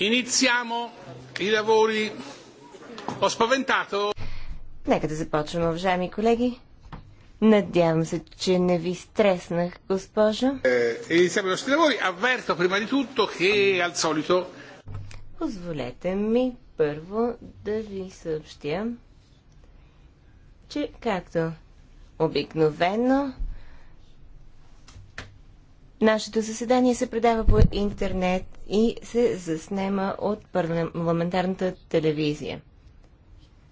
Iniziamo i lavori. Ho spaventato. Нека да започваме, уважаеми колеги. Надявам се, че не ви стреснах, госпожо. Е, iniziamo i nostri lavori. Avverto prima di tutto che al solito... Позволете ми първо да ви съобщя, че както обикновено Нашето заседание се предава по интернет и се заснема от парламентарната телевизия.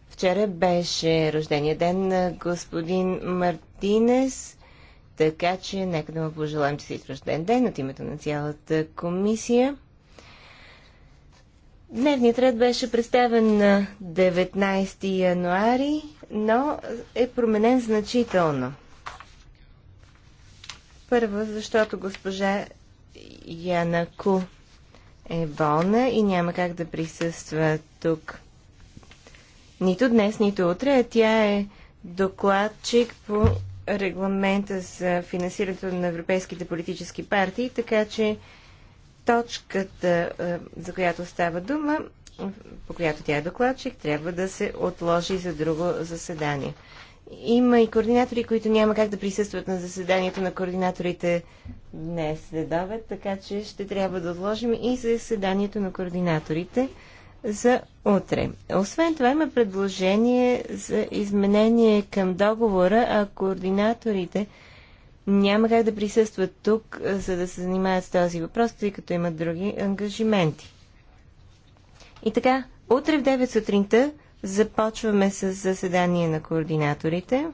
Вчера беше рождения ден на господин Мартинес, така че нека да му пожелаем честит рожден ден от името на цялата комисия. Дневният ред беше представен на 19 януари, но е променен значително. Първо, защото госпожа Янаку е болна и няма как да присъства тук. Нито днес, нито утре, тя е докладчик по регламента за финансирането на европейските политически партии, така че точката, е, за която става дума, по която тя е докладчик, трябва да се отложи за друго заседание. Има и координатори, които няма как да присъстват на заседанието на координаторите днес след така че ще трябва да отложим и заседанието на координаторите за утре. Освен това има предложение за изменение към договора, а координаторите няма как да присъстват тук, за да се занимават с този въпрос, тъй като имат други ангажименти. И така, утре в 9 сутринта Започваме с заседание на координаторите.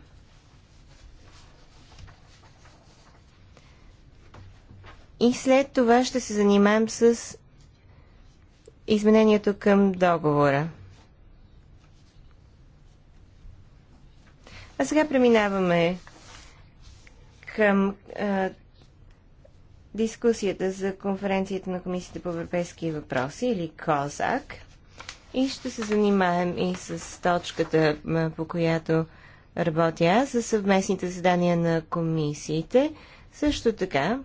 И след това ще се занимаем с изменението към договора. А сега преминаваме към а, дискусията за конференцията на Комисията по европейски въпроси или КОЗАК. И ще се занимаем и с точката, по която работя аз, за съвместните задания на комисиите. Също така,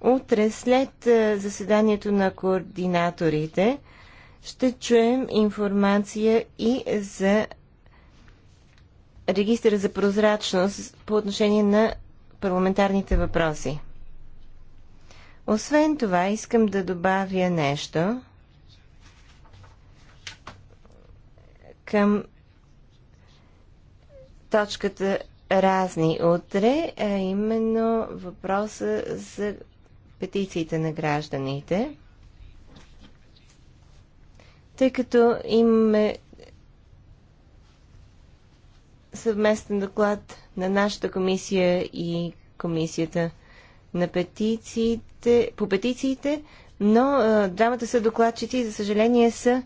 утре след е, заседанието на координаторите ще чуем информация и за регистъра за прозрачност по отношение на парламентарните въпроси. Освен това, искам да добавя нещо – към точката разни утре, а именно въпроса за петициите на гражданите. Тъй като имаме съвместен доклад на нашата комисия и комисията на петициите, по петициите, но а, двамата са докладчици и, за съжаление, са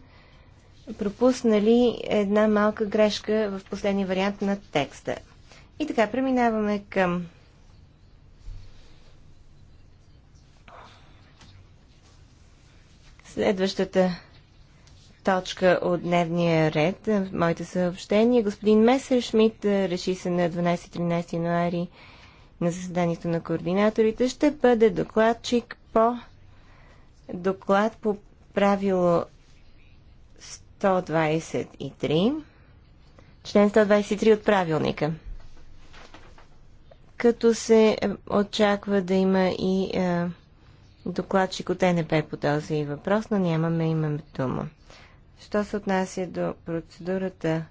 пропуснали една малка грешка в последния вариант на текста. И така, преминаваме към следващата точка от дневния ред. Е, моите съобщения. Господин Месер Шмидт е, реши се на 12-13 януари на заседанието на координаторите. Ще бъде докладчик по доклад по правило 123, член 123 от правилника. Като се е, очаква да има и е, докладчик от НП по този въпрос, но нямаме имаме дума. Що се отнася до процедурата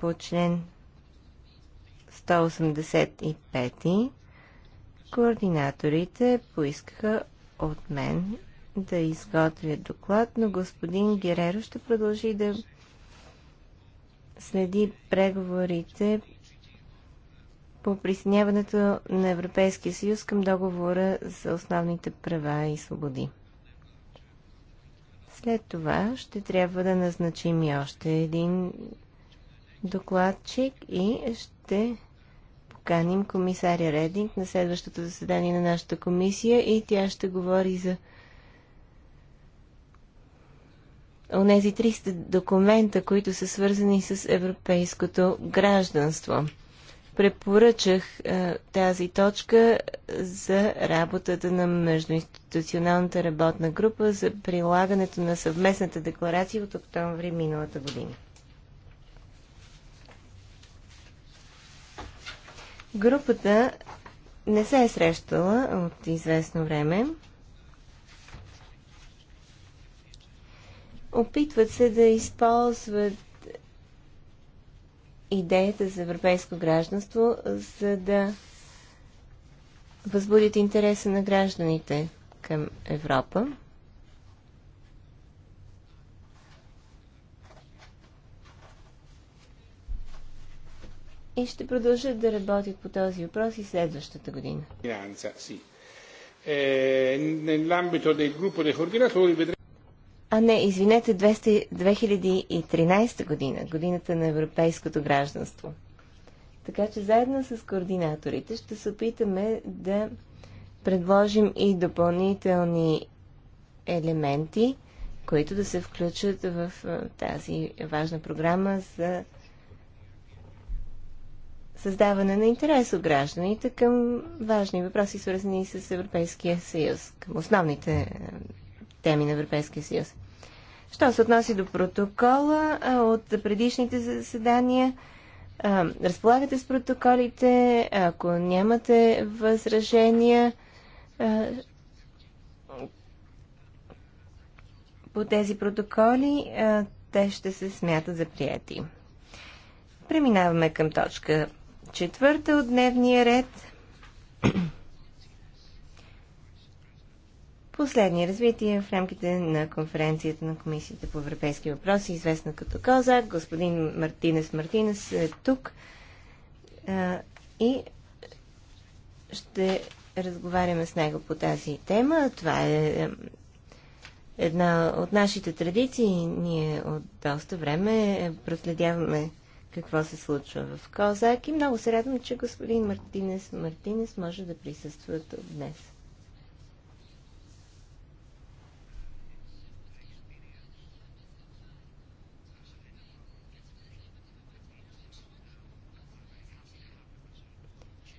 по член 185, координаторите поискаха от мен да изготвя доклад, но господин Гереро ще продължи да следи преговорите по присъединяването на Европейския съюз към договора за основните права и свободи. След това ще трябва да назначим и още един докладчик и ще поканим комисаря Рединг на следващото заседание на нашата комисия и тя ще говори за онези 300 документа, които са свързани с европейското гражданство. Препоръчах е, тази точка за работата на Междуинституционалната работна група за прилагането на съвместната декларация от октомври миналата година. Групата не се е срещала от известно време. Опитват се да използват идеята за европейско гражданство, за да възбудят интереса на гражданите към Европа. И ще продължат да работят по този въпрос и следващата година. Е, а не, извинете, 200, 2013 година, годината на европейското гражданство. Така че заедно с координаторите ще се опитаме да предложим и допълнителни елементи, които да се включат в тази важна програма за създаване на интерес от гражданите към важни въпроси, свързани с Европейския съюз, към основните теми на Европейския съюз. Що се отнася до протокола от предишните заседания, разполагате с протоколите, ако нямате възражения по тези протоколи, те ще се смятат за прияти. Преминаваме към точка четвърта от дневния ред последни развития в рамките на конференцията на Комисията по европейски въпроси, известна като Коза. Господин Мартинес Мартинес е тук а, и ще разговаряме с него по тази тема. Това е една от нашите традиции. Ние от доста време проследяваме какво се случва в Козак и много се радвам, че господин Мартинес Мартинес може да присъства тук днес.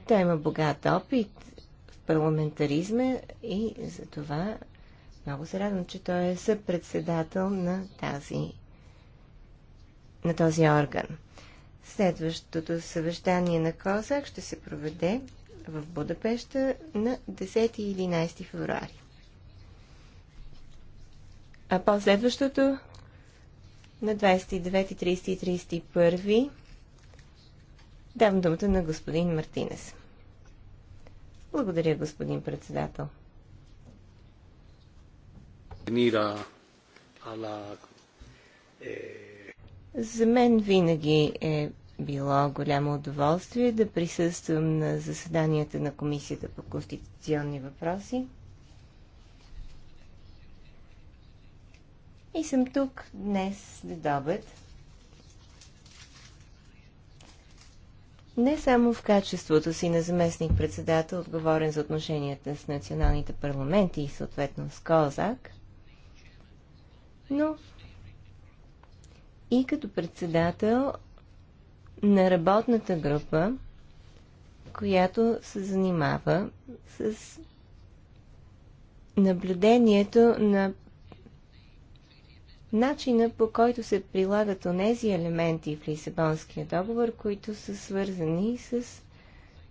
Той има богат опит в парламентаризма и за това много се радвам, че той е съпредседател на тази на този орган. Следващото съвещание на Козак ще се проведе в Будапеща на 10 и 11 февруари. А последващото на 29, 30 и 31 Давам думата на господин Мартинес. Благодаря, господин председател. Е, За мен винаги е било голямо удоволствие да присъствам на заседанията на Комисията по конституционни въпроси. И съм тук днес да обед не само в качеството си на заместник-председател, отговорен за отношенията с националните парламенти и съответно с Козак, но и като председател на работната група, която се занимава с наблюдението на начина по който се прилагат онези елементи в Лисабонския договор, които са свързани с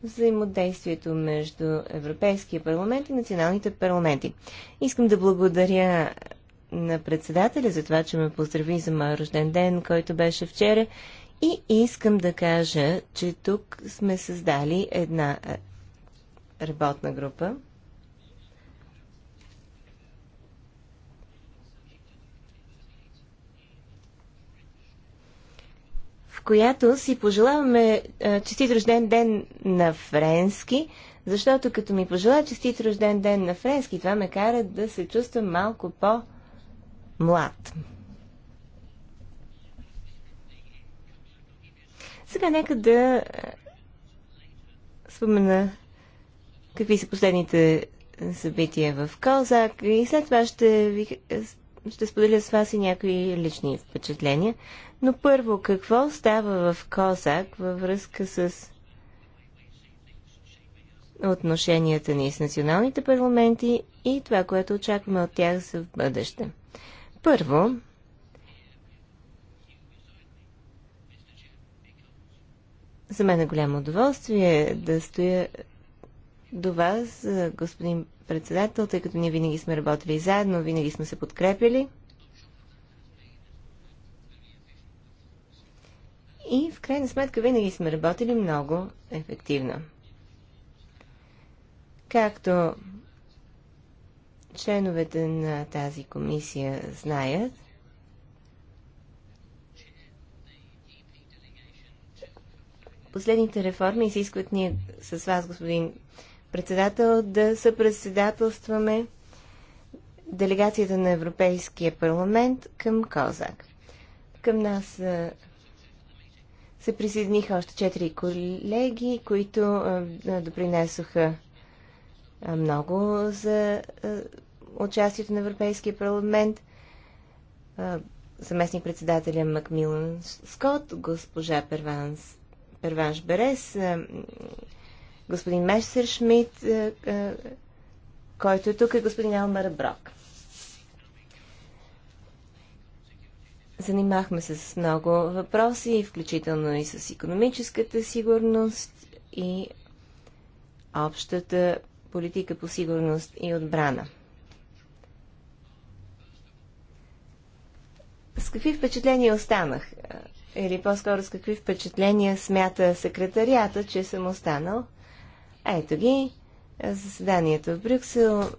взаимодействието между Европейския парламент и националните парламенти. Искам да благодаря на председателя за това, че ме поздрави за моя рожден ден, който беше вчера. И искам да кажа, че тук сме създали една работна група, която си пожелаваме е, честит рожден ден на френски, защото като ми пожела честит рожден ден на френски, това ме кара да се чувствам малко по-млад. Сега нека да е, спомена какви са последните събития в Козак и след това ще ви е, ще споделя с вас и някои лични впечатления. Но първо, какво става в Козак във връзка с отношенията ни с националните парламенти и това, което очакваме от тях за в бъдеще? Първо, за мен е голямо удоволствие да стоя до вас, господин председател, тъй като ние винаги сме работили заедно, винаги сме се подкрепили. И в крайна сметка винаги сме работили много ефективно. Както членовете на тази комисия знаят, последните реформи изискват ние с вас, господин председател, да съпредседателстваме делегацията на Европейския парламент към Козак. Към нас се присъединиха още четири колеги, които допринесоха много за участието на Европейския парламент. Заместник председателя Макмилан Скот, госпожа Перванш Берес, господин Месер Шмидт, е, е, който е тук, и господин Алмар Брок. Занимахме се с много въпроси, включително и с економическата сигурност и общата политика по сигурност и отбрана. С какви впечатления останах? Е, или по-скоро с какви впечатления смята секретарията, че съм останал? Ето ги. Заседанието в Брюксел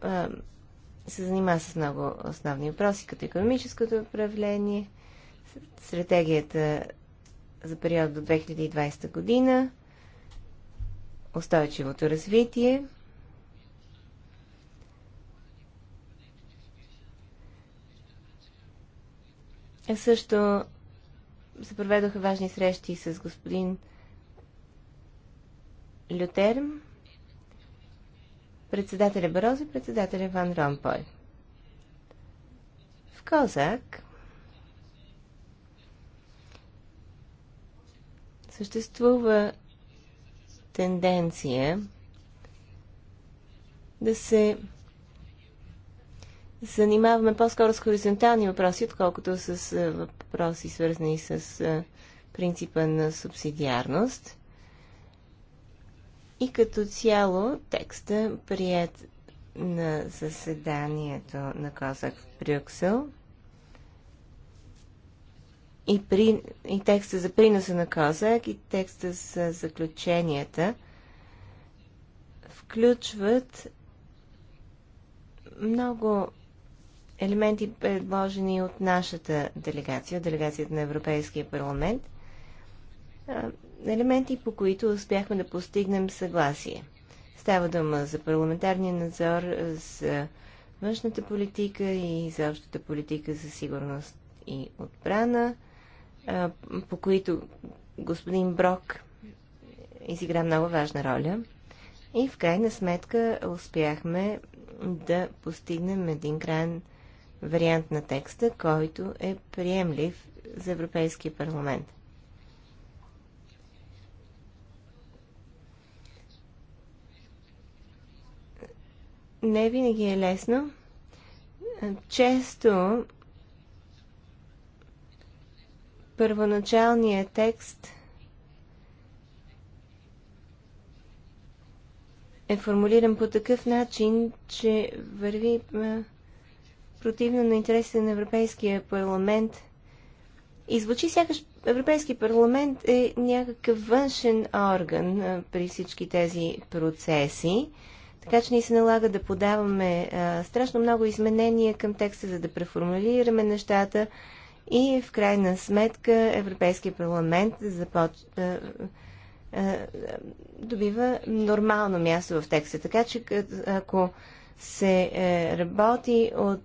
се занимава с много основни въпроси, като економическото управление, стратегията за период до 2020 година, устойчивото развитие, а също се проведоха важни срещи с господин Лютерм, председателя Барозо и председателя Ван Ромпой. В Козак съществува тенденция да се занимаваме по-скоро с хоризонтални въпроси, отколкото с въпроси свързани с принципа на субсидиарност – и като цяло текста прият на заседанието на Козак в Брюксел и, при, и текста за приноса на Козак и текста за заключенията включват много елементи, предложени от нашата делегация, от делегацията на Европейския парламент елементи, по които успяхме да постигнем съгласие. Става дума за парламентарния надзор, за външната политика и за общата политика за сигурност и отбрана, по които господин Брок изигра много важна роля. И в крайна сметка успяхме да постигнем един крайен вариант на текста, който е приемлив за Европейския парламент. не винаги е лесно. Често първоначалният текст е формулиран по такъв начин, че върви противно на интересите на Европейския парламент. И звучи сякаш Европейски парламент е някакъв външен орган при всички тези процеси. Така че ни се налага да подаваме а, страшно много изменения към текста, за да преформулираме нещата и в крайна сметка Европейския парламент започ... а, а, добива нормално място в текста. Така че ако се а, е, работи от...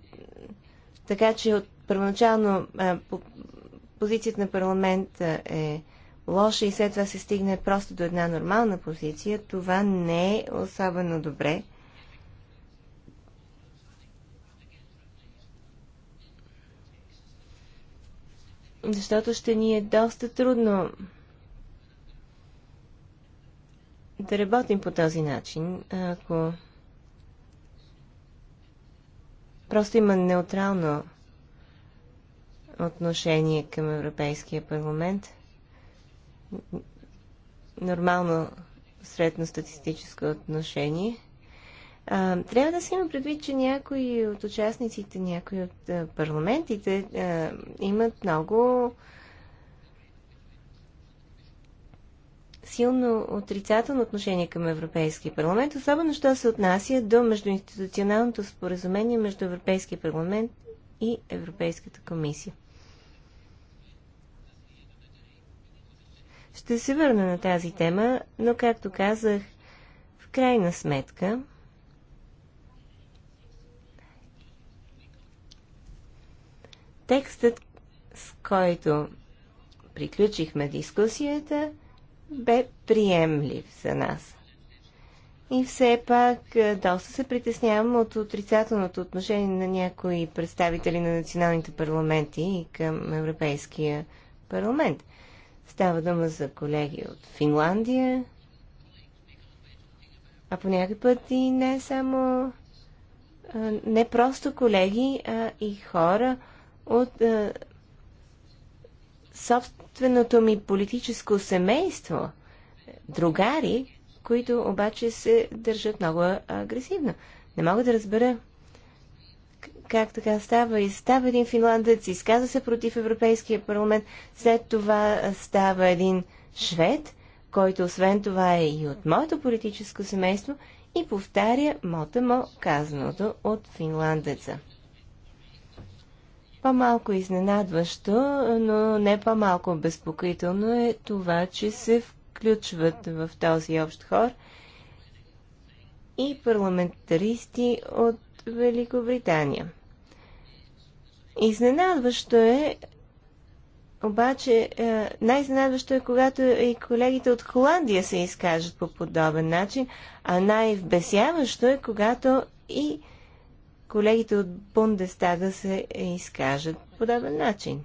така че от първоначално а, по... позицията на парламента е лоша и след това се стигне просто до една нормална позиция, това не е особено добре. Защото ще ни е доста трудно да работим по този начин, ако просто има неутрално отношение към Европейския парламент – нормално средно, статистическо отношение. А, трябва да се има предвид, че някои от участниците, някои от а, парламентите а, имат много силно отрицателно отношение към Европейския парламент, особено що се отнася до междуинституционалното споразумение между Европейския парламент и Европейската комисия. Ще се върна на тази тема, но както казах, в крайна сметка текстът, с който приключихме дискусията, бе приемлив за нас. И все пак е, доста се притеснявам от отрицателното отношение на някои представители на националните парламенти и към Европейския парламент. Става дума за колеги от Финландия, а по някакъв път и не само, а, не просто колеги, а и хора от а, собственото ми политическо семейство, другари, които обаче се държат много агресивно. Не мога да разбера как така става. И става един финландец, изказа се против Европейския парламент, след това става един швед, който освен това е и от моето политическо семейство и повтаря мотамо казаното от финландеца. По-малко изненадващо, но не по-малко безпокоително е това, че се включват в този общ хор и парламентаристи от Великобритания. Изненадващо е, обаче, е, най-изненадващо е, когато и колегите от Холандия се изкажат по подобен начин, а най-вбесяващо е, когато и колегите от Бундестага се изкажат по подобен начин.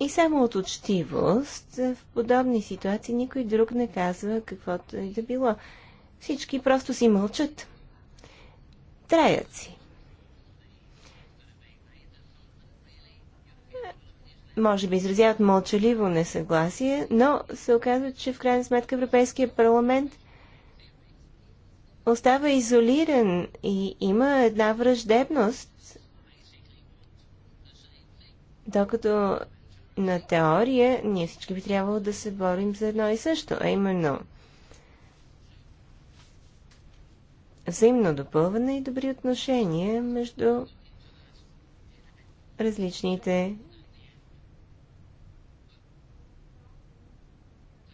И само от учтивост в подобни ситуации никой друг не казва каквото и да било. Всички просто си мълчат. Траят си. Може би изразяват мълчаливо несъгласие, но се оказва, че в крайна сметка Европейския парламент остава изолиран и има една враждебност, докато на теория ние всички би трябвало да се борим за едно и също, а именно – взаимно допълване и добри отношения между различните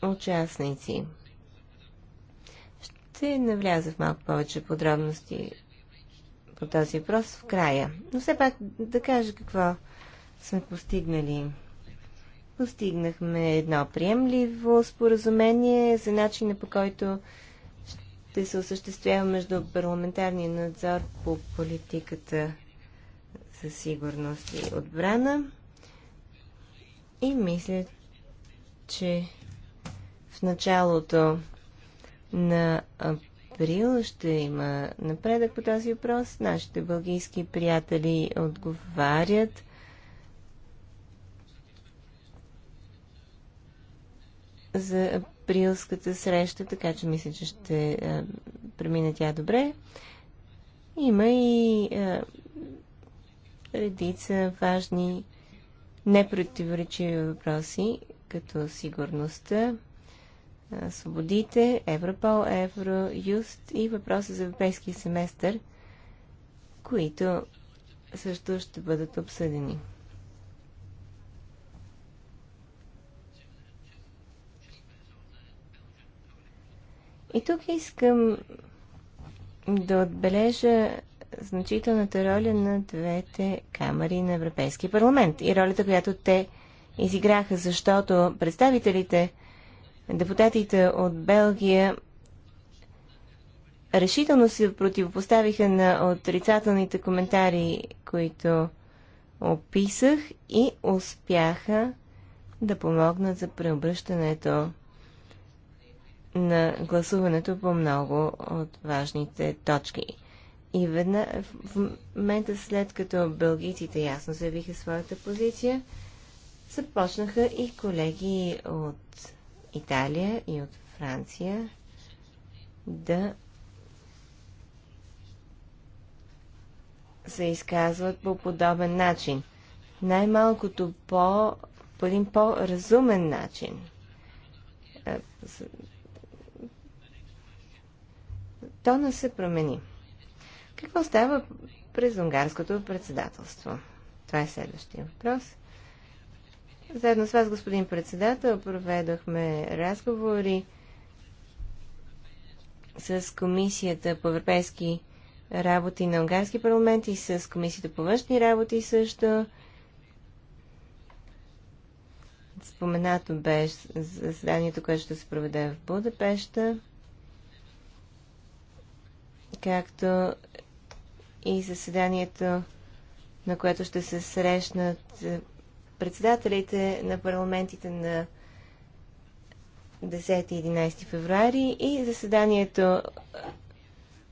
участници. Ще навляза в малко повече подробности по този въпрос в края. Но все пак да кажа какво сме постигнали. Постигнахме едно приемливо споразумение за начина по който ще се осъществява между парламентарния надзор по политиката за сигурност и отбрана. И мисля, че в началото на април ще има напредък по този въпрос. Нашите бългийски приятели отговарят. за априлската среща, така че мисля, че ще а, е, премине тя добре. Има и а, е, редица важни непротиворечиви въпроси, като сигурността, а, е, свободите, Европол, евро юст и въпроса за европейския семестър, които също ще бъдат обсъдени. И тук искам да отбележа значителната роля на двете камери на Европейския парламент и ролята, която те изиграха, защото представителите, депутатите от Белгия решително се противопоставиха на отрицателните коментари, които описах и успяха да помогнат за преобръщането на гласуването по много от важните точки. И веднага в момента след като бългийците ясно заявиха своята позиция, започнаха и колеги от Италия и от Франция да се изказват по подобен начин. Най-малкото по, по един по-разумен начин е, тона се промени. Какво става през унгарското председателство? Това е следващия въпрос. Заедно с вас, господин председател, проведохме разговори с Комисията по европейски работи на Унгарски парламент и с Комисията по външни работи също. Споменато беше заседанието, което ще се проведе в Будапешта както и заседанието, на което ще се срещнат е, председателите на парламентите на 10 и 11 февруари и заседанието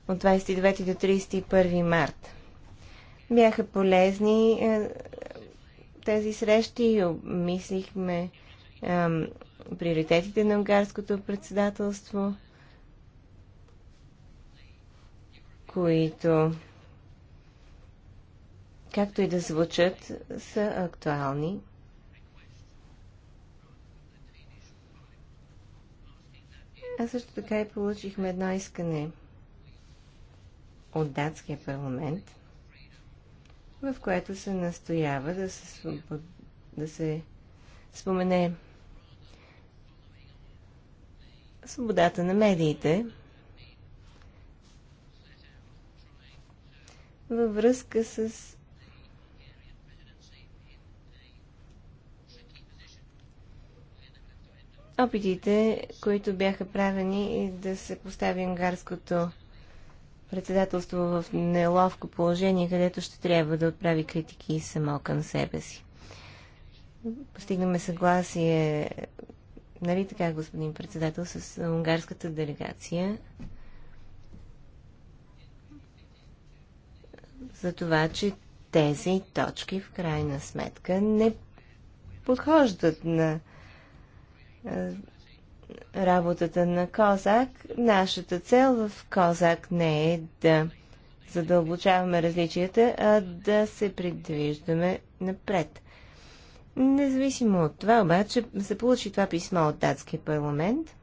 от 29 до 31 март. Бяха полезни е, тези срещи, обмислихме приоритетите на унгарското председателство. които, както и да звучат, са актуални. А също така и получихме едно искане от датския парламент, в което се настоява да се, свобод... да се спомене свободата на медиите, във връзка с опитите, които бяха правени да се постави унгарското председателство в неловко положение, където ще трябва да отправи критики само към себе си. Постигнаме съгласие, нали така, господин председател, с унгарската делегация за това, че тези точки в крайна сметка не подхождат на работата на Козак. Нашата цел в Козак не е да задълбочаваме различията, а да се придвиждаме напред. Независимо от това, обаче, се получи това писмо от датския парламент,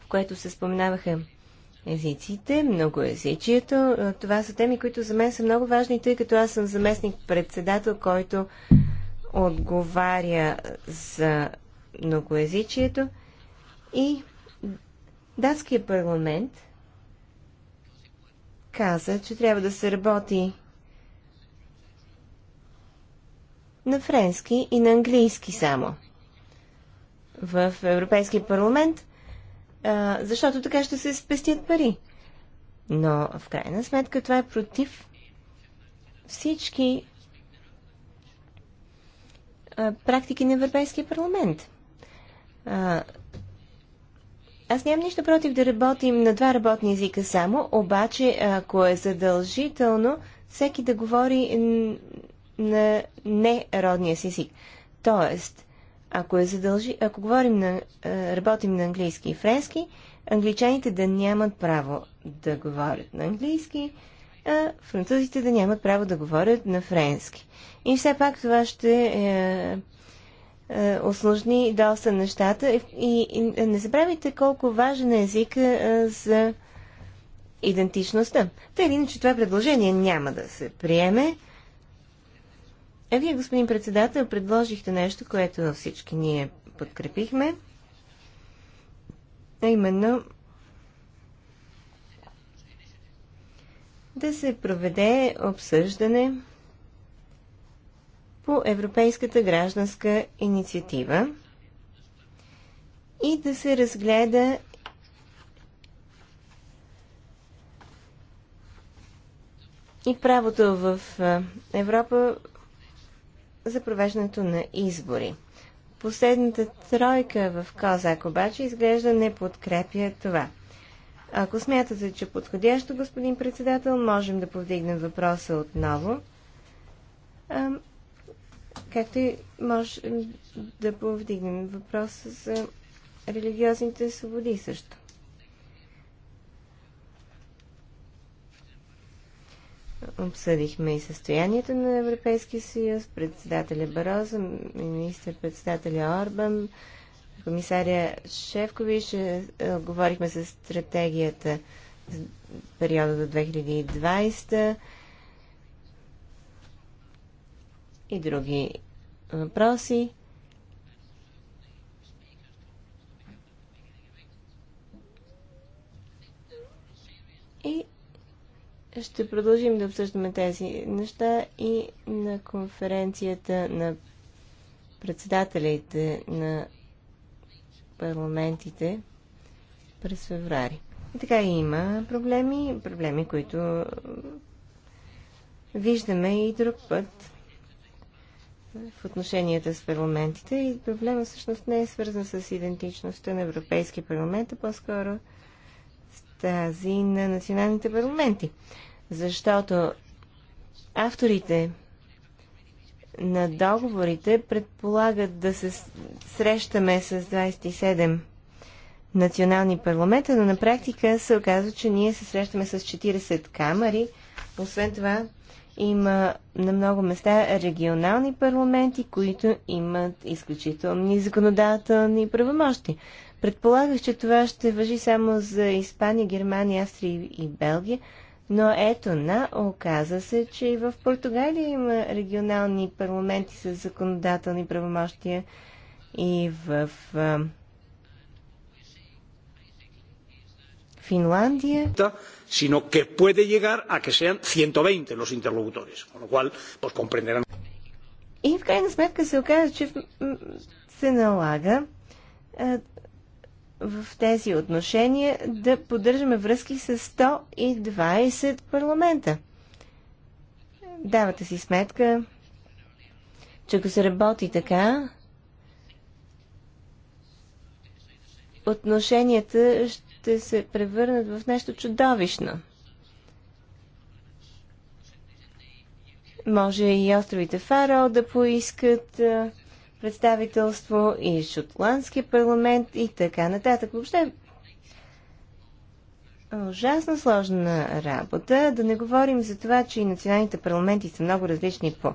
в което се споменаваха езиците, езичието. Е, това са теми, които за мен са много важни, тъй като аз съм заместник-председател, който отговаря за многоязичието. И датския парламент каза, че трябва да се работи на френски и на английски само. В Европейския парламент а, защото така ще се спестят пари. Но в крайна сметка това е против всички а, практики на Европейския парламент. А, аз нямам нищо против да работим на два работни езика само, обаче ако е задължително всеки да говори на неродния си език. Тоест, ако, е задължи, ако говорим на, е, работим на английски и френски, англичаните да нямат право да говорят на английски, а французите да нямат право да говорят на френски. И все пак това ще е, е, осложни доста нещата. И, и, и не забравяйте колко важен е езика е, за идентичността. Тъй един иначе това предложение няма да се приеме. А е, вие, господин председател, предложихте нещо, което всички ние подкрепихме, а именно да се проведе обсъждане по Европейската гражданска инициатива и да се разгледа и правото в Европа за провеждането на избори. Последната тройка в Козак обаче изглежда не подкрепя това. Ако смятате, че подходящо, господин председател, можем да повдигнем въпроса отново. А, както и можем да повдигнем въпроса за религиозните свободи също. Обсъдихме и състоянието на Европейския съюз, председателя Бароза, министър-председателя Орбан, комисаря Шевкович. Е, е, говорихме за стратегията за периода до 2020 и други въпроси. ще продължим да обсъждаме тези неща и на конференцията на председателите на парламентите през феврари. И така има проблеми, проблеми, които виждаме и друг път в отношенията с парламентите. И проблема всъщност не е свързан с идентичността на Европейския парламент, а по-скоро с тази на националните парламенти защото авторите на договорите предполагат да се срещаме с 27 национални парламента, но на практика се оказва, че ние се срещаме с 40 камери. Освен това, има на много места регионални парламенти, които имат изключителни законодателни правомощи. Предполагах, че това ще въжи само за Испания, Германия, Австрия и Белгия, но ето на, оказа се, че и в Португалия има регионални парламенти с законодателни правомощия и в а, Финландия. Sino que puede llegar a que sean 120 los interlocutores, con lo cual pues comprenderán. И в крайна сметка се оказа, че се налага в тези отношения да поддържаме връзки с 120 парламента. Давате си сметка, че ако се работи така, отношенията ще се превърнат в нещо чудовищно. Може и островите Фаро да поискат представителство и шотландския парламент и така нататък. Въобще ужасно сложна работа. Да не говорим за това, че и националните парламенти са много различни по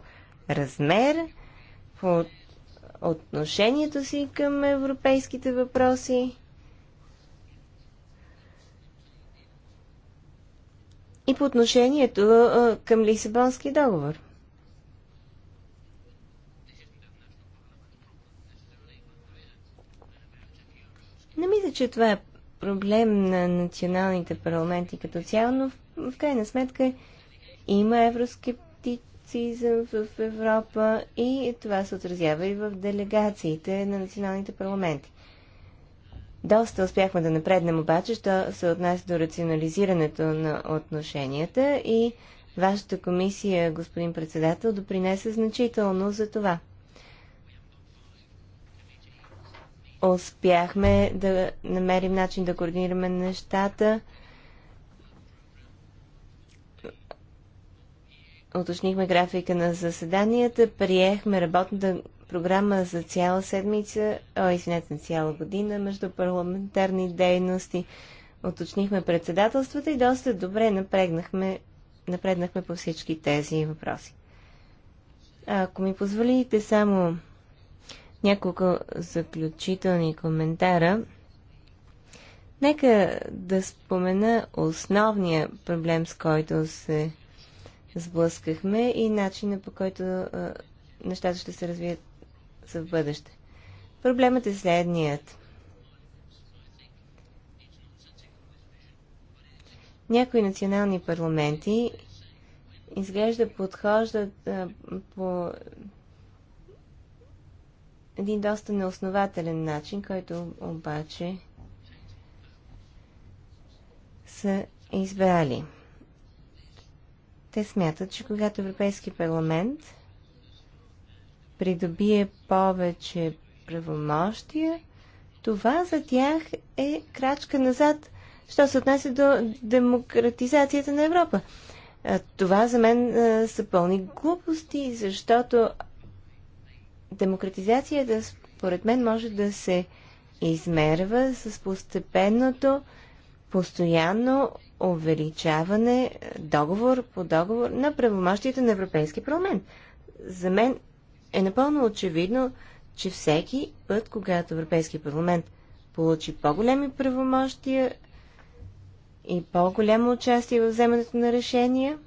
размер, по отношението си към европейските въпроси. И по отношението към Лисабонски договор. Не мисля, че това е проблем на националните парламенти като цяло, но в, в крайна сметка има евроскептицизъм в, Европа и това се отразява и в делегациите на националните парламенти. Доста успяхме да напреднем обаче, що се отнася до рационализирането на отношенията и вашата комисия, господин председател, допринесе значително за това. успяхме да намерим начин да координираме нещата. Уточнихме графика на заседанията, приехме работната програма за цяла седмица, о, извинете, цяла година между парламентарни дейности. Уточнихме председателствата и доста добре напрегнахме, напреднахме по всички тези въпроси. Ако ми позволите само няколко заключителни коментара. Нека да спомена основния проблем, с който се сблъскахме и начина по който а, нещата ще се развият за в бъдеще. Проблемът е следният. Някои национални парламенти изглежда подхождат а, по един доста неоснователен начин, който обаче са избрали. Те смятат, че когато Европейски парламент придобие повече правомощия, това за тях е крачка назад, що се отнася до демократизацията на Европа. Това за мен са пълни глупости, защото демократизацията, според мен, може да се измерва с постепенното, постоянно увеличаване е, договор по договор на правомощията на Европейския парламент. За мен е напълно очевидно, че всеки път, когато Европейския парламент получи по-големи правомощия и по-голямо участие в вземането на решения,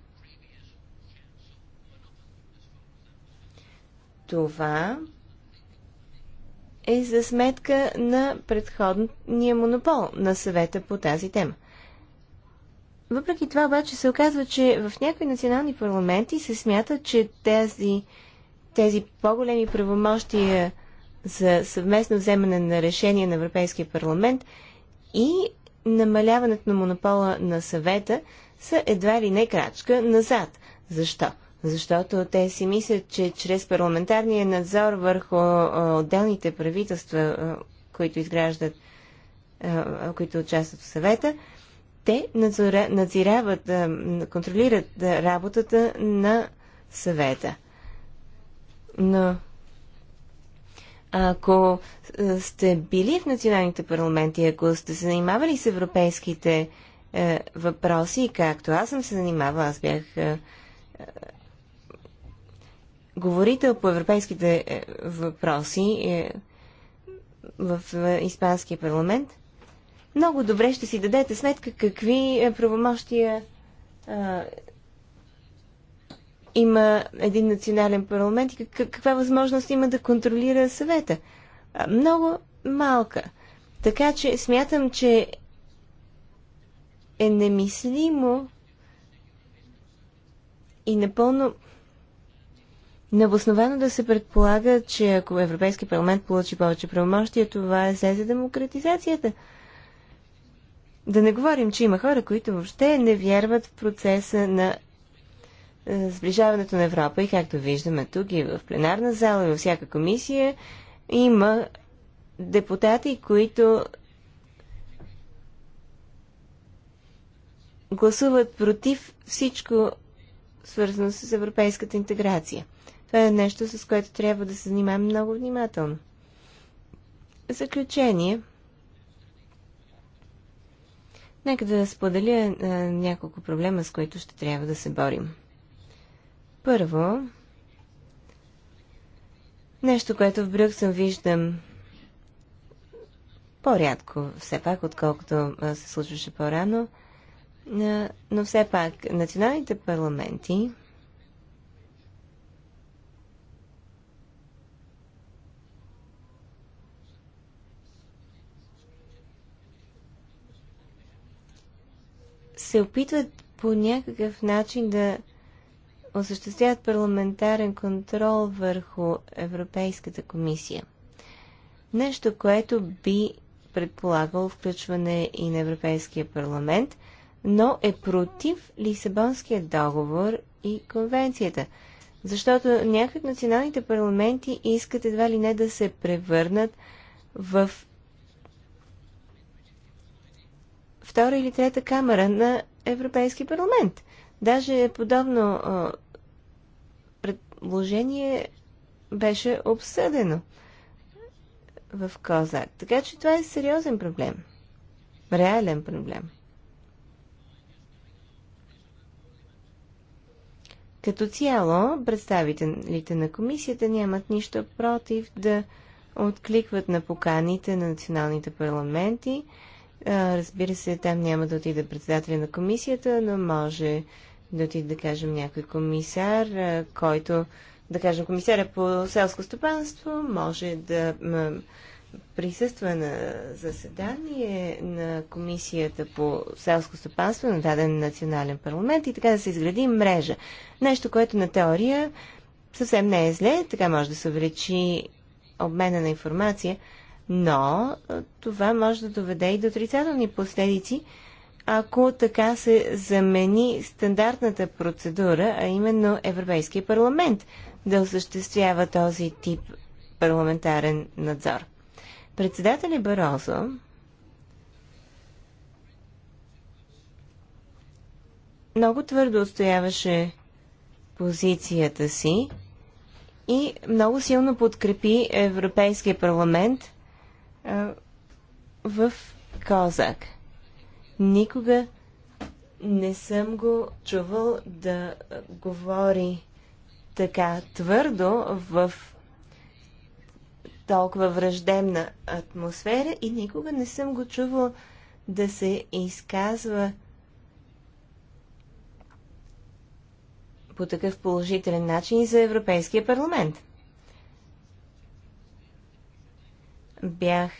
това е за сметка на предходния монопол на съвета по тази тема. Въпреки това обаче се оказва, че в някои национални парламенти се смята, че тези, тези по-големи правомощия за съвместно вземане на решения на Европейския парламент и намаляването на монопола на съвета са едва ли не крачка назад. Защо? защото те си мислят, че чрез парламентарния надзор върху отделните правителства, които изграждат, които участват в съвета, те надзирават, контролират работата на съвета. Но ако сте били в националните парламенти, ако сте се занимавали с европейските е, въпроси, както аз съм се занимавала, аз бях е, говорител по европейските е, въпроси е, в е, Испанския парламент, много добре ще си дадете сметка какви е, правомощия а, има един национален парламент и как, каква възможност има да контролира съвета. А, много малка. Така че смятам, че е немислимо и напълно Необосновено да се предполага, че ако Европейски парламент получи повече правомощия, това е зле за демократизацията. Да не говорим, че има хора, които въобще не вярват в процеса на е, сближаването на Европа и както виждаме тук и в пленарна зала и във всяка комисия има депутати, които гласуват против всичко свързано с европейската интеграция е нещо, с което трябва да се занимаем много внимателно. Заключение. Нека да споделя е, няколко проблема, с които ще трябва да се борим. Първо, нещо, което в Брюксел виждам по-рядко, все пак, отколкото е, се случваше по-рано, е, но все пак националните парламенти се опитват по някакъв начин да осъществяват парламентарен контрол върху Европейската комисия. Нещо, което би предполагало включване и на Европейския парламент, но е против Лисабонския договор и конвенцията. Защото някои от националните парламенти искат едва ли не да се превърнат в втора или трета камера на Европейски парламент. Даже подобно предложение беше обсъдено в Козак. Така че това е сериозен проблем. Реален проблем. Като цяло, представителите на комисията нямат нищо против да откликват на поканите на националните парламенти, Разбира се, там няма да отида председателя на комисията, но може да отиде, да кажем, някой комисар, който, да кажем, комисаря по селско стопанство, може да присъства на заседание на комисията по селско стопанство на даден национален парламент и така да се изгради мрежа. Нещо, което на теория съвсем не е зле, така може да се увеличи обмена на информация, но това може да доведе и до отрицателни последици, ако така се замени стандартната процедура, а именно Европейския парламент да осъществява този тип парламентарен надзор. Председателя Барозо много твърдо отстояваше позицията си и много силно подкрепи Европейския парламент в Козак. Никога не съм го чувал да говори така твърдо в толкова враждебна атмосфера и никога не съм го чувал да се изказва по такъв положителен начин и за Европейския парламент. бях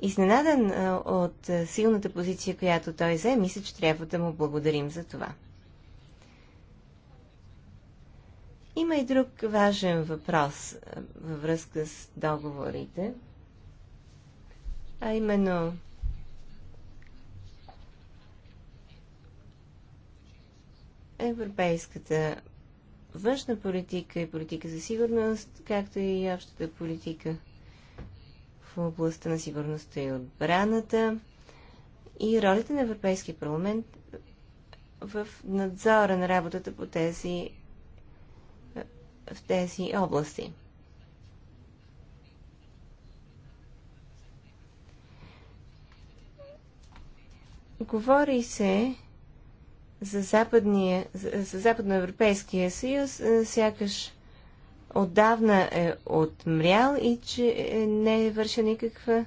изненадан от силната позиция, която той взе. Мисля, че трябва да му благодарим за това. Има и друг важен въпрос във връзка с договорите, а именно Европейската външна политика и политика за сигурност, както и общата политика в областта на сигурността и отбраната и ролята на Европейския парламент в надзора на работата по тези, в тези области. Говори се за, западния, за Западноевропейския съюз е, сякаш отдавна е отмрял и че е, не е върша никаква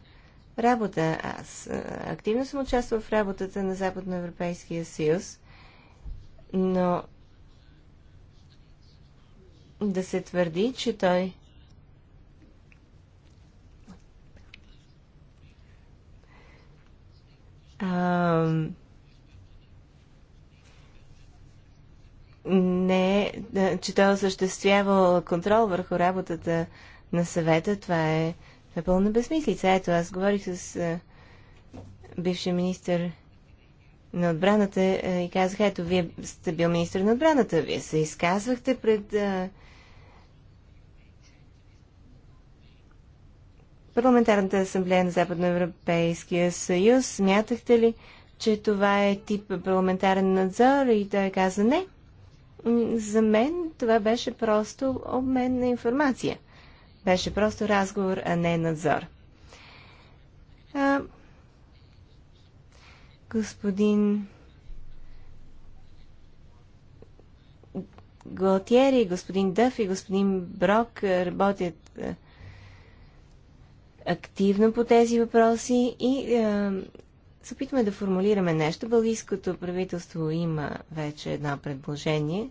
работа. Аз е, активно съм участвал в работата на Западноевропейския съюз, но да се твърди, че той а, не е, че той е осъществявал контрол върху работата на съвета, това е напълно безмислица. Ето, аз говорих с бившия министр на отбраната и казах, ето, вие сте бил министр на отбраната, вие се изказвахте пред Парламентарната асамблея на Западноевропейския съюз. Смятахте ли, че това е тип парламентарен надзор? И той каза не. За мен това беше просто обмен на информация. Беше просто разговор, а не надзор. А, господин Галтиери, господин Дъф и господин Брок работят активно по тези въпроси и а, се опитваме да формулираме нещо. Бългийското правителство има вече едно предложение.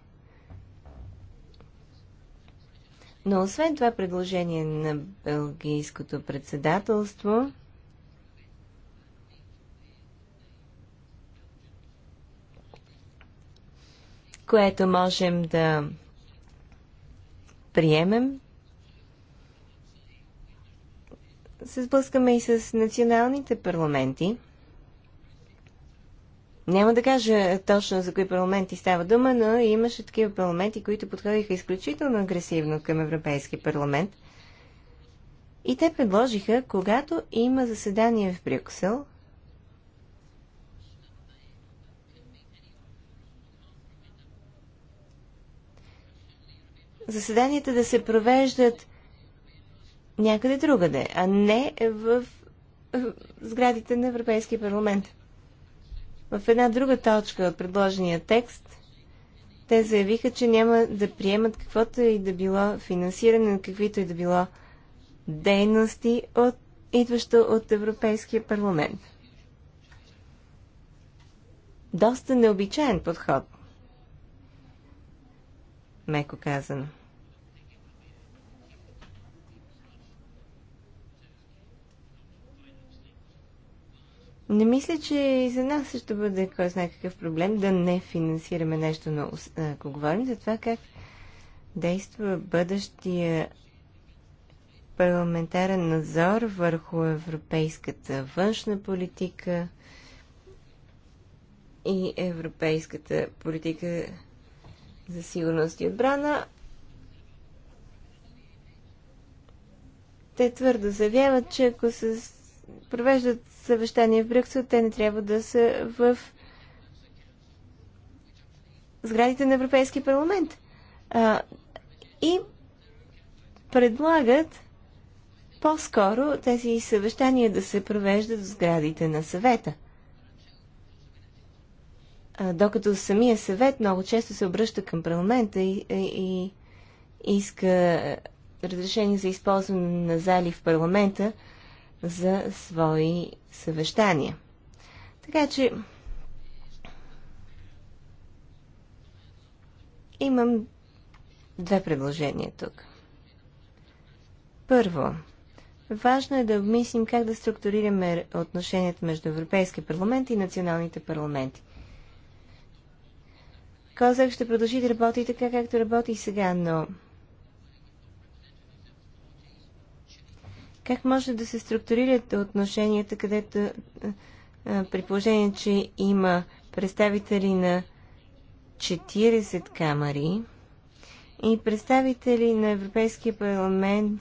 Но освен това предложение на Бългийското председателство, което можем да приемем, се сблъскаме и с националните парламенти – няма да кажа точно за кои парламенти става дума, но имаше такива парламенти, които подходиха изключително агресивно към Европейски парламент. И те предложиха, когато има заседание в Брюксел, заседанията да се провеждат някъде другаде, а не в сградите на Европейския парламент. В една друга точка от предложения текст те заявиха, че няма да приемат каквото и да било финансиране на каквито и да било дейности, от, идващо от Европейския парламент. Доста необичайен подход, меко казано. Не мисля, че и за нас ще бъде кой знае какъв проблем да не финансираме нещо, но ако говорим за това как действа бъдещия парламентарен надзор върху европейската външна политика и европейската политика за сигурност и отбрана, те твърдо заявяват, че ако с провеждат съвещания в Брюксел, те не трябва да са в сградите на Европейския парламент. А, и предлагат по-скоро тези съвещания да се провеждат в сградите на съвета. А, докато самия съвет много често се обръща към парламента и, и, и иска разрешение за използване на зали в парламента, за свои съвещания. Така че имам две предложения тук. Първо, важно е да обмислим как да структурираме отношенията между Европейския парламент и националните парламенти. Козак ще продължи да работи така, както работи сега, но Как може да се структурират отношенията, където при положение, че има представители на 40 камери и представители на Европейския парламент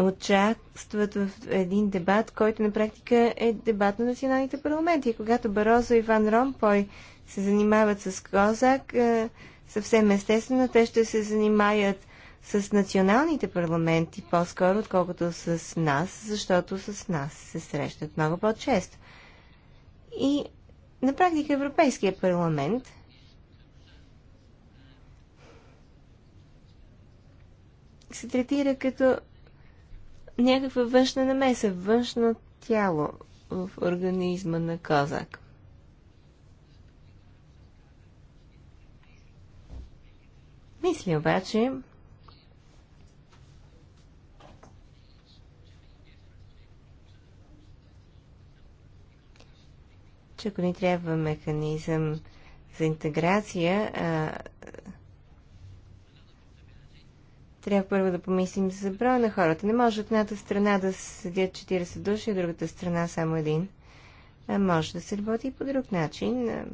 участват в един дебат, който на практика е дебат на националните парламенти. когато Барозо и Ван Ромпой се занимават с Козак, съвсем естествено те ще се занимаят с националните парламенти по-скоро, отколкото с нас, защото с нас се срещат много по-често. И на практика Европейския парламент се третира като някаква външна намеса, външно тяло в организма на Козак. Мисля обаче, че ако ни трябва механизъм за интеграция, а, трябва първо да помислим за броя на хората. Не може от едната страна да седят 40 души, от другата страна само един. А може да се работи и по друг начин, а,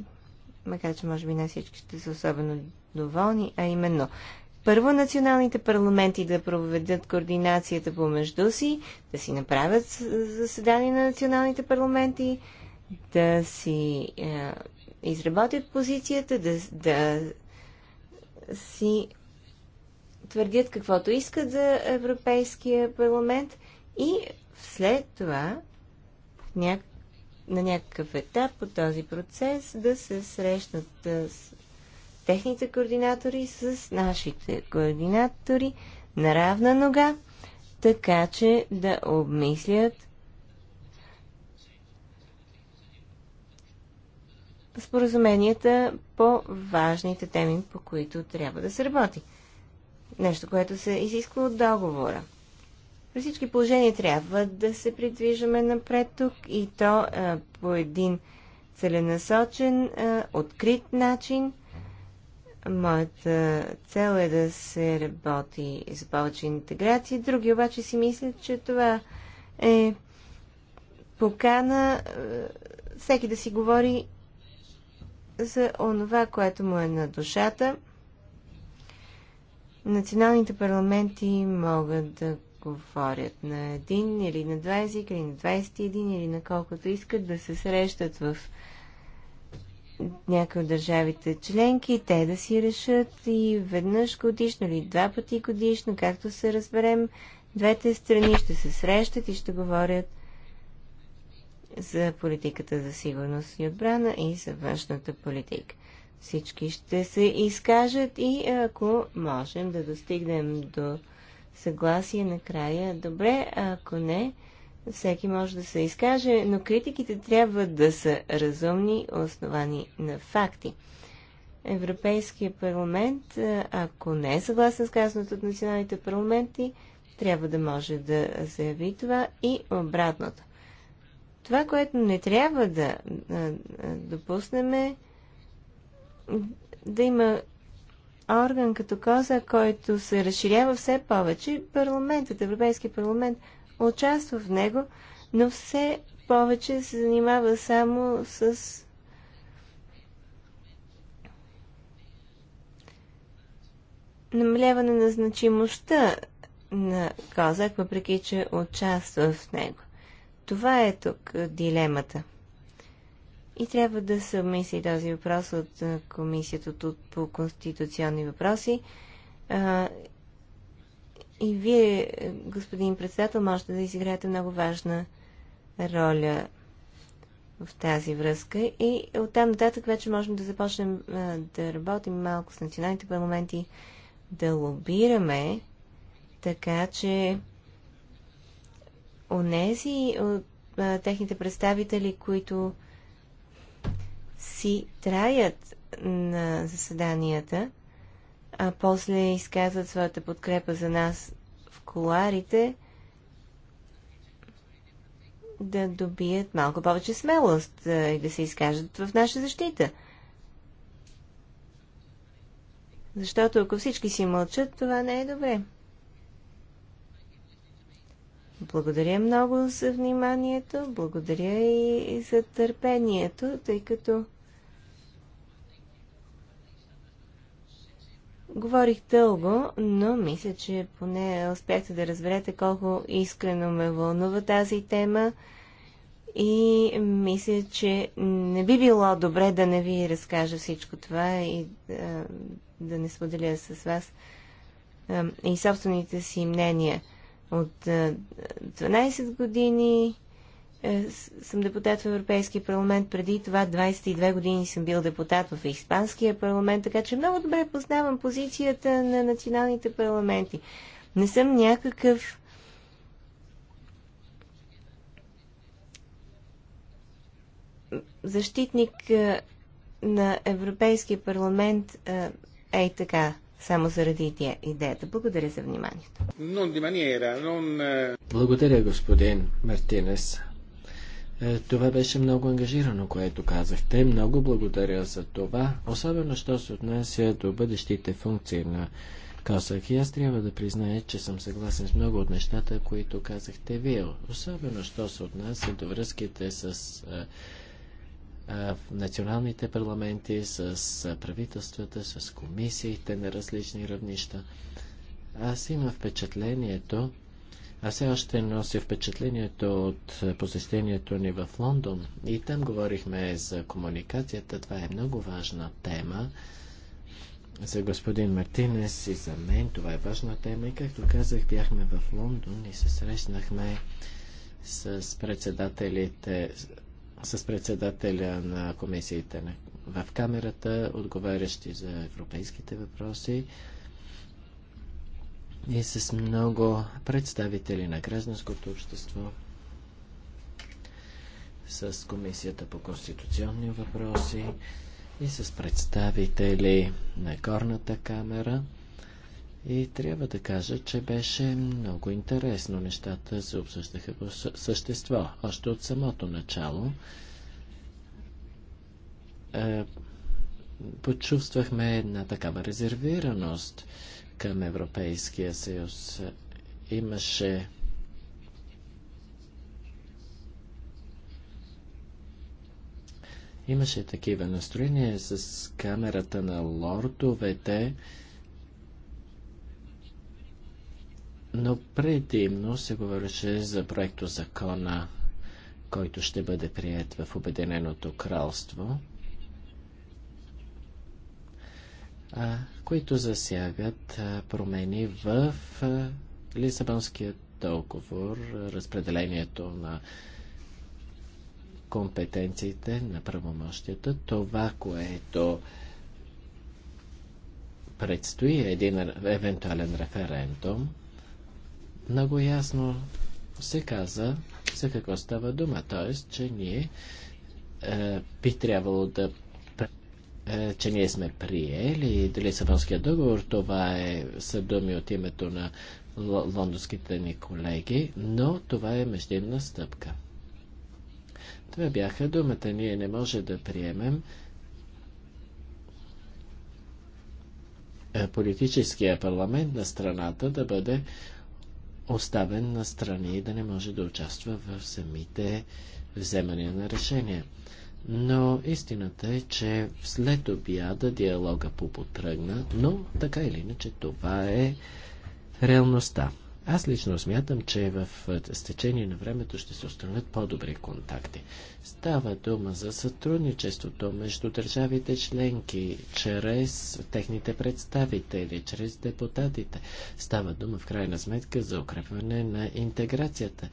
макар че може би не всички ще са особено доволни, а именно първо националните парламенти да проведат координацията помежду си, да си направят заседания на националните парламенти, да си е, изработят позицията, да, да си твърдят каквото искат за Европейския парламент и след това няк... на някакъв етап от този процес да се срещнат е, с техните координатори с нашите координатори на равна нога, така че да обмислят споразуменията по важните теми, по които трябва да се работи. Нещо, което се изисква от договора. При всички положения трябва да се придвижваме напред тук и то а, по един целенасочен, а, открит начин. Моята цел е да се работи за повече интеграция. Други обаче си мислят, че това е покана а, всеки да си говори за онова, което му е на душата. Националните парламенти могат да говорят на един или на два езика, или на 21, или на колкото искат да се срещат в някои от държавите членки, те да си решат и веднъж годишно или два пъти годишно, както се разберем, двете страни ще се срещат и ще говорят за политиката за сигурност и отбрана и за външната политика. Всички ще се изкажат и ако можем да достигнем до съгласие накрая, добре, ако не, всеки може да се изкаже, но критиките трябва да са разумни, основани на факти. Европейския парламент, ако не е съгласен с казаното от националните парламенти, трябва да може да заяви това и обратното. Това, което не трябва да допуснем е да има орган като Коза, който се разширява все повече. Парламентът, Европейски парламент, участва в него, но все повече се занимава само с намаляване на значимостта на Козак, въпреки че участва в него. Това е тук дилемата. И трябва да се обмисли този въпрос от комисията по конституционни въпроси. и вие, господин председател, можете да изиграете много важна роля в тази връзка. И оттам нататък вече можем да започнем да работим малко с националните парламенти, да лобираме, така че онези от а, техните представители, които си траят на заседанията, а после изказват своята подкрепа за нас в коларите, да добият малко повече смелост а, и да се изкажат в наша защита. Защото ако всички си мълчат, това не е добре. Благодаря много за вниманието, благодаря и за търпението, тъй като говорих дълго, но мисля, че поне успяхте да разберете колко искрено ме вълнува тази тема и мисля, че не би било добре да не ви разкажа всичко това и да, не споделя с вас и собствените си мнения. От 12 е, години е, съм депутат в Европейския парламент. Преди това 22 години съм бил депутат в Испанския парламент, така че много добре познавам позицията на националните парламенти. Не съм някакъв защитник е, на Европейския парламент ей така, само заради идеята. Благодаря за вниманието. Eh, благодаря, господин Мартинес. Е, това беше много ангажирано, което казахте. Много благодаря за това, особено що се отнася до бъдещите функции на Косък. И аз трябва да призная, че съм съгласен с много от нещата, които казахте вие. Особено що се отнася до връзките с е, в националните парламенти, с правителствата, с комисиите на различни равнища. Аз има впечатлението, аз все още нося впечатлението от посещението ни в Лондон и там говорихме за комуникацията. Това е много важна тема. За господин Мартинес и за мен това е важна тема и както казах бяхме в Лондон и се срещнахме с председателите, с председателя на комисиите в камерата, отговарящи за европейските въпроси и с много представители на гражданското общество, с Комисията по конституционни въпроси и с представители на горната камера. И трябва да кажа, че беше много интересно. Нещата се обсъждаха по същество. Още от самото начало е, почувствахме една такава резервираност към Европейския съюз. Имаше Имаше такива настроения с камерата на лордовете. Но предимно се говореше за проекто закона, който ще бъде прият в Обединеното кралство, а, които засягат а, промени в а, Лисабонския договор, разпределението на компетенциите, на правомощията, това, което предстои е един евентуален референдум, много ясно се каза за какво става дума. Т.е. че ние е, би трябвало да е, че ние сме приели Лисабонския договор. Това е, са думи от името на лондонските ни колеги, но това е междинна стъпка. Това бяха думата. Ние не може да приемем е, политическия парламент на страната да бъде оставен на страни и да не може да участва в самите вземания на решения. Но истината е, че след обяда диалога попотръгна, но така или иначе това е реалността. Аз лично смятам, че в стечение на времето ще се установят по-добри контакти. Става дума за сътрудничеството между държавите членки, чрез техните представители, чрез депутатите. Става дума в крайна сметка за укрепване на интеграцията.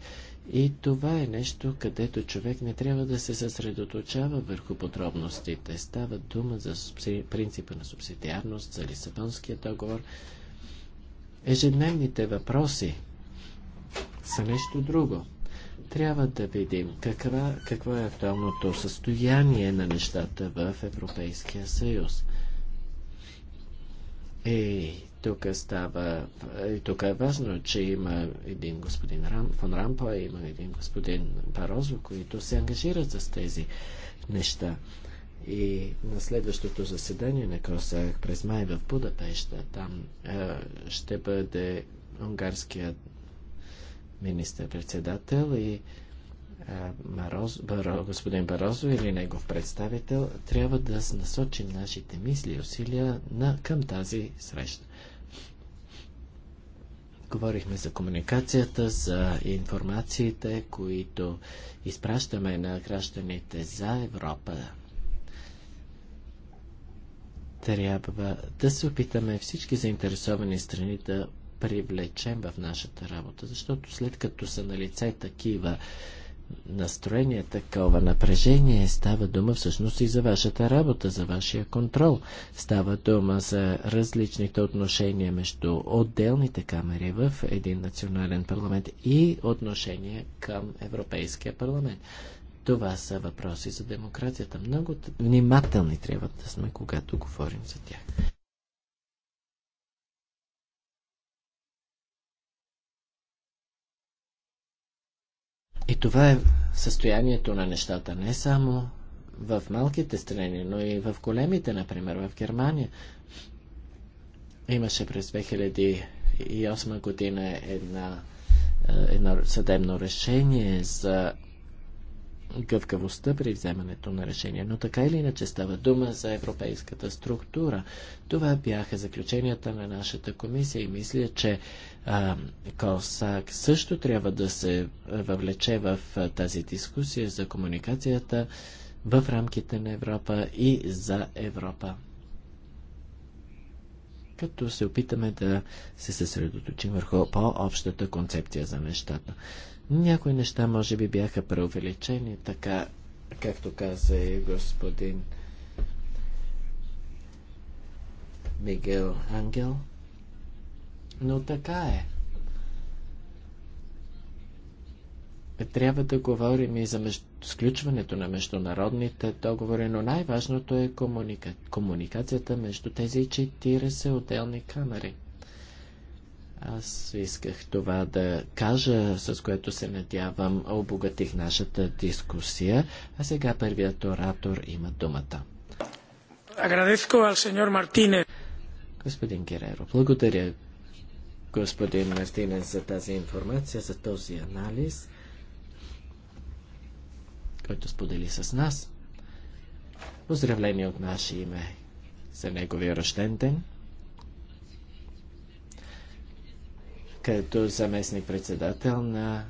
И това е нещо, където човек не трябва да се съсредоточава върху подробностите. Става дума за принципа на субсидиарност, за Лисабонския договор – Ежедневните въпроси са нещо друго. Трябва да видим каква, какво е актуалното състояние на нещата в Европейския съюз. И тук става, и тук е важно, че има един господин Рам, фон Рампо, има един господин Парозо, които се ангажират с тези неща. И на следващото заседание на Косах през май в Будапеща, там е, ще бъде унгарският министър-председател и е, Мароз, Баро, господин Барозо или негов представител, трябва да насочим нашите мисли и усилия на, към тази среща. Говорихме за комуникацията, за информациите, които изпращаме на гражданите за Европа трябва да се опитаме всички заинтересовани страни да привлечем в нашата работа, защото след като са на лице такива настроения, такова напрежение, става дума всъщност и за вашата работа, за вашия контрол. Става дума за различните отношения между отделните камери в един национален парламент и отношение към Европейския парламент. Това са въпроси за демокрацията. Много внимателни трябва да сме, когато говорим за тях. И това е състоянието на нещата не само в малките страни, но и в големите, например, в Германия. Имаше през 2008 година една, е, едно съдебно решение за гъвкавостта при вземането на решение. Но така или иначе става дума за европейската структура. Това бяха заключенията на нашата комисия и мисля, че а, КОСАК също трябва да се въвлече в тази дискусия за комуникацията в рамките на Европа и за Европа. Като се опитаме да се съсредоточим върху по-общата концепция за нещата. Някои неща може би бяха преувеличени, така както каза и господин Мигел Ангел. Но така е. Трябва да говорим и за меж... сключването на международните договори, но най-важното е комуника... комуникацията между тези 40 отделни камери – аз исках това да кажа, с което се надявам обогатих нашата дискусия. А сега първият оратор има думата. Аградеско ал сеньор Мартинес. Господин Гереро, благодаря господин Мартинес за тази информация, за този анализ, който сподели с нас. Поздравление от наше име за неговия рожден ден. като заместник-председател на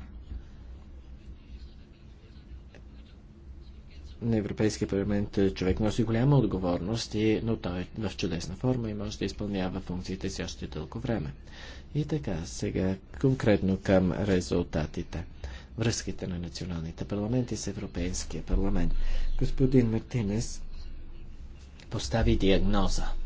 на Европейския парламент човек носи голяма отговорност, и, но той е в чудесна форма и може да изпълнява функциите си още дълго време. И така, сега конкретно към резултатите. Връзките на националните парламенти с Европейския парламент. Господин Мартинес постави диагноза –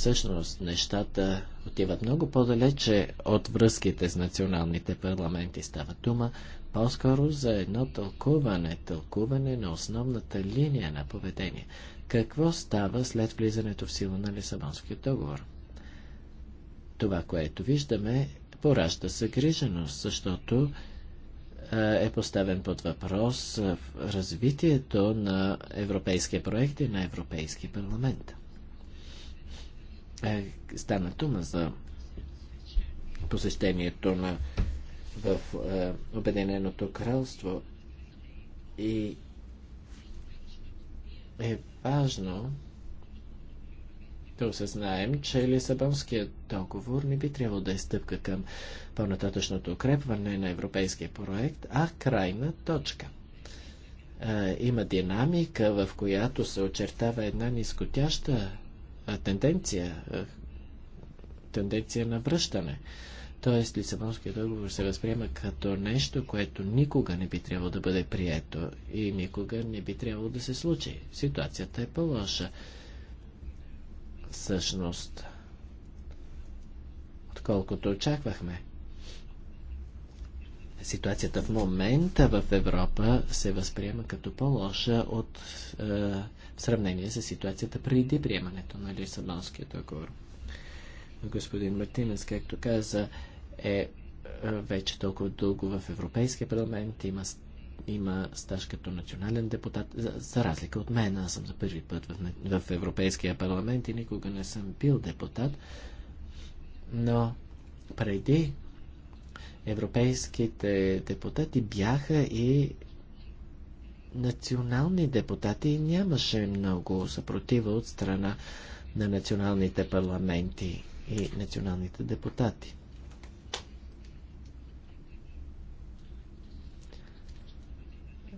Всъщност нещата отиват много по-далече от връзките с националните парламенти. Става дума по-скоро за едно тълкуване, тълкуване на основната линия на поведение. Какво става след влизането в сила на Лисабонския договор? Това, което виждаме, поражда съгриженост, защото е поставен под въпрос в развитието на европейския проект и на Европейски парламент е, стана дума за посещението на в е, Обединеното кралство и е важно да осъзнаем, че Лисабонският договор не би трябвало да е стъпка към по-нататъчното укрепване на европейския проект, а крайна точка. Е, има динамика, в която се очертава една нискотяща тенденция, тенденция на връщане. Тоест Лисабонския договор се възприема като нещо, което никога не би трябвало да бъде прието и никога не би трябвало да се случи. Ситуацията е по-лоша. Всъщност, отколкото очаквахме. Ситуацията в момента в Европа се възприема като по-лоша от е, в сравнение с ситуацията преди приемането на Лисабонския договор. Господин Мартинес, както каза, е, е вече толкова дълго в Европейския парламент, има, има стаж като национален депутат, за, за разлика от мен. Аз съм за първи път в, в Европейския парламент и никога не съм бил депутат, но преди европейските депутати бяха и национални депутати нямаше много съпротива от страна на националните парламенти и националните депутати.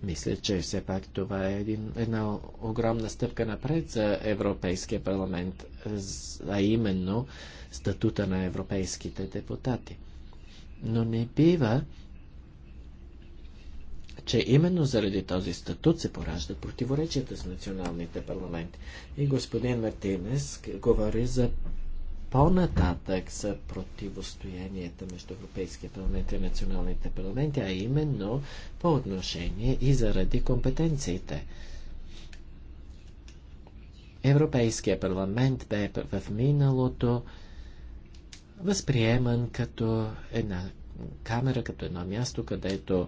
Мисля, че все пак това е един, една огромна стъпка напред за Европейския парламент, а именно статута на европейските депутати. Но не бива че именно заради този статут се пораждат противоречията с националните парламенти. И господин Мартинес говори за по-нататък за противостоянията между Европейския парламент и националните парламенти, а именно по отношение и заради компетенциите. Европейския парламент бе в миналото възприеман като една камера, като едно място, където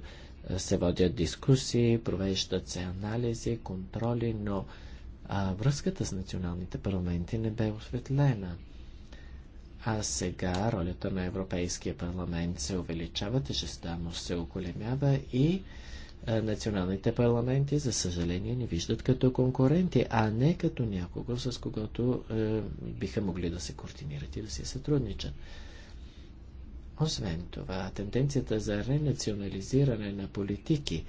се водят дискусии, провеждат се анализи, контроли, но а, връзката с националните парламенти не бе осветлена. А сега ролята на Европейския парламент се увеличава, тежестта му се околемява и а, националните парламенти, за съжаление, ни виждат като конкуренти, а не като някого, с когото е, биха могли да се координират и да си сътрудничат. Освен това, тенденцията за ренационализиране на политики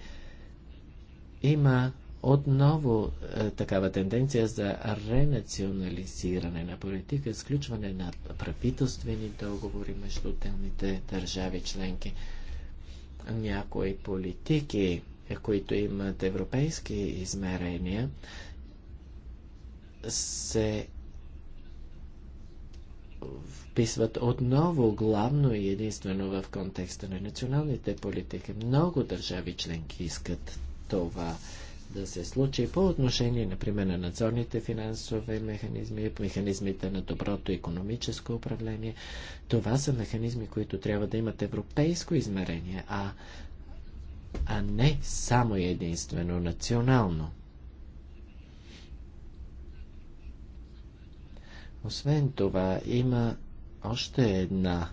има отново е, такава тенденция за ренационализиране на политика, изключване на правителствени договори между отделните държави членки. Някои политики, които имат европейски измерения, се вписват отново главно и единствено в контекста на националните политики. Много държави членки искат това да се случи по отношение, например, на надзорните финансови механизми, механизмите на доброто економическо управление. Това са механизми, които трябва да имат европейско измерение, а, а не само единствено национално. Освен това, има още една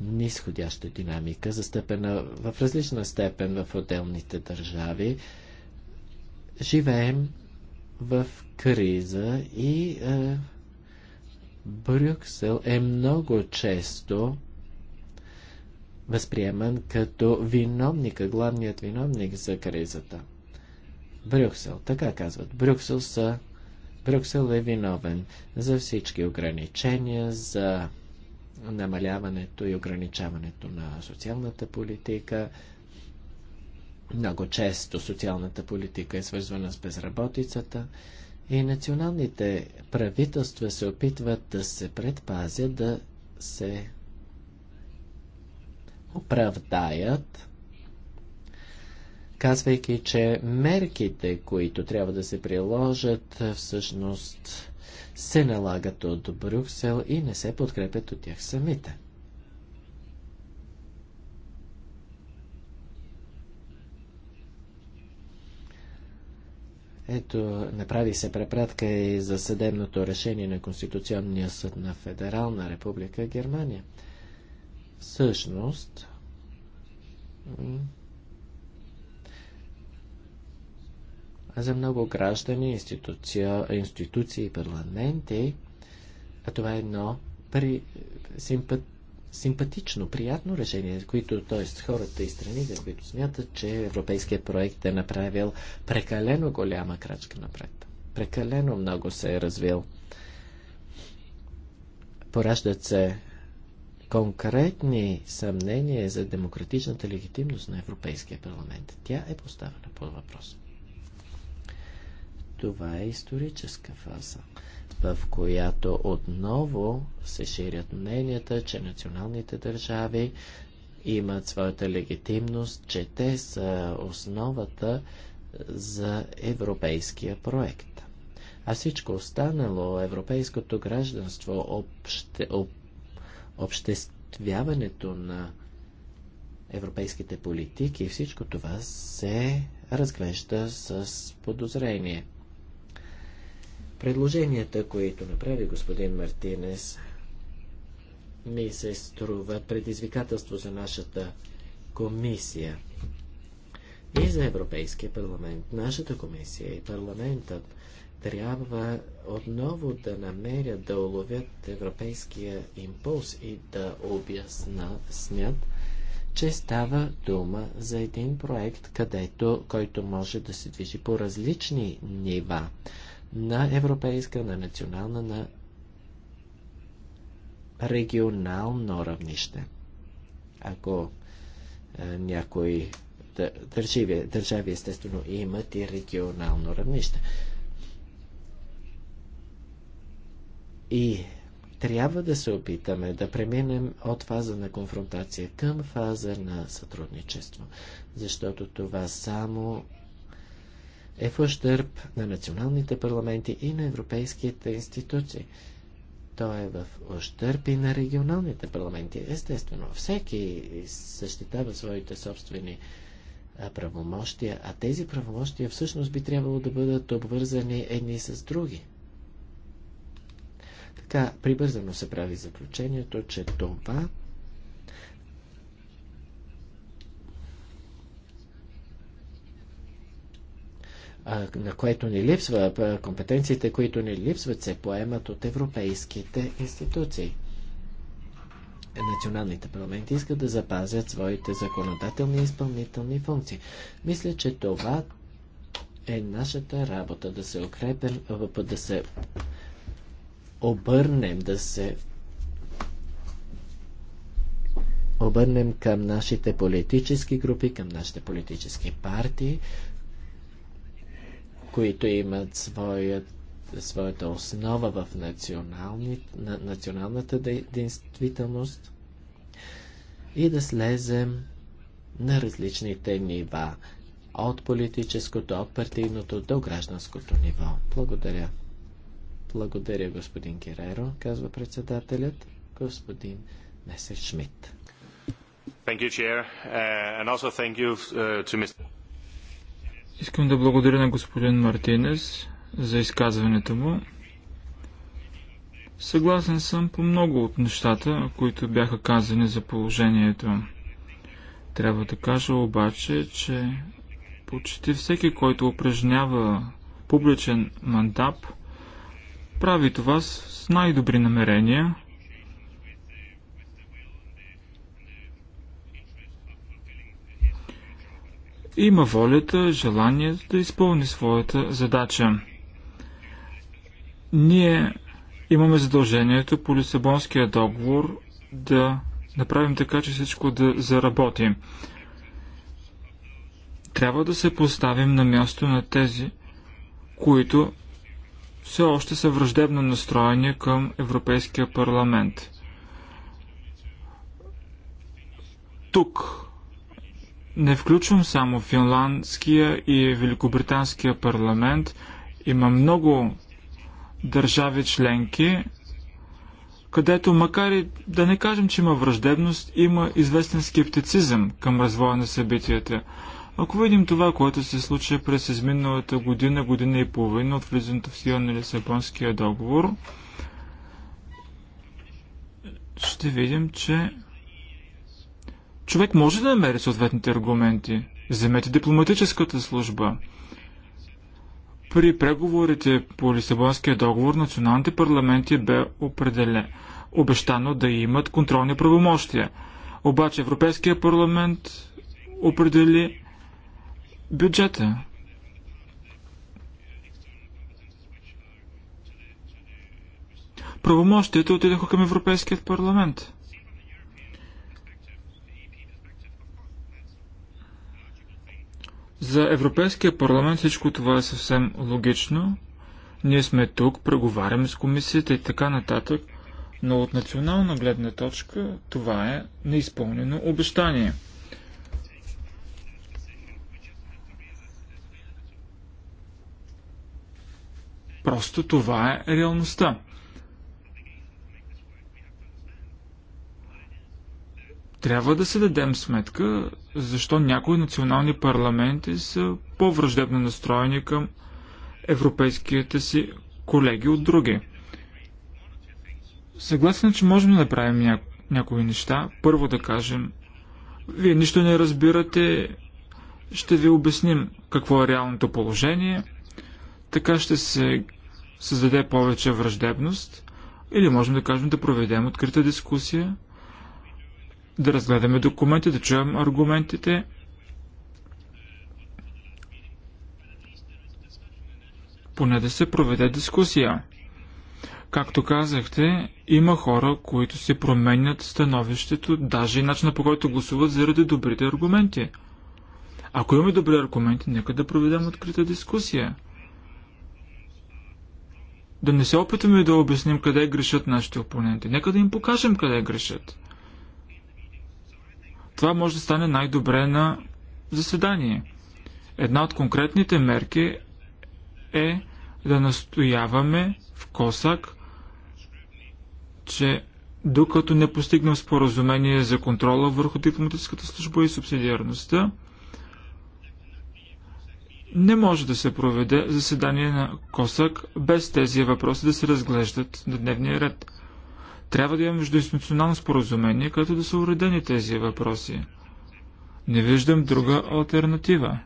нисходяща динамика, застъпена в различна степен в отделните държави. Живеем в криза и е, Брюксел е много често възприеман като виновника, главният виновник за кризата. Брюксел, така казват. Брюксел са Брюксел е виновен за всички ограничения, за намаляването и ограничаването на социалната политика. Много често социалната политика е свързвана с безработицата и националните правителства се опитват да се предпазят, да се оправдаят казвайки, че мерките, които трябва да се приложат, всъщност се налагат от Брюксел и не се подкрепят от тях самите. Ето, направи се препратка и за съдебното решение на Конституционния съд на Федерална република Германия. Всъщност, За много граждани, институции и парламенти, а това е едно при, симпат, симпатично, приятно решение, които, т.е. хората и страните, които смятат, че европейският проект е направил прекалено голяма крачка напред. Прекалено много се е развил. Пораждат се конкретни съмнения за демократичната легитимност на Европейския парламент. Тя е поставена под въпрос. Това е историческа фаза, в която отново се ширят мненията, че националните държави имат своята легитимност, че те са основата за европейския проект. А всичко останало, европейското гражданство, обще, об, обществяването на европейските политики, всичко това се разглежда с подозрение. Предложенията, които направи господин Мартинес, ми се струва предизвикателство за нашата комисия и за Европейския парламент. Нашата комисия и парламентът трябва отново да намерят да уловят европейския импулс и да снят, че става дума за един проект, където, който може да се движи по различни нива на европейска, на национална, на регионално равнище. Ако е, някои държави, държави естествено имат и регионално равнище. И трябва да се опитаме да преминем от фаза на конфронтация към фаза на сътрудничество, защото това само е в ущърп на националните парламенти и на европейските институции. Той е в ущърп и на регионалните парламенти. Естествено, всеки същитава своите собствени правомощия, а тези правомощия всъщност би трябвало да бъдат обвързани едни с други. Така, прибързано се прави заключението, че това на което ни липсва, компетенциите, които ни липсват, се поемат от европейските институции. Националните парламенти искат да запазят своите законодателни и изпълнителни функции. Мисля, че това е нашата работа да се укрепим, да се обърнем, да се обърнем към нашите политически групи, към нашите политически партии, които имат своят, своята основа в на, националната действителност и да слезем на различните нива от политическото, от партийното до гражданското ниво. Благодаря. Благодаря, господин Кереро, казва председателят, господин Месер Thank you, Chair, uh, and also thank you uh, to Mr. Искам да благодаря на господин Мартинес за изказването му. Съгласен съм по много от нещата, които бяха казани за положението. Трябва да кажа обаче, че почти всеки, който упражнява публичен мандап, прави това с най-добри намерения има волята, желанието да изпълни своята задача. Ние имаме задължението по Лисабонския договор да направим така, че всичко да заработи. Трябва да се поставим на място на тези, които все още са враждебно настроени към Европейския парламент. Тук не включвам само финландския и великобританския парламент. Има много държави членки, където макар и да не кажем, че има враждебност, има известен скептицизъм към развоя на събитията. Ако видим това, което се случи през изминалата година, година и половина от влизането в сила на Лисабонския договор, ще видим, че човек може да намери съответните аргументи. Вземете дипломатическата служба. При преговорите по Лисабонския договор националните парламенти бе определен, обещано да имат контролни правомощия. Обаче Европейския парламент определи бюджета. Правомощията отидаха към Европейският парламент. За Европейския парламент всичко това е съвсем логично. Ние сме тук, преговаряме с комисията и така нататък, но от национална гледна точка това е неизпълнено обещание. Просто това е реалността. Трябва да се дадем сметка, защо някои национални парламенти са по-враждебно настроени към европейските си колеги от други. Съгласен, че можем да направим ня... някои неща. Първо да кажем, вие нищо не разбирате, ще ви обясним какво е реалното положение. Така ще се създаде повече враждебност. Или можем да кажем да проведем открита дискусия – да разгледаме документи, да чуем аргументите. Поне да се проведе дискусия. Както казахте, има хора, които си променят становището, даже и начина по който гласуват заради добрите аргументи. Ако имаме добри аргументи, нека да проведем открита дискусия. Да не се опитаме да обясним къде грешат нашите опоненти. Нека да им покажем къде грешат. Това може да стане най-добре на заседание. Една от конкретните мерки е да настояваме в Косак, че докато не постигнем споразумение за контрола върху дипломатическата служба и субсидиарността, не може да се проведе заседание на Косак без тези въпроси да се разглеждат на дневния ред. Трябва да имаме междуинституционално споразумение, като да са уредени тези въпроси. Не виждам друга альтернатива.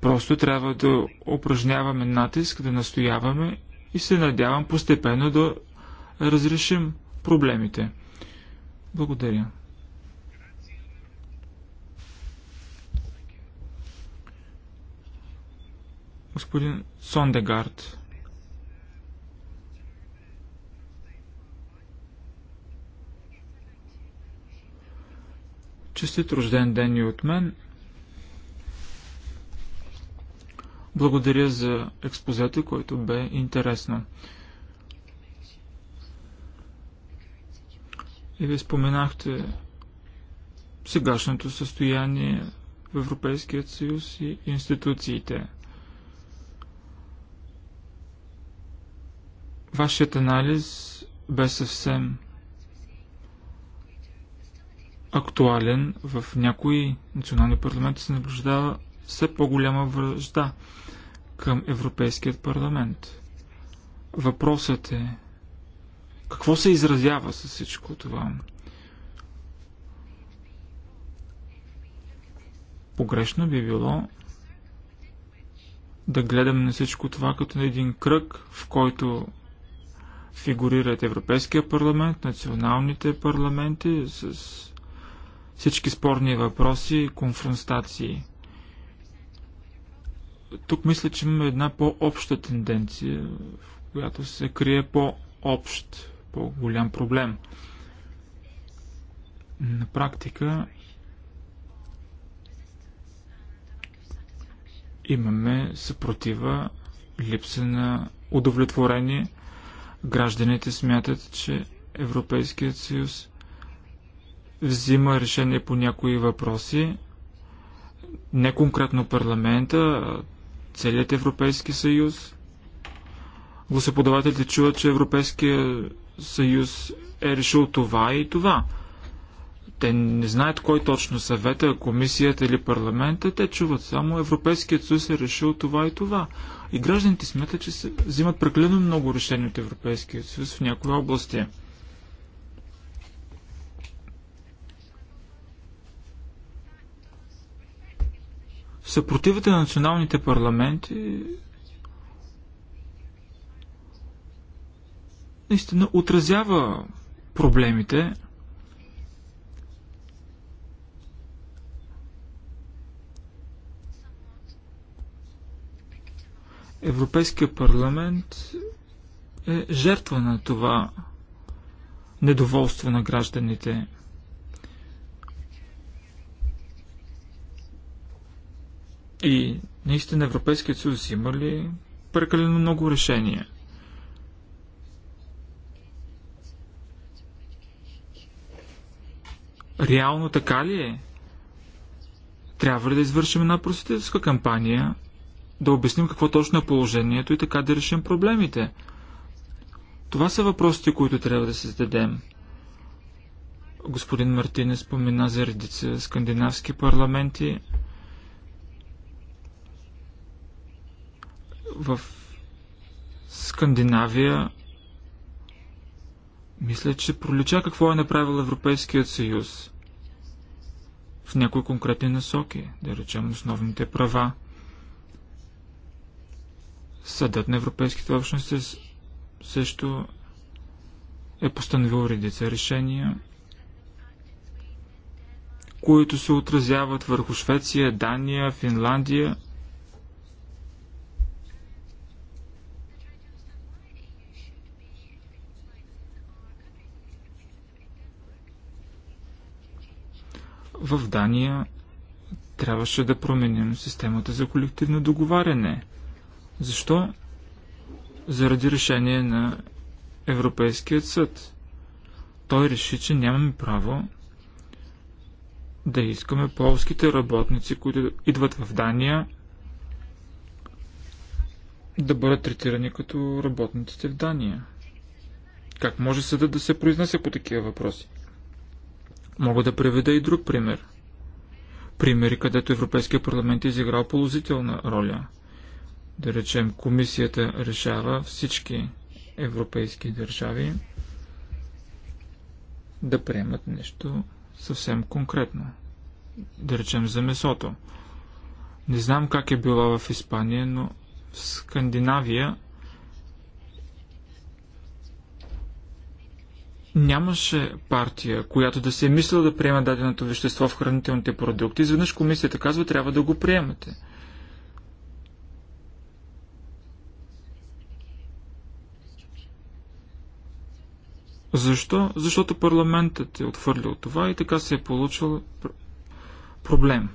Просто трябва да упражняваме натиск, да настояваме и се надявам постепенно да разрешим проблемите. Благодаря. Господин Сондегард. Честит рожден ден и от мен. Благодаря за експозето, което бе интересно. И ви споменахте сегашното състояние в Европейският съюз и институциите. Вашият анализ бе съвсем актуален. В някои национални парламенти се наблюдава все по-голяма връжда към Европейският парламент. Въпросът е какво се изразява с всичко това? Погрешно би било да гледам на всичко това като на един кръг, в който фигурират Европейския парламент, националните парламенти с всички спорни въпроси конфронтации. Тук мисля, че имаме една по-обща тенденция, в която се крие по-общ, по-голям проблем. На практика имаме съпротива, липса на удовлетворение. Гражданите смятат, че Европейският съюз взима решение по някои въпроси, не конкретно парламента, целият Европейски съюз. Гласоподавателите чуват, че Европейския съюз е решил това и това. Те не знаят кой точно съвета, комисията или парламента, те чуват само Европейският съюз е решил това и това. И гражданите смятат, че се взимат прекалено много решения от Европейския съюз в някои области. съпротивата на националните парламенти наистина отразява проблемите. Европейския парламент е жертва на това недоволство на гражданите. И наистина Европейският съюз има ли прекалено много решения? Реално така ли е? Трябва ли да извършим една просветителска кампания, да обясним какво точно е положението и така да решим проблемите? Това са въпросите, които трябва да се зададем. Господин Мартинес спомена за редица скандинавски парламенти, В Скандинавия мисля, че пролича какво е направил Европейският съюз в някои конкретни насоки, да речем основните права. Съдът на Европейските общности също е постановил редица решения, които се отразяват върху Швеция, Дания, Финландия – В Дания трябваше да променим системата за колективно договаряне. Защо? Заради решение на Европейският съд. Той реши, че нямаме право да искаме полските работници, които идват в Дания, да бъдат третирани като работниците в Дания. Как може съдът да се произнася по такива въпроси? Мога да преведа и друг пример. Примери, където Европейския парламент е изиграл положителна роля. Да речем, комисията решава всички европейски държави да приемат нещо съвсем конкретно. Да речем за месото. Не знам как е било в Испания, но в Скандинавия Нямаше партия, която да се е мислила да приема даденото вещество в хранителните продукти. Изведнъж комисията казва, трябва да го приемате. Защо? Защото парламентът е отвърлил това и така се е получил проблем.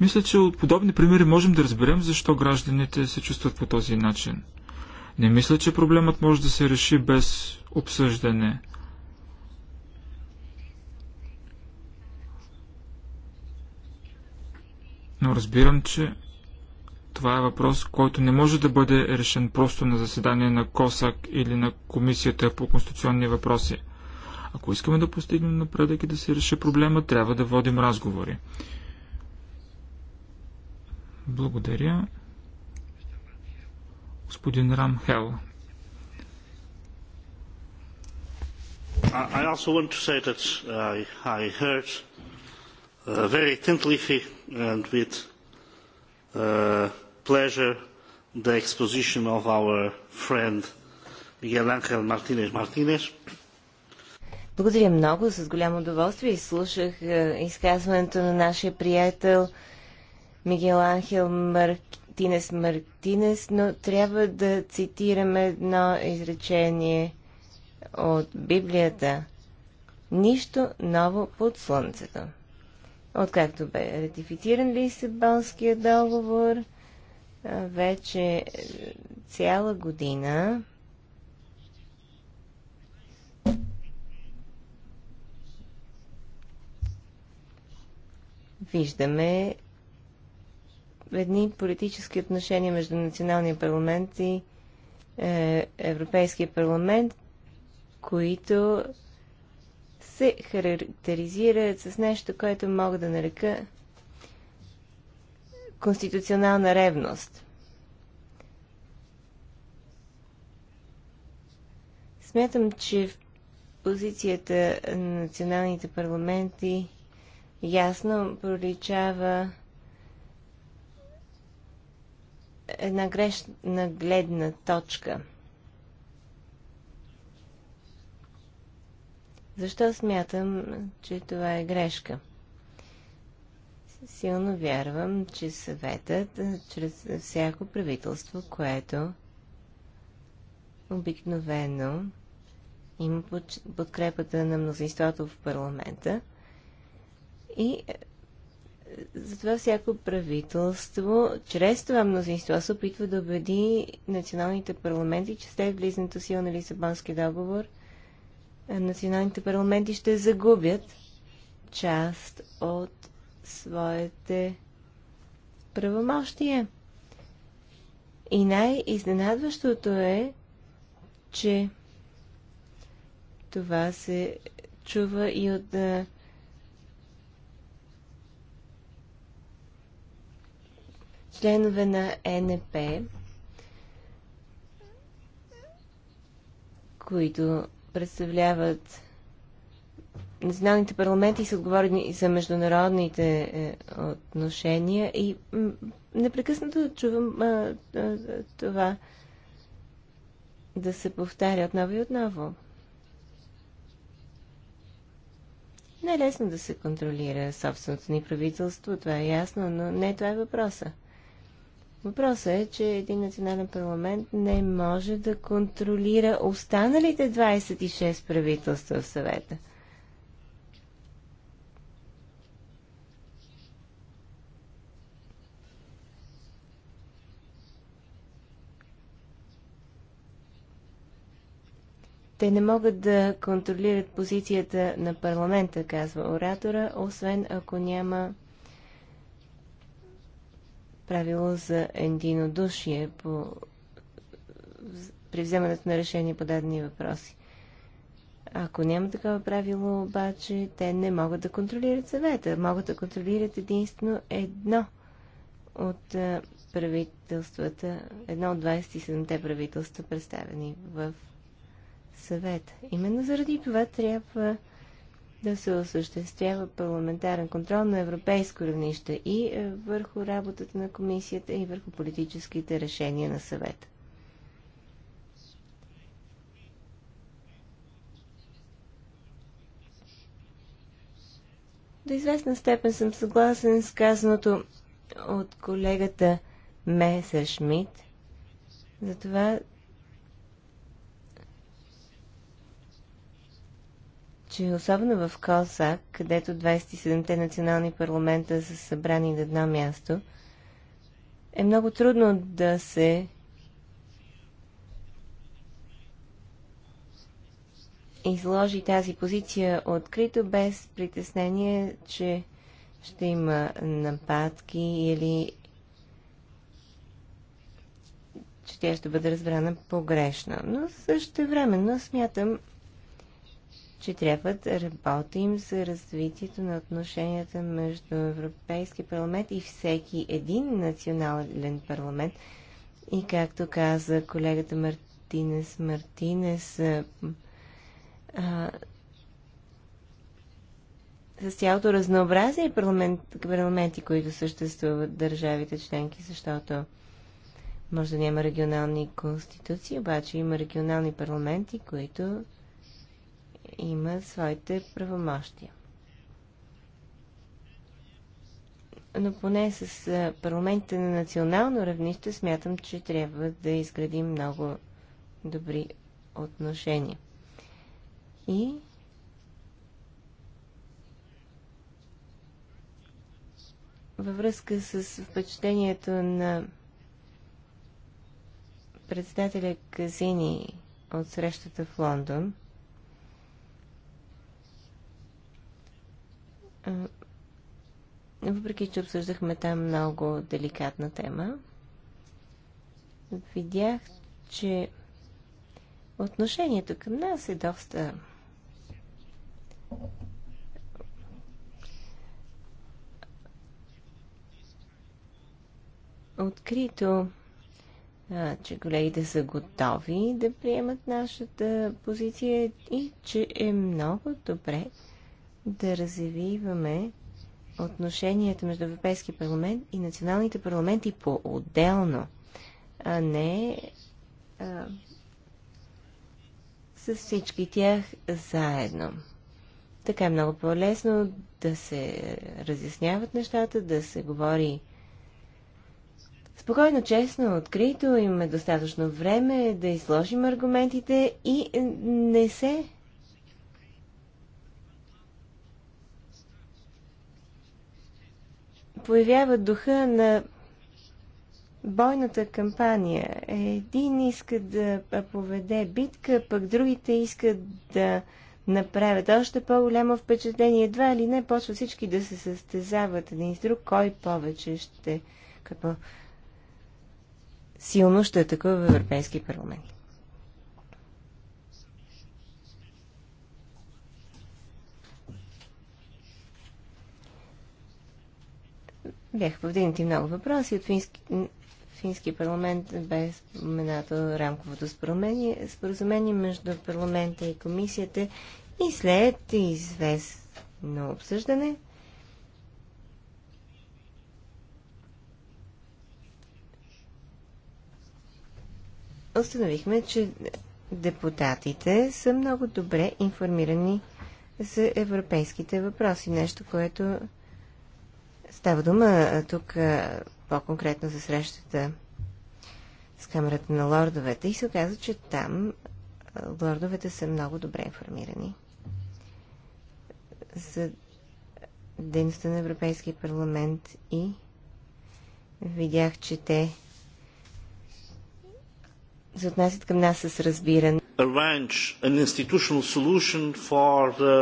Мисля, че от подобни примери можем да разберем защо гражданите се чувстват по този начин. Не мисля, че проблемът може да се реши без обсъждане. Но разбирам, че това е въпрос, който не може да бъде решен просто на заседание на КОСАК или на Комисията по конституционни въпроси. Ако искаме да постигнем напредък и да се реши проблема, трябва да водим разговори. Благодаря. Господин Рам Хел. I also want to say that I, I heard uh, very attentively and with uh, pleasure the exposition of our friend Miguel Ángel Martínez Martínez. Благодаря много. С голямо удоволствие изслушах изказването на нашия приятел Мигел Анхел Мартинес Мартинес, но трябва да цитираме едно изречение от Библията. Нищо ново под слънцето. Откакто бе ратифициран Лисабонския договор, вече цяла година виждаме едни политически отношения между националния парламент и е, Европейския парламент, които се характеризират с нещо, което мога да нарека конституционална ревност. Смятам, че в позицията на националните парламенти ясно проличава една грешна гледна точка. Защо смятам, че това е грешка? Силно вярвам, че съветът, чрез всяко правителство, което обикновено има подкрепата на мнозинството в парламента и затова всяко правителство, чрез това мнозинство, се опитва да убеди националните парламенти, че след влизането сила на Лисабонския договор, е, националните парламенти ще загубят част от своите правомощия. И най-изненадващото е, че това се чува и от е, членове на НП, които представляват националните парламенти и са отговорни за международните е, отношения и непрекъснато чувам а, а, това да се повтаря отново и отново. Не е лесно да се контролира собственото ни правителство, това е ясно, но не това е въпроса. Въпросът е, че един национален парламент не може да контролира останалите 26 правителства в съвета. Те не могат да контролират позицията на парламента, казва оратора, освен ако няма правило за единодушие по, при вземането на решение по дадени въпроси. Ако няма такова правило, обаче, те не могат да контролират съвета. Могат да контролират единствено едно от е, правителствата, едно от 27-те правителства, представени в съвета. Именно заради това трябва да се осъществява парламентарен контрол на европейско равнище и е, върху работата на комисията и върху политическите решения на съвета. До известна степен съм съгласен с казаното от колегата Меса Шмидт за това, че особено в Косак, където 27-те национални парламента са събрани на едно място, е много трудно да се изложи тази позиция открито, без притеснение, че ще има нападки или че тя ще бъде разбрана погрешно. Но също времено смятам, че трябва да работим за развитието на отношенията между Европейския парламент и всеки един национален парламент. И както каза колегата Мартинес Мартинес, а, а, с цялото разнообразие парламент, парламенти, които съществуват държавите членки, защото може да няма регионални конституции, обаче има регионални парламенти, които има своите правомощия. Но поне с парламентите на национално равнище смятам, че трябва да изградим много добри отношения. И във връзка с впечатлението на председателя Казини от срещата в Лондон – въпреки че обсъждахме там много деликатна тема, видях, че отношението към нас е доста открито, а, че колегите са готови да приемат нашата позиция и че е много добре да развиваме отношенията между Европейския парламент и националните парламенти по-отделно, а не а, с всички тях заедно. Така е много по-лесно да се разясняват нещата, да се говори спокойно, честно, открито, имаме достатъчно време да изложим аргументите и не се Появява духа на бойната кампания. Един иска да поведе битка, пък другите искат да направят още по-голямо впечатление. Едва или не, почва всички да се състезават един с друг, кой повече ще, какво силно ще атакува в Европейски парламент. Бяха повдигнати много въпроси от фински, финския парламент бе споменато рамковото споразумение, споразумение между парламента и комисията и след известно обсъждане установихме, че депутатите са много добре информирани за европейските въпроси. Нещо, което Става дума тук по-конкретно за срещата с камерата на лордовете и се оказа, че там лордовете са много добре информирани за дейността на Европейския парламент и видях, че те се отнасят към нас с разбиране. Arrange an institutional solution for the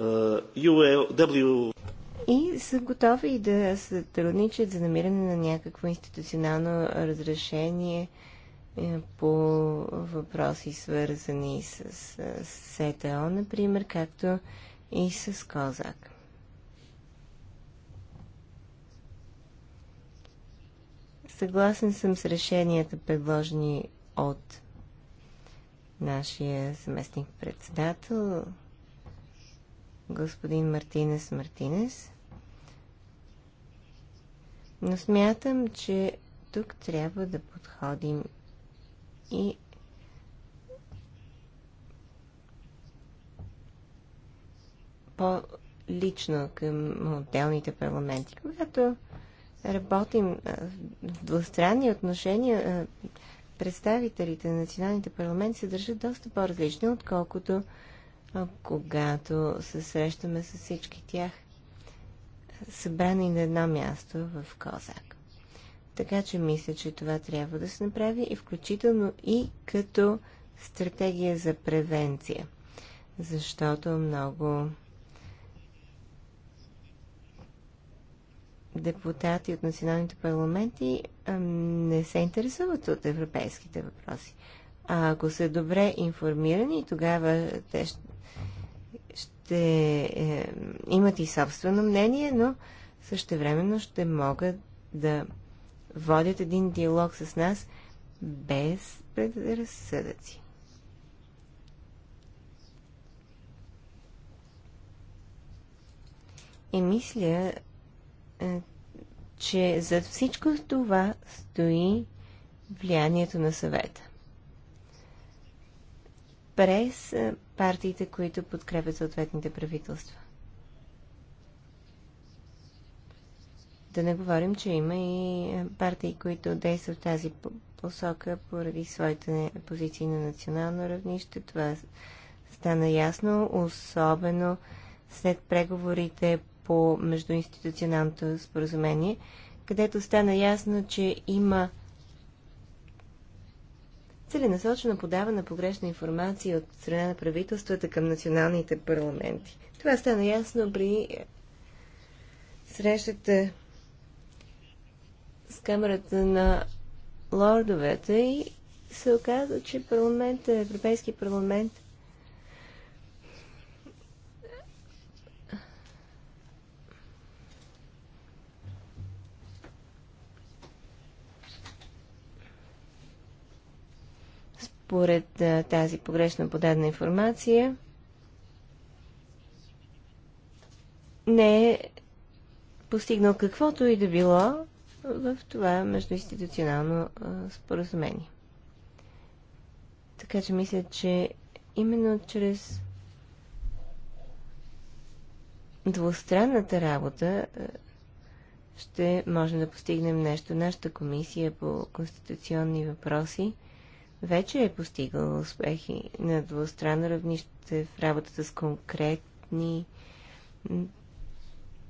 uh, и са готови да сътрудничат за намиране на някакво институционално разрешение е, по въпроси, свързани с СТО, например, както и с Козак. Съгласен съм с решенията, предложени от нашия заместник-председател, господин Мартинес Мартинес. Но смятам, че тук трябва да подходим и по-лично към отделните парламенти. Когато работим в двустранни отношения, представителите на националните парламенти се държат доста по различни отколкото когато се срещаме с всички тях събрани на едно място в Козак. Така че мисля, че това трябва да се направи и включително и като стратегия за превенция. Защото много депутати от националните парламенти не се интересуват от европейските въпроси. А ако са добре информирани, тогава те ще ще е, имат и собствено мнение, но същевременно ще могат да водят един диалог с нас без предразсъдъци. И мисля, е, че зад всичко това стои влиянието на съвета. През е, партиите, които подкрепят съответните правителства. Да не говорим, че има и е, партии, които действат в тази посока поради своите позиции на национално равнище. Това стана ясно, особено след преговорите по междуинституционалното споразумение, където стана ясно, че има целенасочено на погрешна информация от страна на правителствата към националните парламенти. Това стана ясно при срещата с камерата на лордовете и се оказа, че парламент, Европейски парламент Според а, тази погрешно подадена информация, не е постигнал каквото и да било в това междуинституционално споразумение. Така че мисля, че именно чрез двустранната работа ще можем да постигнем нещо. Нашата комисия по конституционни въпроси – вече е постигал успехи на двустранно равнище в работата с конкретни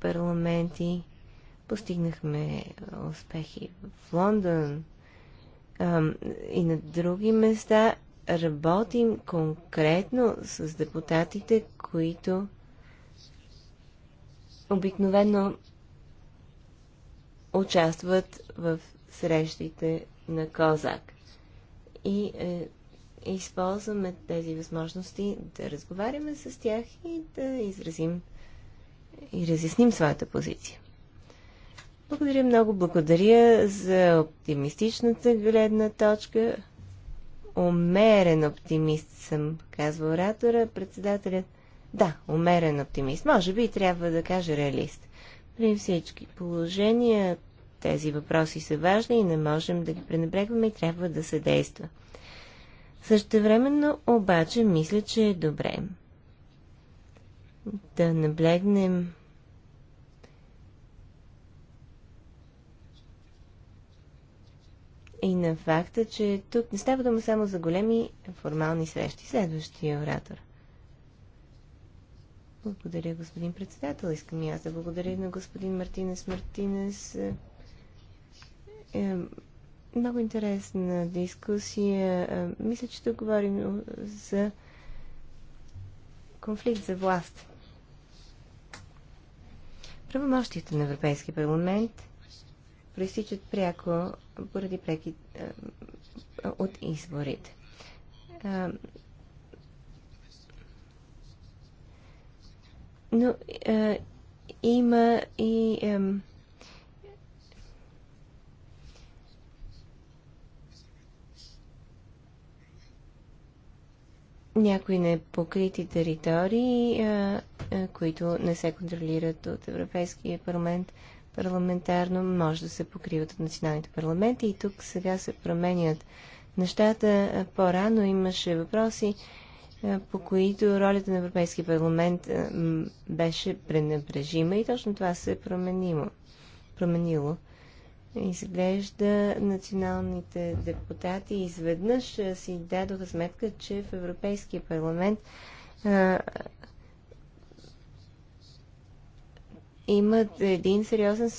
парламенти. Постигнахме успехи в Лондон ам, и на други места. Работим конкретно с депутатите, които обикновено участват в срещите на Козак и е, използваме тези възможности да разговаряме с тях и да изразим и разясним своята позиция. Благодаря много, благодаря за оптимистичната гледна точка. Умерен оптимист съм, казва оратора, председателят. Да, умерен оптимист. Може би трябва да кажа реалист. При всички положения тези въпроси са важни и не можем да ги пренебрегваме и трябва да се действа. Същевременно обаче мисля, че е добре да наблегнем и на факта, че тук не става дума само за големи формални срещи. Следващия оратор. Благодаря, господин председател. Искам и аз да благодаря на господин Мартинес Мартинес е, много интересна дискусия. Е, мисля, че тук говорим за конфликт за власт. Правомощията на Европейския парламент проистичат пряко поради преки е, от изборите. Е, но е, има и някои непокрити територии, които не се контролират от Европейския парламент парламентарно, може да се покриват от националните парламенти и тук сега се променят нещата. По-рано имаше въпроси, по които ролята на Европейския парламент беше пренебрежима и точно това се е променило. променило. Изглежда националните депутати изведнъж си дадоха сметка, че в Европейския парламент а, имат един сериозен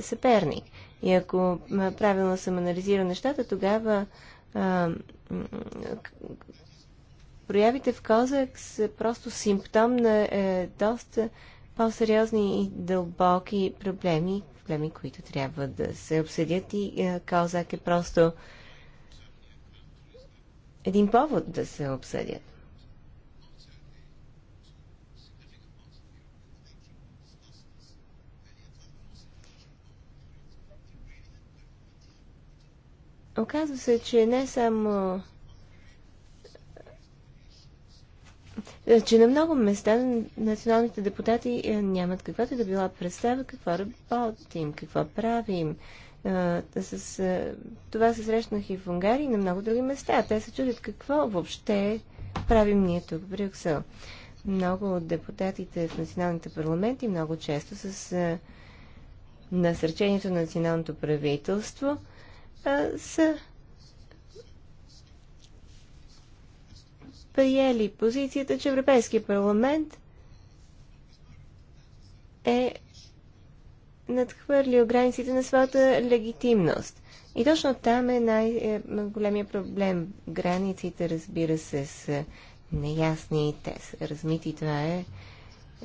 съперник. И ако правилно съм анализирал нещата, тогава а, проявите в Козак са просто симптом на е, доста по-сериозни и дълбоки проблеми, проблеми, които трябва да се обсъдят и е, Каузак е просто един повод да се обсъдят. Оказва се, че не само Е, че на много места националните депутати е, нямат каквато да била представа какво работим, какво правим. Е, с, това се срещнах и в Унгария и на много други места. Те се чудят какво въобще правим ние тук в Брюксел. Много от депутатите в националните парламенти много често с насърчението на националното правителство са приели позицията, че Европейския парламент е надхвърлил границите на своята легитимност. И точно там е най-големия проблем. Границите, разбира се, са неясни, те са размити. Това е,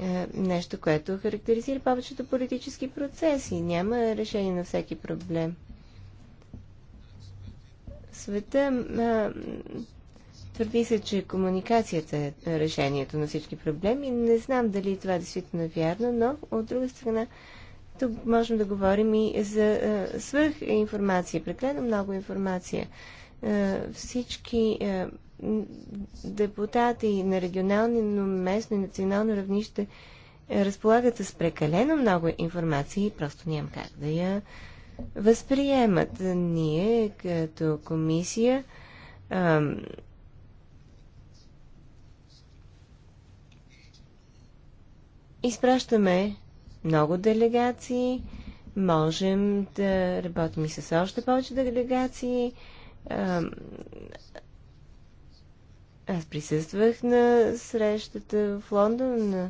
е, нещо, което характеризира повечето политически процеси. Няма решение на всеки проблем. Света Твърди се, че комуникацията е решението на всички проблеми. Не знам дали това е действително е вярно, но от друга страна тук можем да говорим и за е, информация, прекалено много информация. Е, всички е, депутати на регионално, местно и национално равнище разполагат с прекалено много информация и просто нямам как да я възприемат. Ние като комисия Изпращаме много делегации, можем да работим и с още повече делегации. Аз присъствах на срещата в Лондон.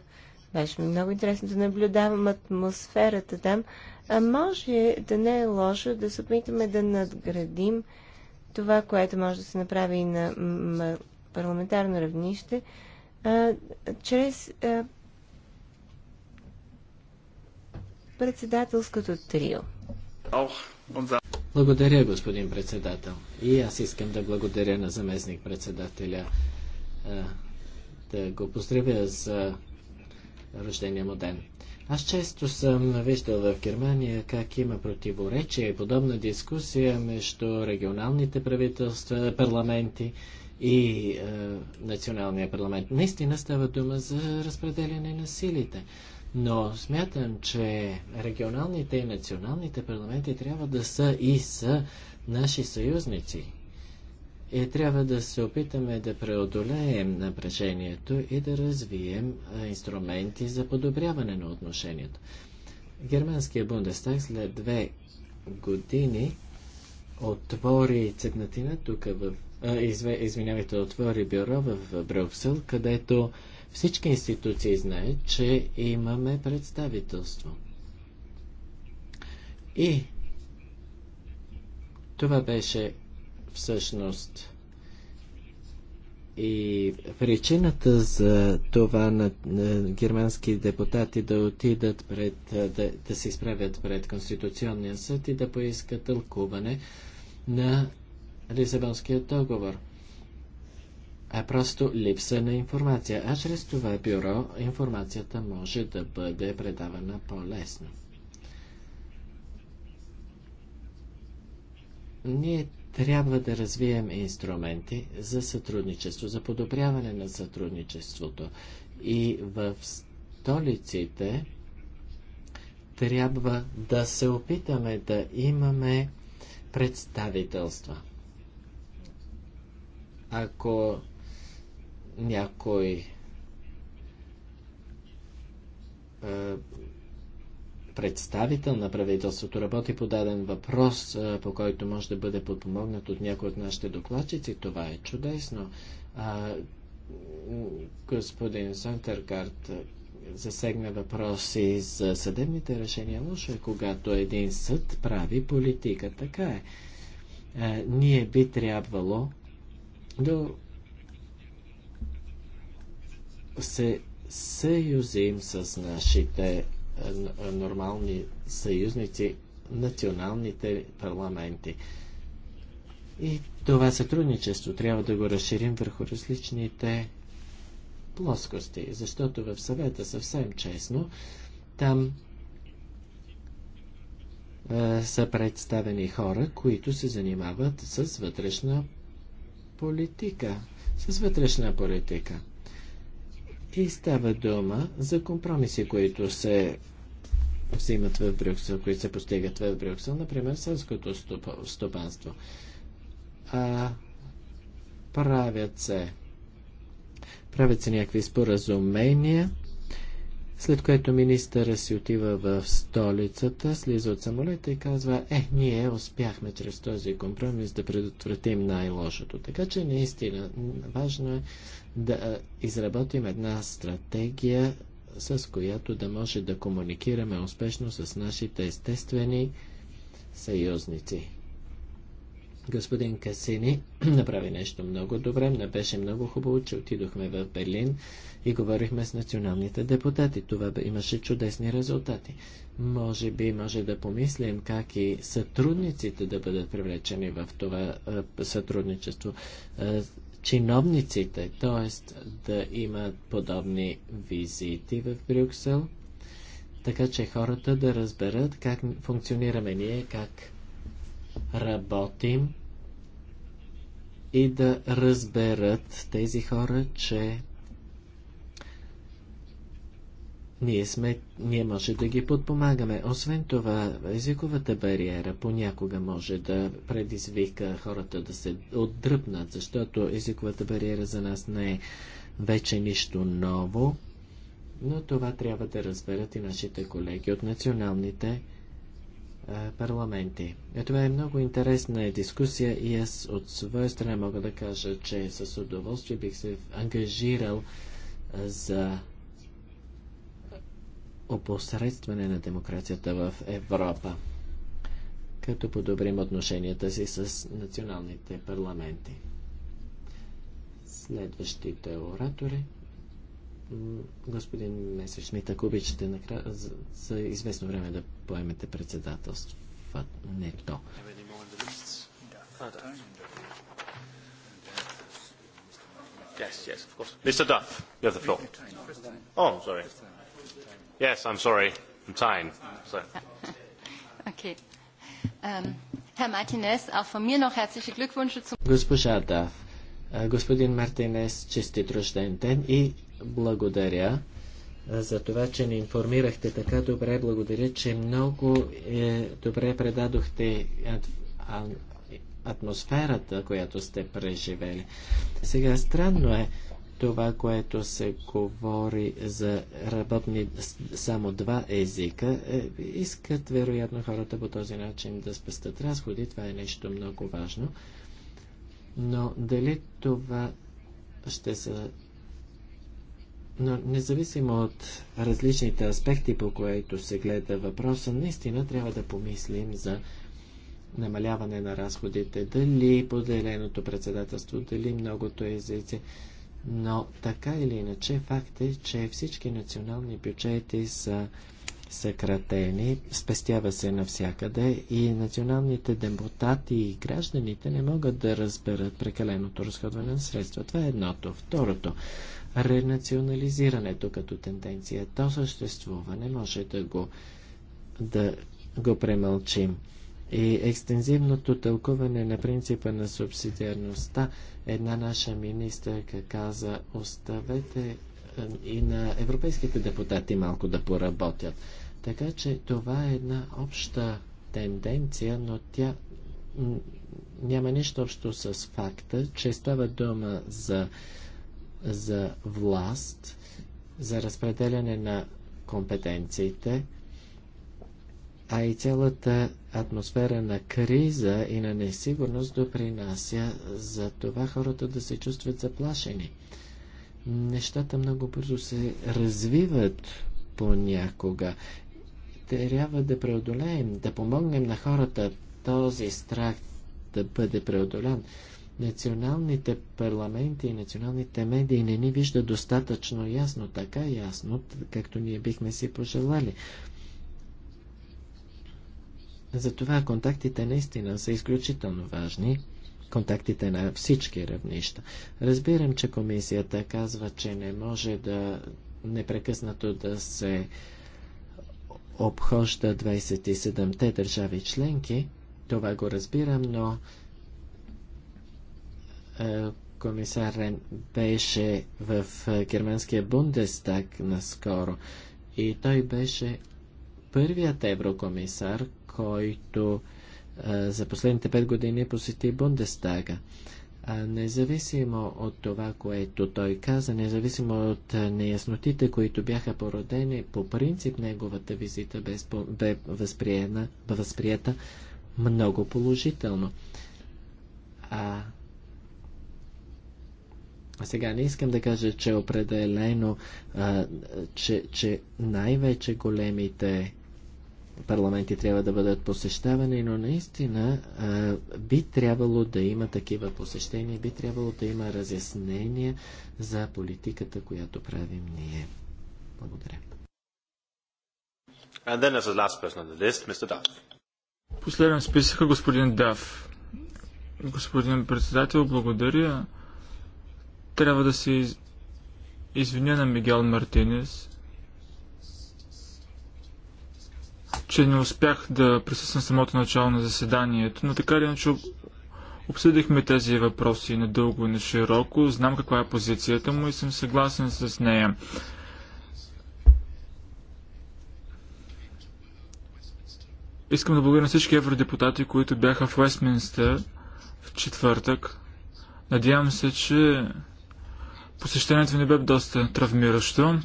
Беше ми много интересно да наблюдавам атмосферата там. А може да не е лошо да се опитаме да надградим това, което може да се направи и на парламентарно равнище, а, чрез а, председателското трио. Благодаря, господин председател. И аз искам да благодаря на заместник председателя да го поздравя за рождения му ден. Аз често съм виждал в Германия как има противоречие и подобна дискусия между регионалните правителства, парламенти и е, националния парламент. Наистина става дума за разпределяне на силите. Но смятам, че регионалните и националните парламенти трябва да са и са наши съюзници. И трябва да се опитаме да преодолеем напрежението и да развием инструменти за подобряване на отношението. Германския Бундестаг след две години отвори цепнатина тук в... извинявайте, отвори бюро в Брюксел, където всички институции знаят, че имаме представителство. И това беше всъщност и причината за това на, германски депутати да отидат пред, да, да се изправят пред Конституционния съд и да поискат тълкуване на Лисабонския договор а просто липса на информация. А чрез това бюро информацията може да бъде предавана по-лесно. Ние трябва да развием инструменти за сътрудничество, за подобряване на сътрудничеството. И в столиците трябва да се опитаме да имаме представителства. Ако някой представител на правителството работи по даден въпрос, по който може да бъде подпомогнат от някой от нашите докладчици, това е чудесно. господин Сантергард засегна въпроси за съдебните решения. Лошо е, когато един съд прави политика. Така е. ние би трябвало да се съюзим с нашите е, е, нормални съюзници, националните парламенти. И това сътрудничество трябва да го разширим върху различните плоскости, защото в съвета съвсем честно там е, са представени хора, които се занимават с вътрешна политика. С вътрешна политика. И става дума за компромиси, които се взимат в Брюксел, които се постигат в Брюксел, например селското стопанство. А, правят се правят се някакви споразумения след което министъра си отива в столицата, слиза от самолета и казва, е, ние успяхме чрез този компромис да предотвратим най-лошото. Така че наистина важно е да изработим една стратегия, с която да може да комуникираме успешно с нашите естествени съюзници господин Касини направи нещо много добре. Не беше много хубаво, че отидохме в Берлин и говорихме с националните депутати. Това имаше чудесни резултати. Може би може да помислим как и сътрудниците да бъдат привлечени в това е, сътрудничество. Е, чиновниците, т.е. да имат подобни визити в Брюксел, така че хората да разберат как функционираме ние, как работим и да разберат тези хора, че ние, сме, ние може да ги подпомагаме. Освен това, езиковата бариера понякога може да предизвика хората да се отдръпнат, защото езиковата бариера за нас не е вече нищо ново, но това трябва да разберат и нашите колеги от националните е, парламенти. Е, това е много интересна дискусия и аз от своя страна мога да кажа, че с удоволствие бих се ангажирал е, за опосредстване на демокрацията в Европа, като подобрим отношенията си с националните парламенти. Следващите оратори господин Месешмит, ако обичате накра... за, за известно време да поемете председателството. Yes, yes, of course. Mr. Duff, you have the floor. Oh, sorry. Yes, I'm sorry. I'm tying. So. okay. Um, Herr Martinez, auch von mir noch herzliche Glückwünsche zum... Госпожа Duff, господин Мартинес, честит рожден ден и благодаря за това, че ни информирахте така добре. Благодаря, че много е, добре предадохте атмосферата, която сте преживели. Сега странно е това, което се говори за работни само два езика. Е, искат, вероятно, хората по този начин да спестят разходи. Това е нещо много важно. Но дали това ще се? Но независимо от различните аспекти, по които се гледа въпроса, наистина трябва да помислим за намаляване на разходите, дали поделеното председателство, дали многото езици. Но така или иначе, факт е, че всички национални бюджети са съкратени, спестява се навсякъде и националните депутати и гражданите не могат да разберат прекаленото разходване на средства. Това е едното. Второто, ренационализирането като тенденция. То съществува, не може да го, да го премълчим. И екстензивното тълкуване на принципа на субсидиарността, една наша министърка каза, оставете е, и на европейските депутати малко да поработят. Така че това е една обща тенденция, но тя няма нищо общо с факта, че става дума за за власт, за разпределяне на компетенциите, а и цялата атмосфера на криза и на несигурност допринася за това хората да се чувстват заплашени. Нещата много бързо се развиват понякога. Трябва да преодолеем, да помогнем на хората този страх да бъде преодолян националните парламенти и националните медии не ни виждат достатъчно ясно, така ясно, както ние бихме си пожелали. Затова контактите наистина са изключително важни. Контактите на всички равнища. Разбирам, че комисията казва, че не може да непрекъснато да се обхожда 27-те държави членки. Това го разбирам, но е, комисар Рен беше в е, германския Бундестаг наскоро и той беше първият еврокомисар, който е, за последните пет години посети Бундестага. А, независимо от това, което той каза, независимо от неяснотите, които бяха породени, по принцип неговата визита бе, възприета много положително. А сега не искам да кажа, че определено, а, че, че най-вече големите парламенти трябва да бъдат посещавани, но наистина а, би трябвало да има такива посещения, би трябвало да има разяснения за политиката, която правим ние. Благодаря. And then as the last person on the list, Mr. Duff. Последен списъка е господин Дав. Господин председател, благодаря. Трябва да се извиня на Мигел Мартинес, че не успях да присъствам самото начало на заседанието, но така или иначе обсъдихме тези въпроси надълго и на широко. Знам каква е позицията му и съм съгласен с нея. Искам да благодаря на всички евродепутати, които бяха в Уестминстър в четвъртък. Надявам се, че Посещението ни бе доста травмиращо.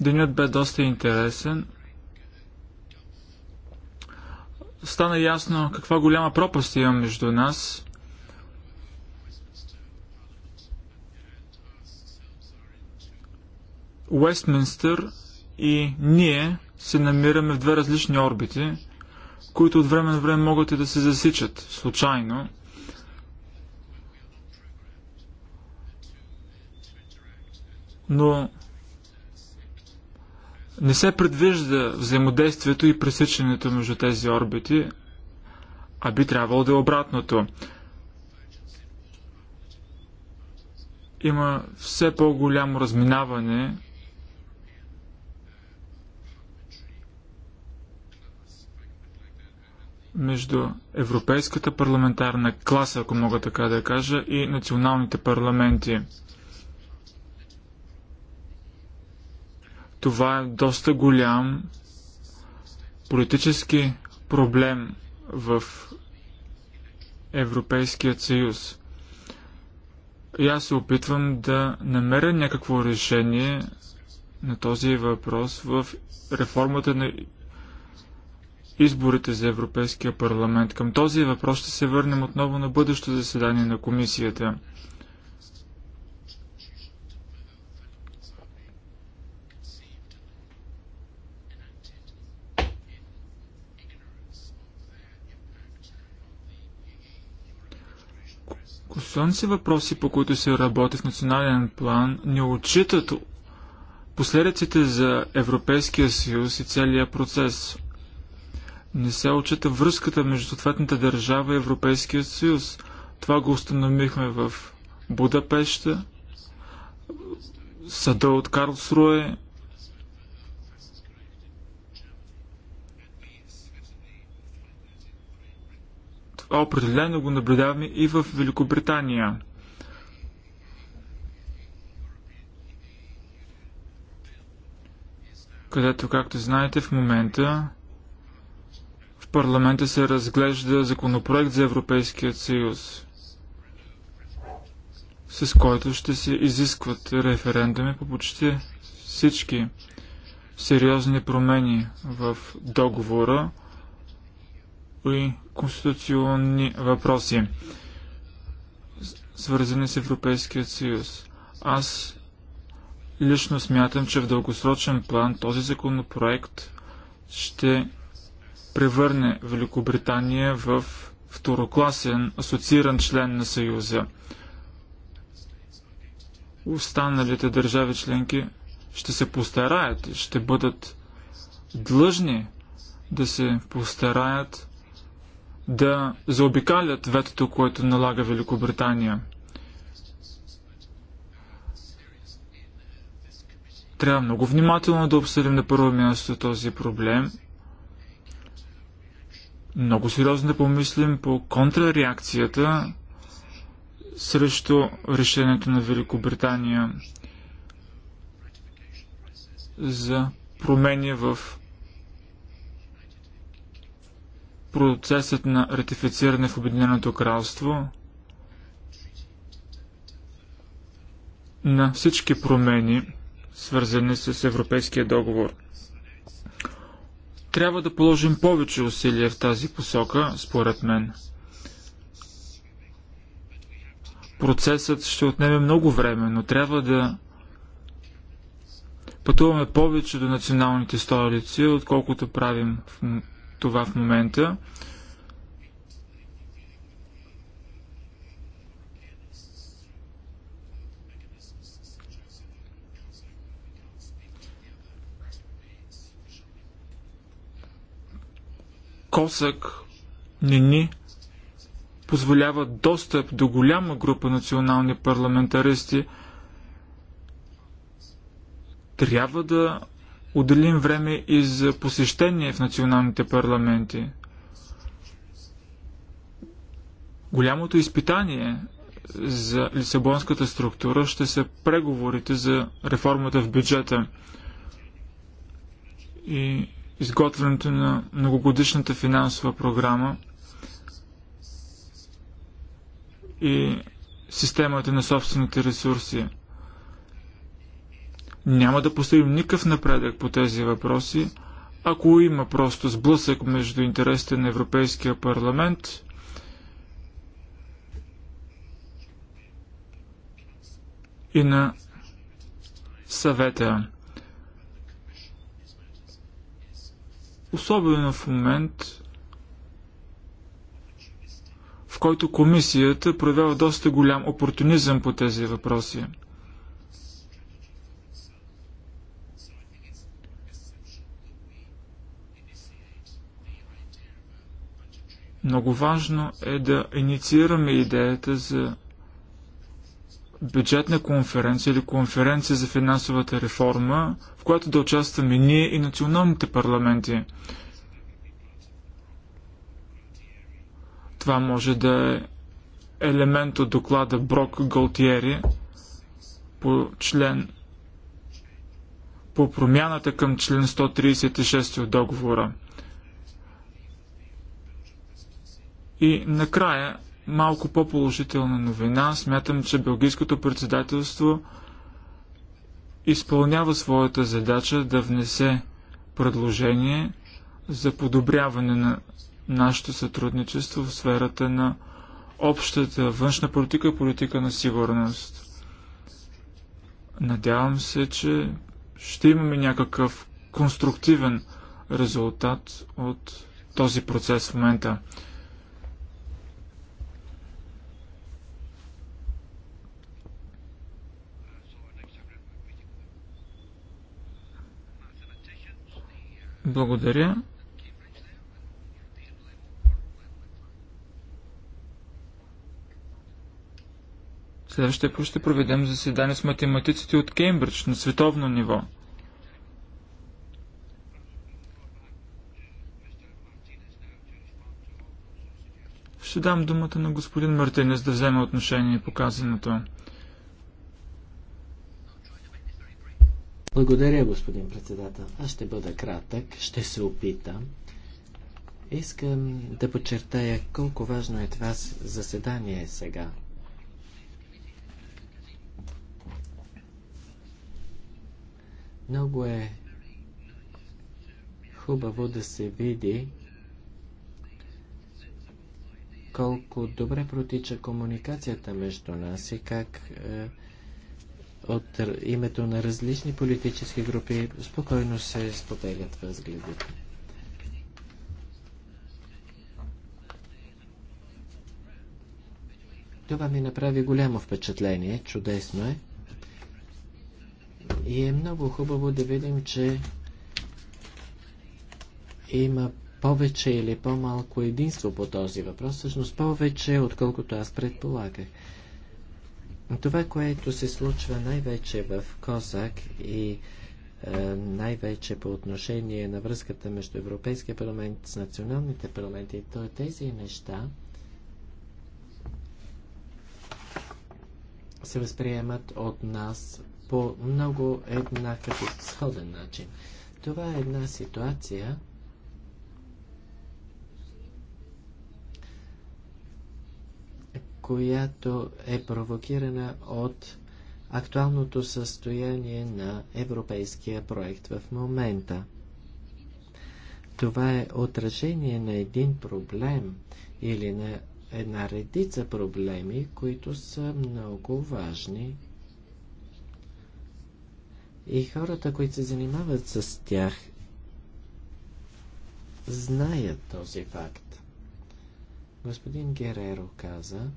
Денят бе доста интересен. Стана ясно каква голяма пропаст има между нас. Уестминстър и ние се намираме в две различни орбити, които от време на време могат и да се засичат случайно – но не се предвижда взаимодействието и пресичането между тези орбити, а би трябвало да е обратното. Има все по-голямо разминаване между Европейската парламентарна класа, ако мога така да кажа, и националните парламенти – Това е доста голям политически проблем в Европейският съюз. И аз се опитвам да намеря някакво решение на този въпрос в реформата на изборите за Европейския парламент. Към този въпрос ще се върнем отново на бъдещо заседание на комисията. си въпроси, по които се работи в национален план, не отчитат последиците за Европейския съюз и целия процес. Не се отчита връзката между съответната държава и Европейския съюз. Това го установихме в Будапеща, съда от Карлсруе, Определено го наблюдаваме и в Великобритания. където, както знаете, в момента в парламента се разглежда законопроект за Европейският съюз, с който ще се изискват референдуми по почти всички сериозни промени в договора, и конституционни въпроси, свързани с Европейския съюз. Аз лично смятам, че в дългосрочен план този законопроект ще превърне Великобритания в второкласен асоцииран член на Съюза. Останалите държави членки ще се постараят, ще бъдат длъжни да се постараят да заобикалят ветото, което налага Великобритания. Трябва много внимателно да обсъдим на първо място този проблем. Много сериозно да помислим по контрареакцията срещу решението на Великобритания за промени в процесът на ратифициране в Обединеното кралство на всички промени, свързани с Европейския договор. Трябва да положим повече усилия в тази посока, според мен. Процесът ще отнеме много време, но трябва да пътуваме повече до националните столици, отколкото правим в това в момента. Косък не ни позволява достъп до голяма група национални парламентаристи. Трябва да отделим време и за посещение в националните парламенти. Голямото изпитание за Лисабонската структура ще са преговорите за реформата в бюджета и изготвянето на многогодишната финансова програма и системата на собствените ресурси. Няма да постигнем никакъв напредък по тези въпроси, ако има просто сблъсък между интересите на Европейския парламент и на съвета. Особено в момент, в който комисията проявява доста голям опортунизъм по тези въпроси. Много важно е да инициираме идеята за бюджетна конференция или конференция за финансовата реформа, в която да участваме ние и националните парламенти. Това може да е елемент от доклада Брок Галтиери по член по промяната към член 136 от договора. И накрая, малко по-положителна новина, смятам, че Белгийското председателство изпълнява своята задача да внесе предложение за подобряване на нашето сътрудничество в сферата на общата външна политика и политика на сигурност. Надявам се, че ще имаме някакъв конструктивен резултат от този процес в момента. Благодаря. Следващия път ще проведем заседание с математиците от Кембридж на световно ниво. Ще дам думата на господин Мартинес да вземе отношение по казаното. Благодаря, господин председател. Аз ще бъда кратък, ще се опитам. Искам да подчертая колко важно е това заседание сега. Много е хубаво да се види колко добре протича комуникацията между нас и как е, от името на различни политически групи спокойно се споделят възгледите. Това ми направи голямо впечатление, чудесно е. И е много хубаво да видим, че има повече или по-малко единство по този въпрос, всъщност повече, отколкото аз предполагах. Това, което се случва най-вече в Козак и е, най-вече по отношение на връзката между Европейския парламент с националните парламенти, то е тези неща се възприемат от нас по много еднакъв сходен начин. Това е една ситуация, която е провокирана от актуалното състояние на европейския проект в момента. Това е отражение на един проблем или на една редица проблеми, които са много важни. И хората, които се занимават с тях, знаят този факт. Господин Гереро каза,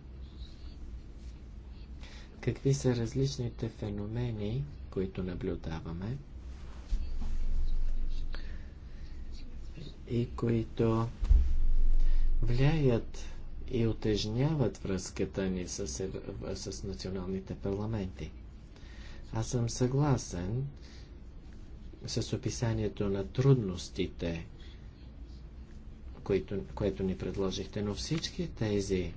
какви са различните феномени, които наблюдаваме и които влияят и отежняват връзката ни с, с националните парламенти. Аз съм съгласен с описанието на трудностите, които, което ни предложихте, но всички тези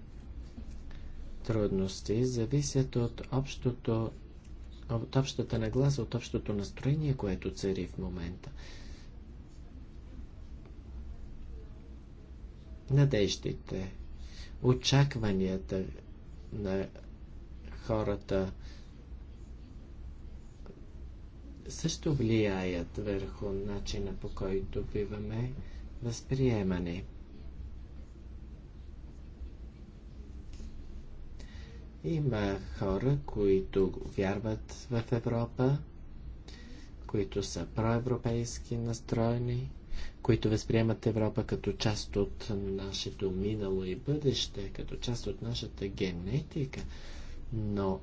трудности зависят от, общото, от общата нагласа, от общото настроение, което цари в момента. Надеждите, очакванията на хората също влияят върху начина по който биваме възприемани. Има хора, които вярват в Европа, които са проевропейски настроени, които възприемат Европа като част от нашето минало и бъдеще, като част от нашата генетика, но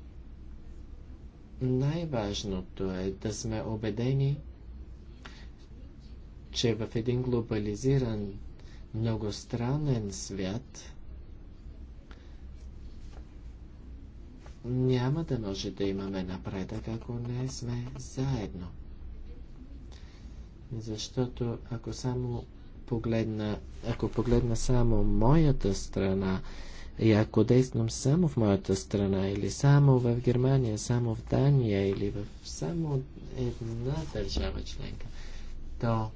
най-важното е да сме убедени, че в един глобализиран, многостранен свят няма да може да имаме напредък, ако не сме заедно. Защото ако само погледна, ако погледна само моята страна и ако действам само в моята страна или само в Германия, само в Дания или в само една държава членка, то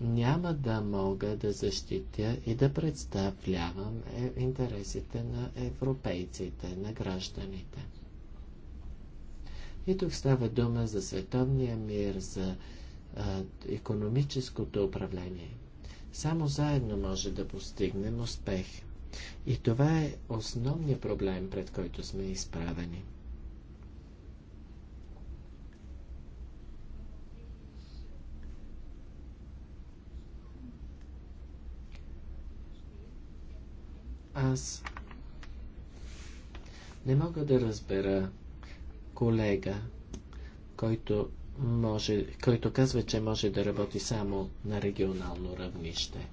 няма да мога да защитя и да представлявам е, интересите на европейците, на гражданите. И тук става дума за световния мир, за а, економическото управление. Само заедно може да постигнем успех. И това е основният проблем, пред който сме изправени – Аз не мога да разбера колега, който, може, който казва, че може да работи само на регионално равнище.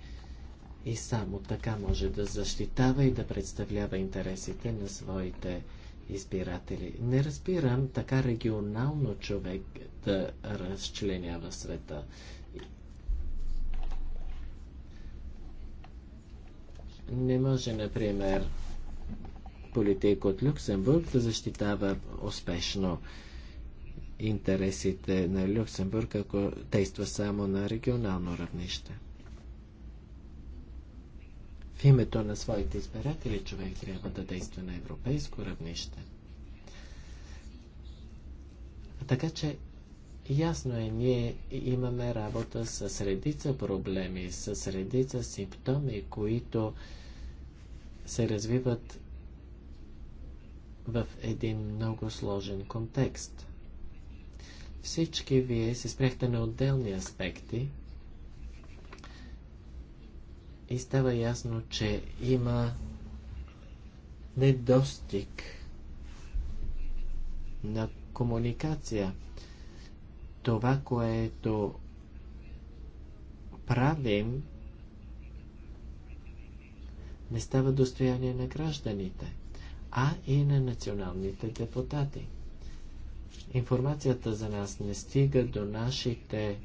И само така може да защитава и да представлява интересите на своите избиратели. Не разбирам така регионално човек да разчленява света. Не може, например, политик от Люксембург да защитава успешно интересите на Люксембург, ако действа само на регионално равнище. В името на своите избиратели човек трябва да действа на европейско равнище. Така че Ясно е, ние имаме работа с редица проблеми, с редица симптоми, които се развиват в един много сложен контекст. Всички вие се спряхте на отделни аспекти и става ясно, че има недостиг на комуникация – това, което правим, не става достояние на гражданите, а и на националните депутати. Информацията за нас не стига до нашите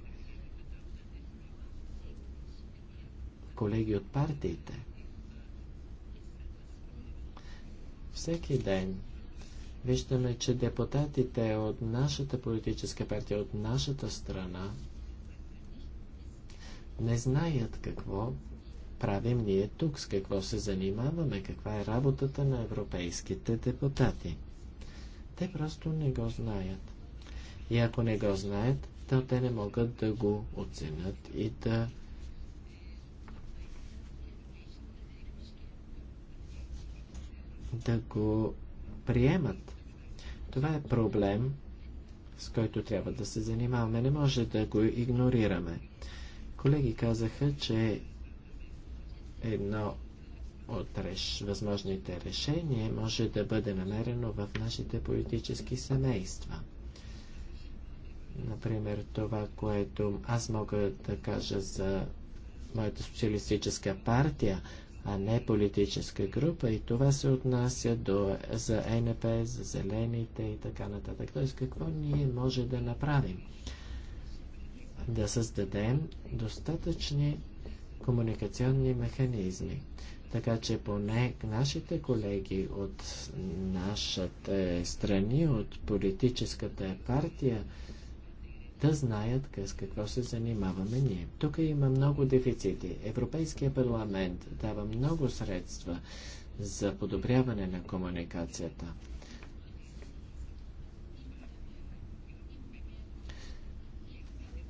колеги от партиите. Всеки ден виждаме, че депутатите от нашата политическа партия, от нашата страна, не знаят какво правим ние тук, с какво се занимаваме, каква е работата на европейските депутати. Те просто не го знаят. И ако не го знаят, то те не могат да го оценят и да да го приемат. Това е проблем, с който трябва да се занимаваме. Не може да го игнорираме. Колеги казаха, че едно от реш... възможните решения може да бъде намерено в нашите политически семейства. Например, това, което аз мога да кажа за моята социалистическа партия, а не политическа група. И това се отнася до, за НП, за зелените и така нататък. Тоест, какво ние може да направим? Да създадем достатъчни комуникационни механизми. Така че поне нашите колеги от нашата страни, от политическата партия, да знаят с какво се занимаваме ние. Тук има много дефицити. Европейския парламент дава много средства за подобряване на комуникацията.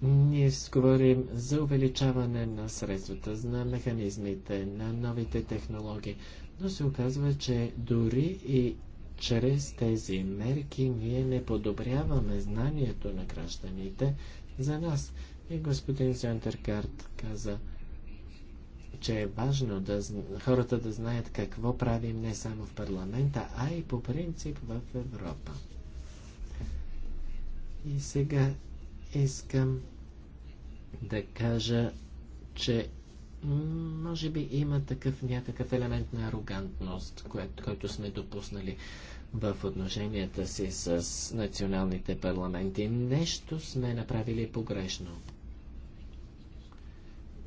Ние говорим за увеличаване на средствата, на механизмите, на новите технологии, но се оказва, че дори и чрез тези мерки ние не подобряваме знанието на гражданите за нас. И господин Зонтеркарт каза, че е важно да, хората да знаят какво правим не само в парламента, а и по принцип в Европа. И сега искам да кажа, че може би има такъв някакъв елемент на арогантност, който сме допуснали в отношенията си с националните парламенти. Нещо сме направили погрешно.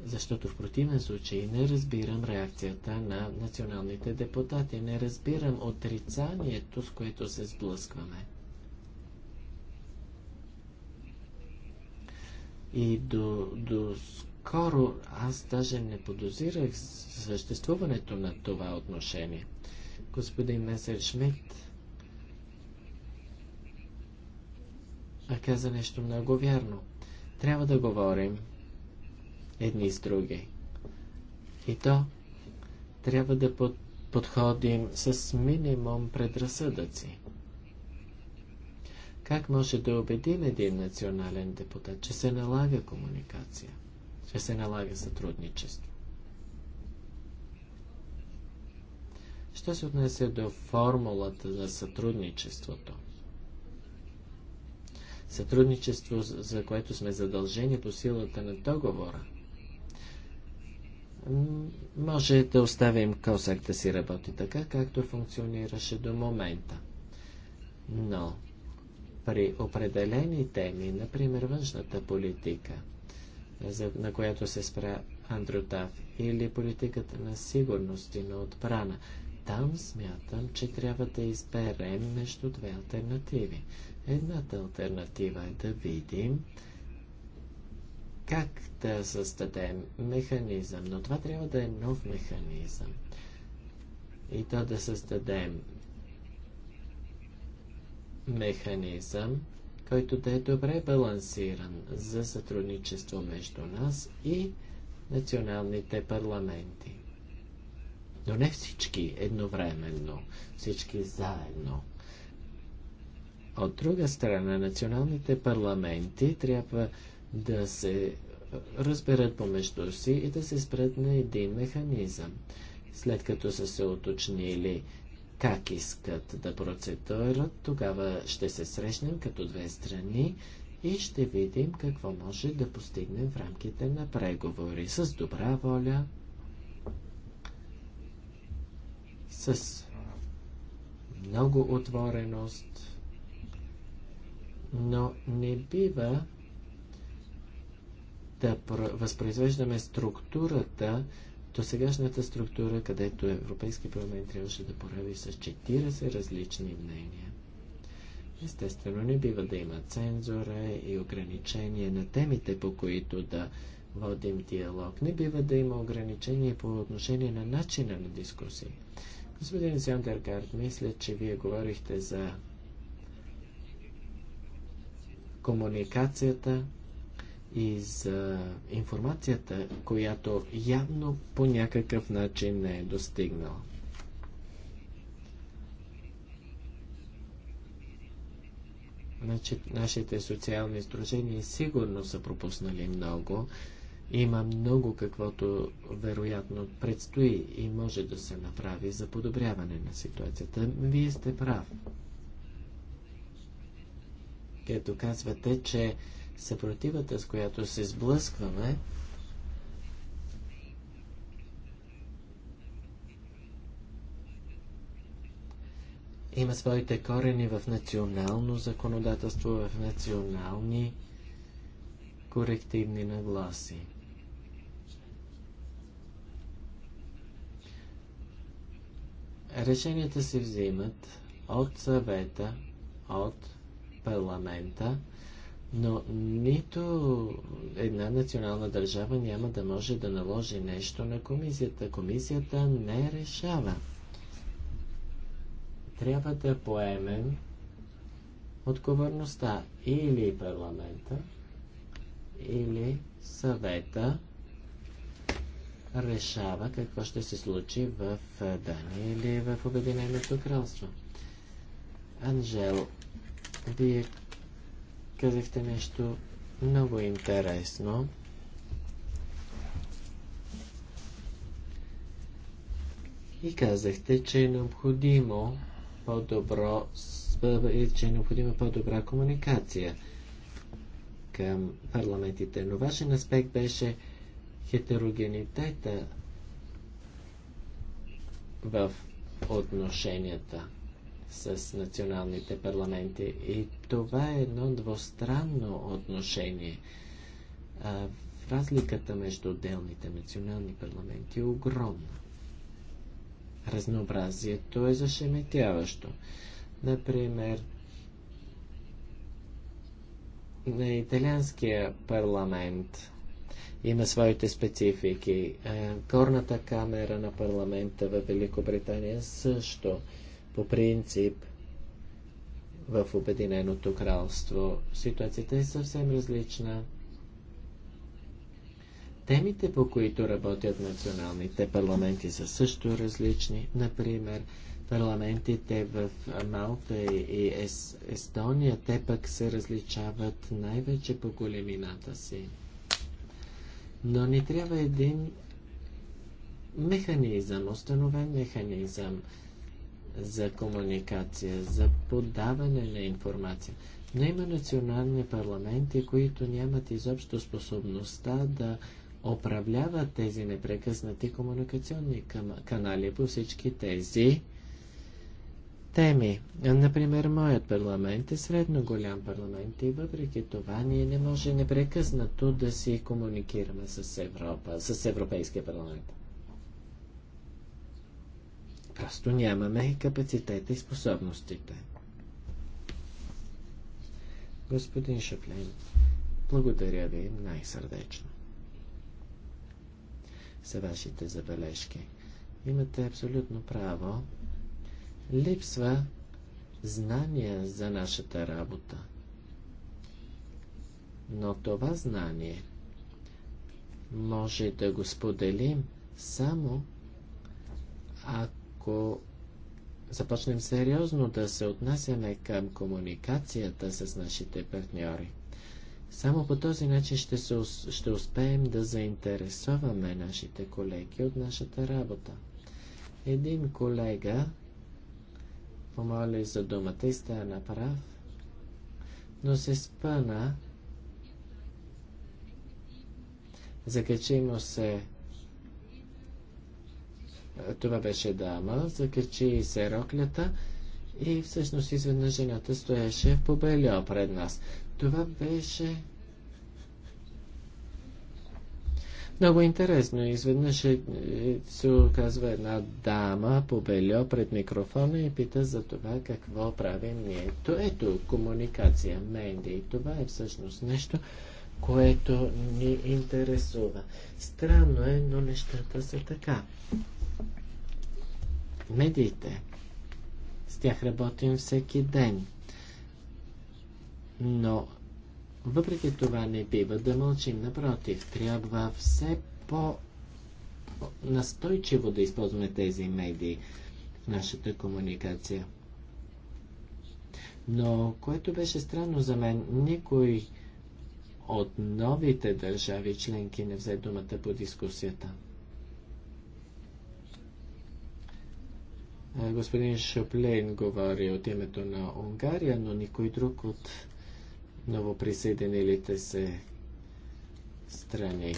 Защото в противен случай не разбирам реакцията на националните депутати, не разбирам отрицанието, с което се сблъскваме. И до, до скоро аз даже не подозирах съществуването на това отношение. Господин Месер Шмидт А каза нещо много вярно. Трябва да говорим едни с други. И то трябва да под, подходим с минимум предразсъдъци. Как може да убедим един национален депутат, че се налага комуникация, че се налага сътрудничество? Що се отнесе до формулата за сътрудничеството? сътрудничество, за което сме задължени по силата на договора. Може да оставим Косак да си работи така, както функционираше до момента. Но при определени теми, например външната политика, на която се спря Андротав, или политиката на сигурност и на отбрана, там смятам, че трябва да изберем между две альтернативи. Едната альтернатива е да видим как да създадем механизъм, но това трябва да е нов механизъм. И то да създадем механизъм, който да е добре балансиран за сътрудничество между нас и националните парламенти. Но не всички едновременно, всички заедно. От друга страна, националните парламенти трябва да се разберат помежду си и да се спрат на един механизъм. След като са се уточнили как искат да процедурат, тогава ще се срещнем като две страни и ще видим какво може да постигнем в рамките на преговори с добра воля, с много отвореност но не бива да възпроизвеждаме структурата, до сегашната структура, където Европейски парламент трябваше да порави с 40 различни мнения. Естествено, не бива да има цензура и ограничение на темите, по които да водим диалог. Не бива да има ограничение по отношение на начина на дискусии. Господин Зяндергард, мисля, че вие говорихте за комуникацията и за информацията, която явно по някакъв начин не е достигнала. Значи, нашите социални сдружения сигурно са пропуснали много. Има много каквото вероятно предстои и може да се направи за подобряване на ситуацията. Вие сте прав където казвате, че съпротивата, с която се сблъскваме, има своите корени в национално законодателство, в национални корективни нагласи. Решенията се взимат от съвета, от парламента, но нито една национална държава няма да може да наложи нещо на комисията. Комисията не решава. Трябва да поемем отговорността или парламента, или съвета решава какво ще се случи в Дания или в Обединеното кралство. Анжел вие казахте нещо много интересно. И казахте, че е необходимо по-добро, е, че е необходима по-добра комуникация към парламентите. Но вашен аспект беше хетерогенитета в отношенията с националните парламенти. И това е едно двустранно отношение. А, разликата между отделните национални парламенти е огромна. Разнообразието е зашеметяващо. Например, на италианския парламент има своите специфики. Горната камера на парламента в Великобритания също по принцип, в Обединеното кралство ситуацията е съвсем различна. Темите, по които работят националните парламенти, са също различни. Например, парламентите в Малта и Ес, Естония, те пък се различават най-вече по големината си. Но ни трябва един механизъм, установен механизъм за комуникация, за подаване на информация. Но има национални парламенти, които нямат изобщо способността да управляват тези непрекъснати комуникационни канали по всички тези теми. Например, моят парламент е средно голям парламент и въпреки това ние не може непрекъснато да си комуникираме с Европа, с Европейския парламент. Просто нямаме капацитета и способностите. Господин Шаплин, благодаря ви най-сърдечно за вашите забележки. Имате абсолютно право. Липсва знание за нашата работа. Но това знание може да го споделим само ако ако започнем сериозно да се отнасяме към комуникацията с нашите партньори. Само по този начин ще, се, ще успеем да заинтересоваме нашите колеги от нашата работа. Един колега помоли за думата и сте направ, но се спъна, закачи му се е, това беше дама, закачи се роклята и всъщност изведнъж жената стоеше в побеля пред нас. Това беше много интересно. Изведнъж е, е, се оказва една дама по пред микрофона и пита за това какво правим ние. То ето комуникация, медии. Това е всъщност нещо, което ни интересува. Странно е, но нещата са така медиите. С тях работим всеки ден. Но въпреки това не бива да мълчим. Напротив, трябва все по настойчиво да използваме тези медии в нашата комуникация. Но което беше странно за мен, никой от новите държави членки не взе думата по дискусията. Е, господин Шоплейн говори от името на Унгария, но никой друг от новоприсъединилите се страни.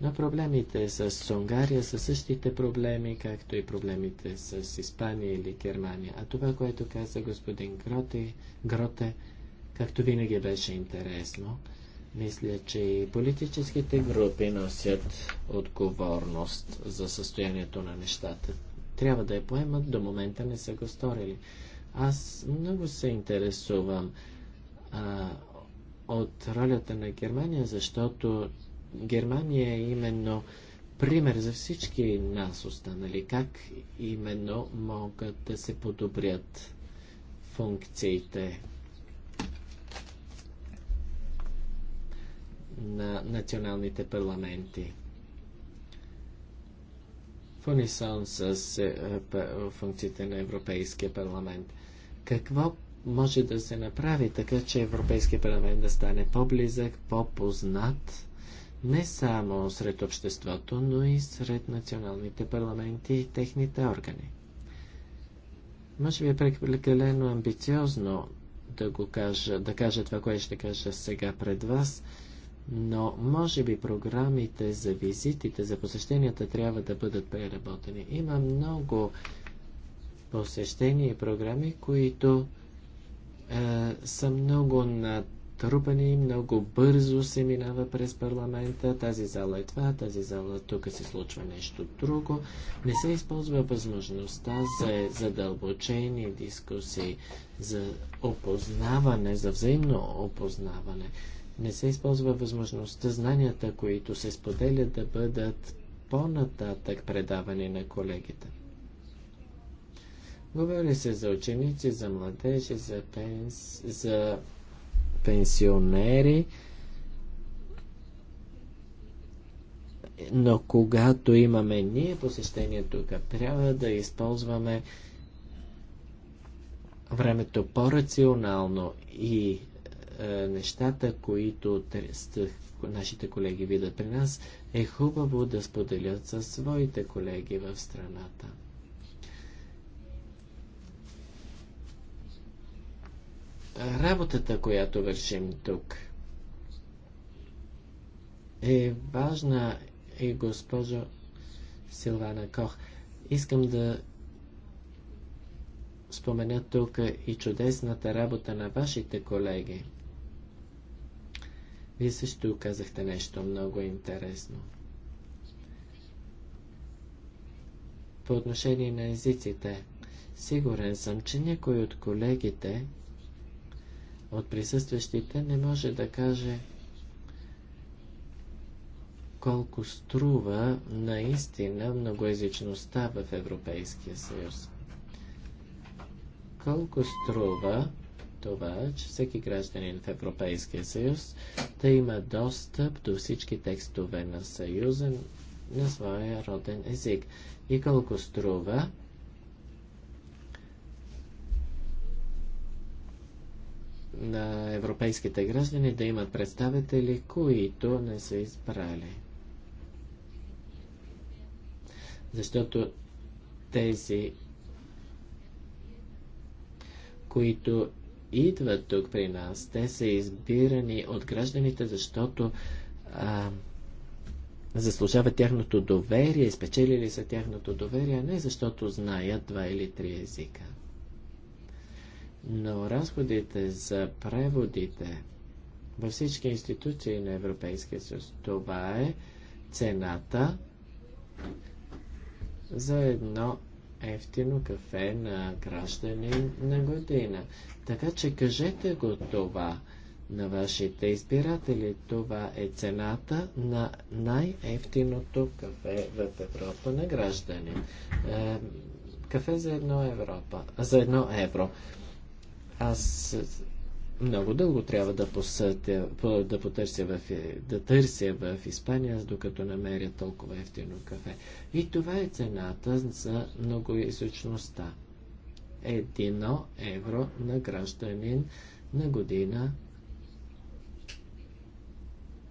Но проблемите с Унгария са същите проблеми, както и проблемите с Испания или Германия. А това, което каза господин Гроте, Гроте както винаги беше интересно, мисля, че и политическите групи носят отговорност за състоянието на нещата трябва да я поемат, до момента не са го сторили. Аз много се интересувам а, от ролята на Германия, защото Германия е именно пример за всички нас останали, как именно могат да се подобрят функциите на националните парламенти в унисон с е, функциите на Европейския парламент. Какво може да се направи така, че Европейския парламент да стане по-близък, по-познат не само сред обществото, но и сред националните парламенти и техните органи? Може би е прекалено амбициозно да го кажа, да кажа това, което ще кажа сега пред вас – но може би програмите за визитите, за посещенията трябва да бъдат преработени. Има много посещения и програми, които е, са много натрупани, много бързо се минава през парламента. Тази зала е това, тази зала тук се случва нещо друго. Не се използва възможността за задълбочени дискусии, за опознаване, за взаимно опознаване не се използва възможността знанията, които се споделят, да бъдат по-нататък предавани на колегите. Говори се за ученици, за младежи, за, пенс... за пенсионери, но когато имаме ние посещение тук, трябва да използваме времето по-рационално и е, нещата, които нашите колеги видят при нас, е хубаво да споделят със своите колеги в страната. Работата, която вършим тук, е важна и госпожо Силвана Кох. Искам да спомена тук и чудесната работа на вашите колеги – вие също казахте нещо много интересно. По отношение на езиците, сигурен съм, че някой от колегите, от присъстващите, не може да каже колко струва наистина многоязичността в Европейския съюз. Колко струва това, че всеки гражданин в Европейския съюз да има достъп до всички текстове на съюза на своя роден език. И колко струва на европейските граждани да имат представители, които не са избрали. Защото тези, които идват тук при нас. Те са избирани от гражданите, защото а, заслужават тяхното доверие, спечелили са тяхното доверие, не защото знаят два или три езика. Но разходите за преводите във всички институции на Европейския съюз, това е цената за едно ефтино кафе на гражданин на година. Така че кажете го това на вашите избиратели. Това е цената на най-ефтиното кафе в Европа на гражданин. Е, кафе за едно, Европа, за едно евро. Аз много дълго трябва да, посътя, да потърся в, да търся в Испания, докато намеря толкова ефтино кафе. И това е цената за многоизучността. Едино евро на гражданин на година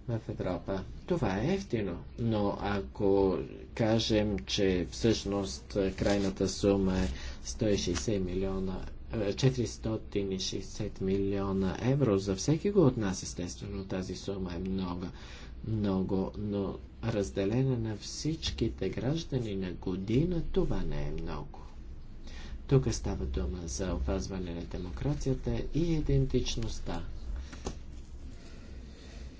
в Европа. Това е ефтино, но ако кажем, че всъщност крайната сума е 160 милиона 460 милиона евро. За всеки го от нас, естествено, тази сума е много, много, но разделена на всичките граждани на година, това не е много. Тук става дума за опазване на демокрацията и идентичността.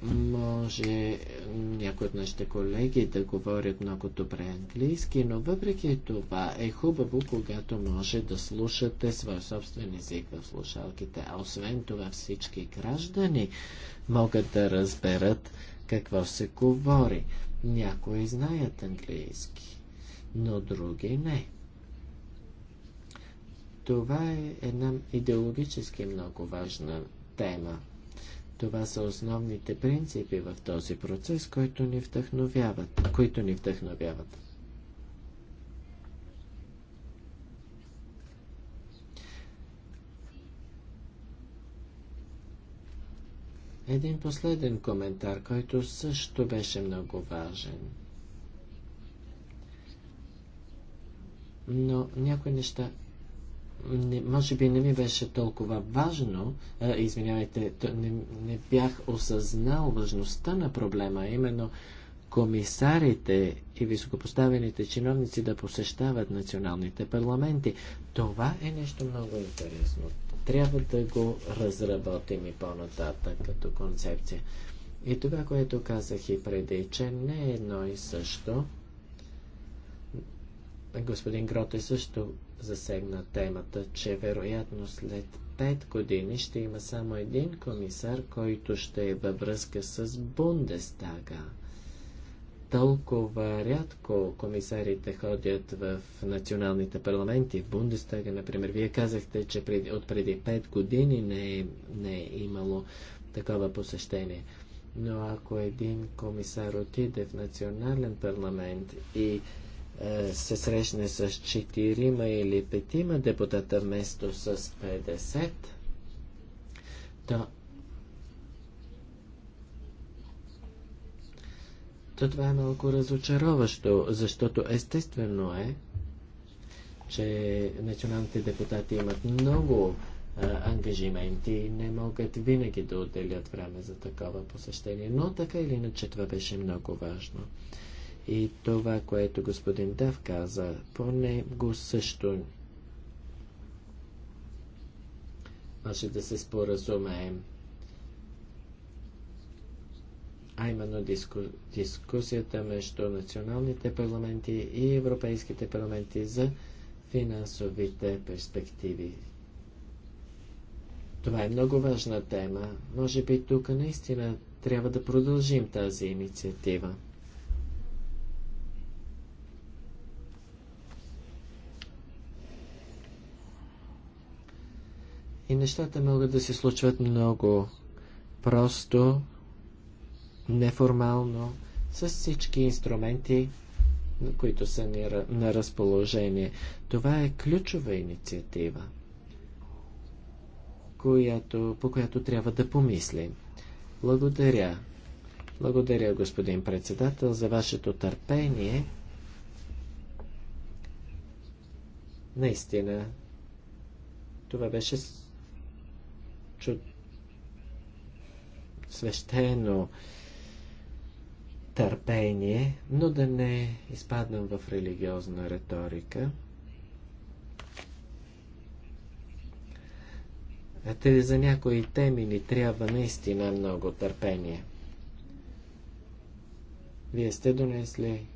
Може някои от нашите колеги да говорят много добре английски, но въпреки това е хубаво, когато може да слушате своя собствен език в слушалките. А освен това всички граждани могат да разберат какво се говори. Някои знаят английски, но други не. Това е една идеологически много важна тема. Това са основните принципи в този процес, които ни вдъхновяват. Които ни вдъхновяват. Един последен коментар, който също беше много важен. Но някои неща не, може би не ми беше толкова важно, а, извинявайте, не, не бях осъзнал важността на проблема, именно комисарите и високопоставените чиновници да посещават националните парламенти. Това е нещо много интересно. Трябва да го разработим и по-нататък като концепция. И това, което казах и преди, че не е едно и също Господин Гроте също засегна темата, че вероятно след 5 години ще има само един комисар, който ще е във връзка с Бундестага. Толкова рядко комисарите ходят в националните парламенти, в Бундестага, например. Вие казахте, че от преди 5 години не е, не е имало такова посещение. Но ако един комисар отиде в национален парламент и е, се срещне с 4 или 5 депутата вместо с 50, то, то това е малко разочароващо, защото естествено е, че националните депутати имат много а, ангажименти и не могат винаги да отделят време за такова посещение. Но така или иначе това беше много важно. И това, което господин Дав каза, поне го също може да се споразумеем. А именно диску, дискусията между националните парламенти и европейските парламенти за финансовите перспективи. Това е много важна тема. Може би тук наистина трябва да продължим тази инициатива. И нещата могат да се случват много просто, неформално, с всички инструменти, които са ни на разположение. Това е ключова инициатива, която, по която трябва да помислим. Благодаря. Благодаря, господин председател, за вашето търпение. Наистина, това беше чу... свещено търпение, но да не изпаднем в религиозна риторика. А те за някои теми ни трябва наистина много търпение. Вие сте донесли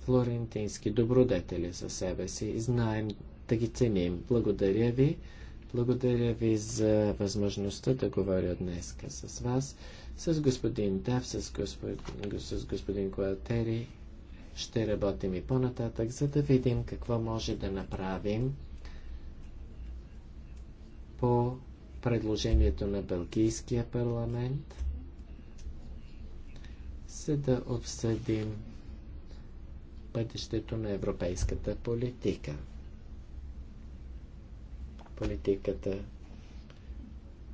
флорентински добродетели за себе си и знаем да ги ценим. Благодаря ви. Благодаря ви за възможността да говоря днес с вас, с господин Дав, с, господин, с господин Куатери. Ще работим и по-нататък, за да видим какво може да направим по предложението на Белгийския парламент, за да обсъдим бъдещето на европейската политика политиката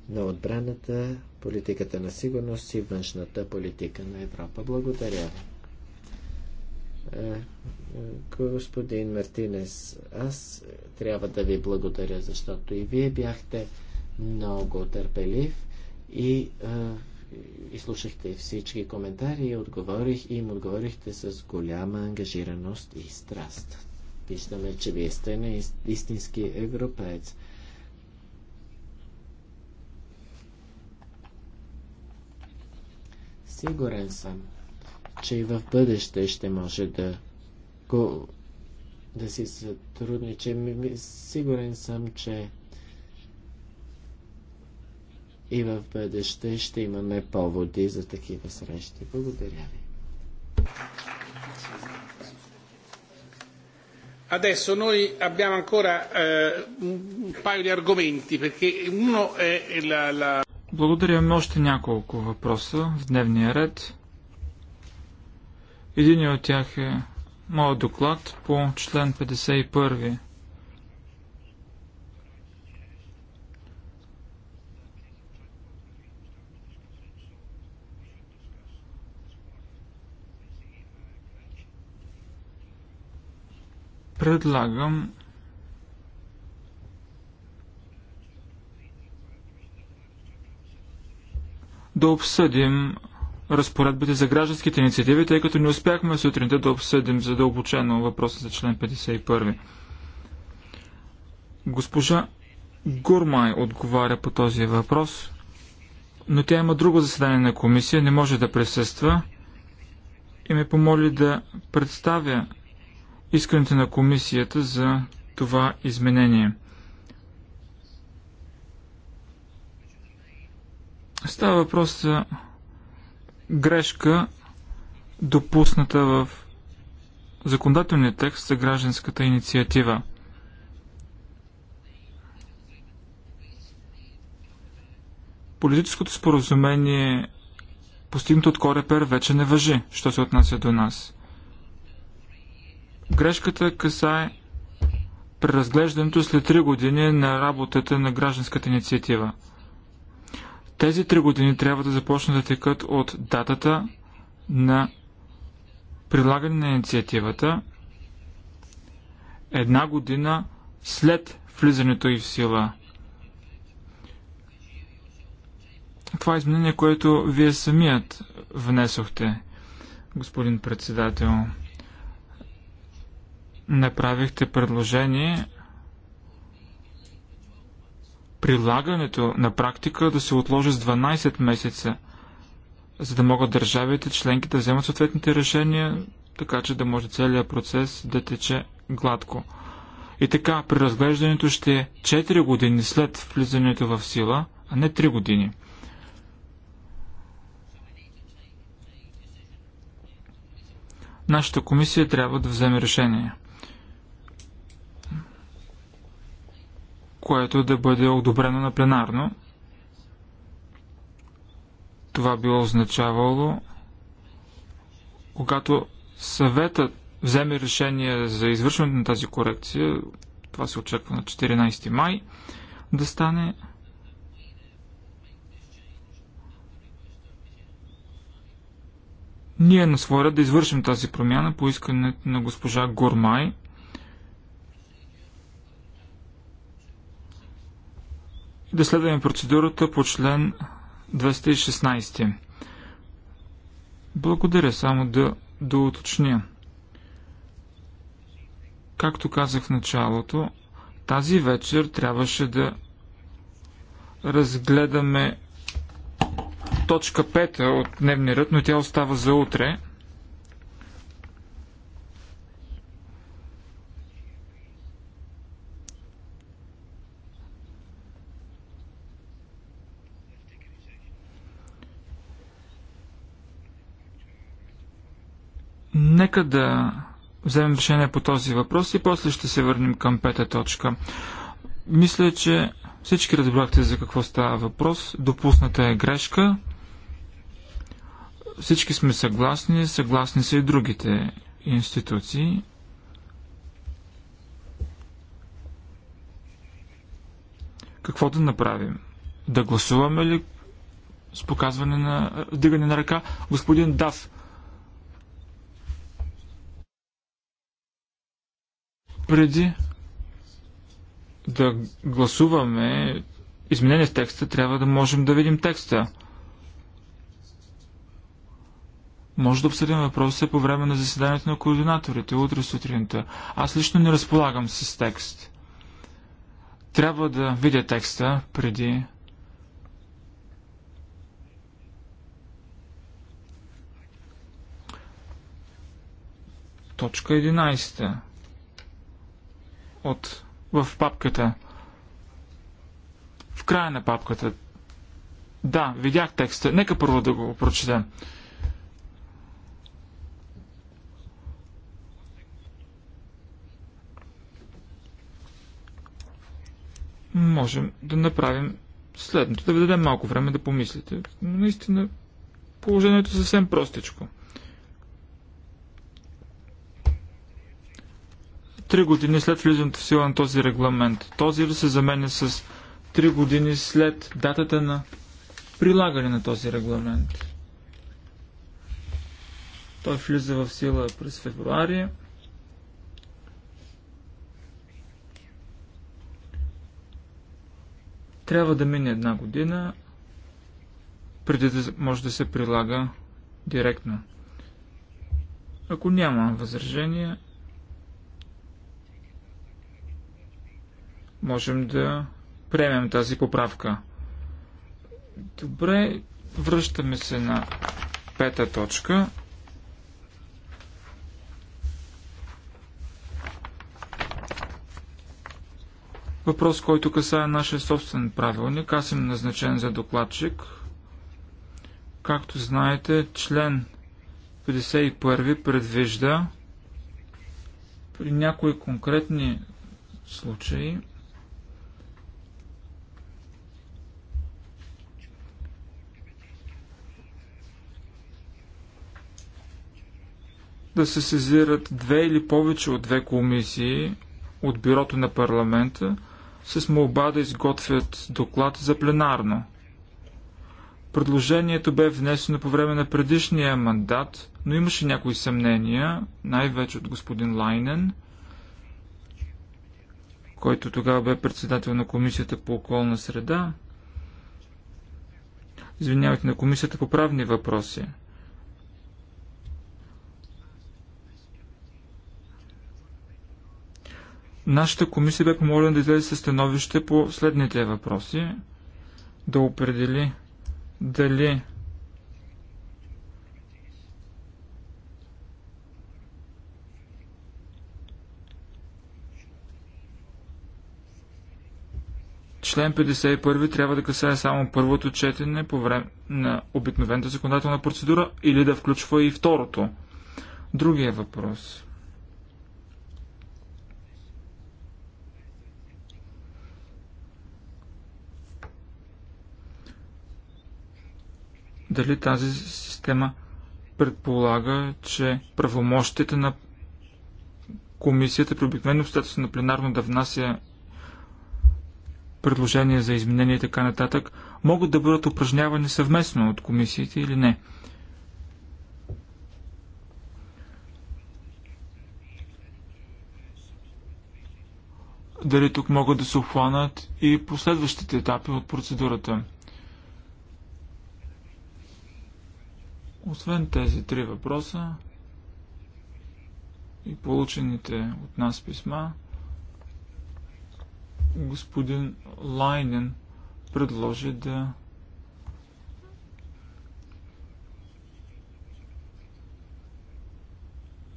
на отбраната, политиката на сигурност и външната политика на Европа. Благодаря ви. Е, е, господин Мартинес, аз трябва да ви благодаря, защото и вие бяхте много търпелив и е, изслушахте всички коментари и отговорих, и им отговорихте с голяма ангажираност и страст. Виждаме, че вие сте на истински европеец. Сигурен съм, че и в бъдеще ще може да го да си сътрудничим. Сигурен съм, че и в бъдеще ще имаме поводи за такива срещи. Благодаря ви. Adesso noi abbiamo ancora eh, un paio di argomenti perché uno è la, la, благодаря. Имаме още няколко въпроса в дневния ред. Един от тях е моят доклад по член 51. Предлагам да обсъдим разпоредбите за гражданските инициативи, тъй като не успяхме сутринта да обсъдим задълбочено въпроса за член 51. Госпожа Гурмай отговаря по този въпрос, но тя има друго заседание на комисия, не може да присъства и ме помоли да представя искането на комисията за това изменение. Става въпрос за грешка, допусната в законодателния текст за гражданската инициатива. Политическото споразумение, постигнато от Корепер, вече не въжи, що се отнася до нас. Грешката касае преразглеждането след 3 години на работата на гражданската инициатива – тези три години трябва да започнат да текат от датата на прилагане на инициативата една година след влизането и в сила. Това е изменение, което вие самият внесохте, господин председател. Направихте предложение прилагането на практика да се отложи с 12 месеца, за да могат държавите членки да вземат съответните решения, така че да може целият процес да тече гладко. И така, при разглеждането ще е 4 години след влизането в сила, а не 3 години. Нашата комисия трябва да вземе решение. което да бъде одобрено на пленарно. Това би означавало, когато съветът вземе решение за извършването на тази корекция, това се очаква на 14 май, да стане ние на своя ред да извършим тази промяна по искането на госпожа Гормай. и да следваме процедурата по член 216. Благодаря, само да доуточня. Както казах в началото, тази вечер трябваше да разгледаме точка 5 от дневния ред, но тя остава за утре. Нека да вземем решение по този въпрос и после ще се върнем към пета точка. Мисля, че всички разбрахте за какво става въпрос. Допусната е грешка. Всички сме съгласни, съгласни са и другите институции. Какво да направим? Да гласуваме ли с показване на вдигане на ръка? Господин Дав, Преди да гласуваме изменение в текста, трябва да можем да видим текста. Може да обсъдим въпроса по време на заседанието на координаторите утре сутринта. Аз лично не разполагам с текст. Трябва да видя текста преди. Точка 11 от, в папката. В края на папката. Да, видях текста. Нека първо да го прочетем. Можем да направим следното, да ви дадем малко време да помислите. Наистина, положението е съвсем простичко. 3 години след влизането в сила на този регламент. Този ли се заменя с 3 години след датата на прилагане на този регламент. Той влиза в сила през февруари. Трябва да мине една година, преди да може да се прилага директно. Ако няма възражения, можем да приемем тази поправка. Добре, връщаме се на пета точка. Въпрос, който касае нашия собствен правилник. Аз съм назначен за докладчик. Както знаете, член 51 предвижда при някои конкретни случаи да се сезират две или повече от две комисии от бюрото на парламента с молба да изготвят доклад за пленарно. Предложението бе внесено по време на предишния мандат, но имаше някои съмнения, най-вече от господин Лайнен, който тогава бе председател на Комисията по околна среда, извинявайте, на Комисията по правни въпроси – Нашата комисия бе помолена да излезе със становище по следните въпроси. Да определи дали Член 51 трябва да касае само първото четене по време на обикновената законодателна процедура или да включва и второто. Другия въпрос. дали тази система предполага, че правомощите на комисията при обикновено обстоятелство на пленарно да внася предложения за изменения и така нататък, могат да бъдат упражнявани съвместно от комисиите или не. Дали тук могат да се обхванат и последващите етапи от процедурата? Освен тези три въпроса и получените от нас писма, господин Лайнен предложи да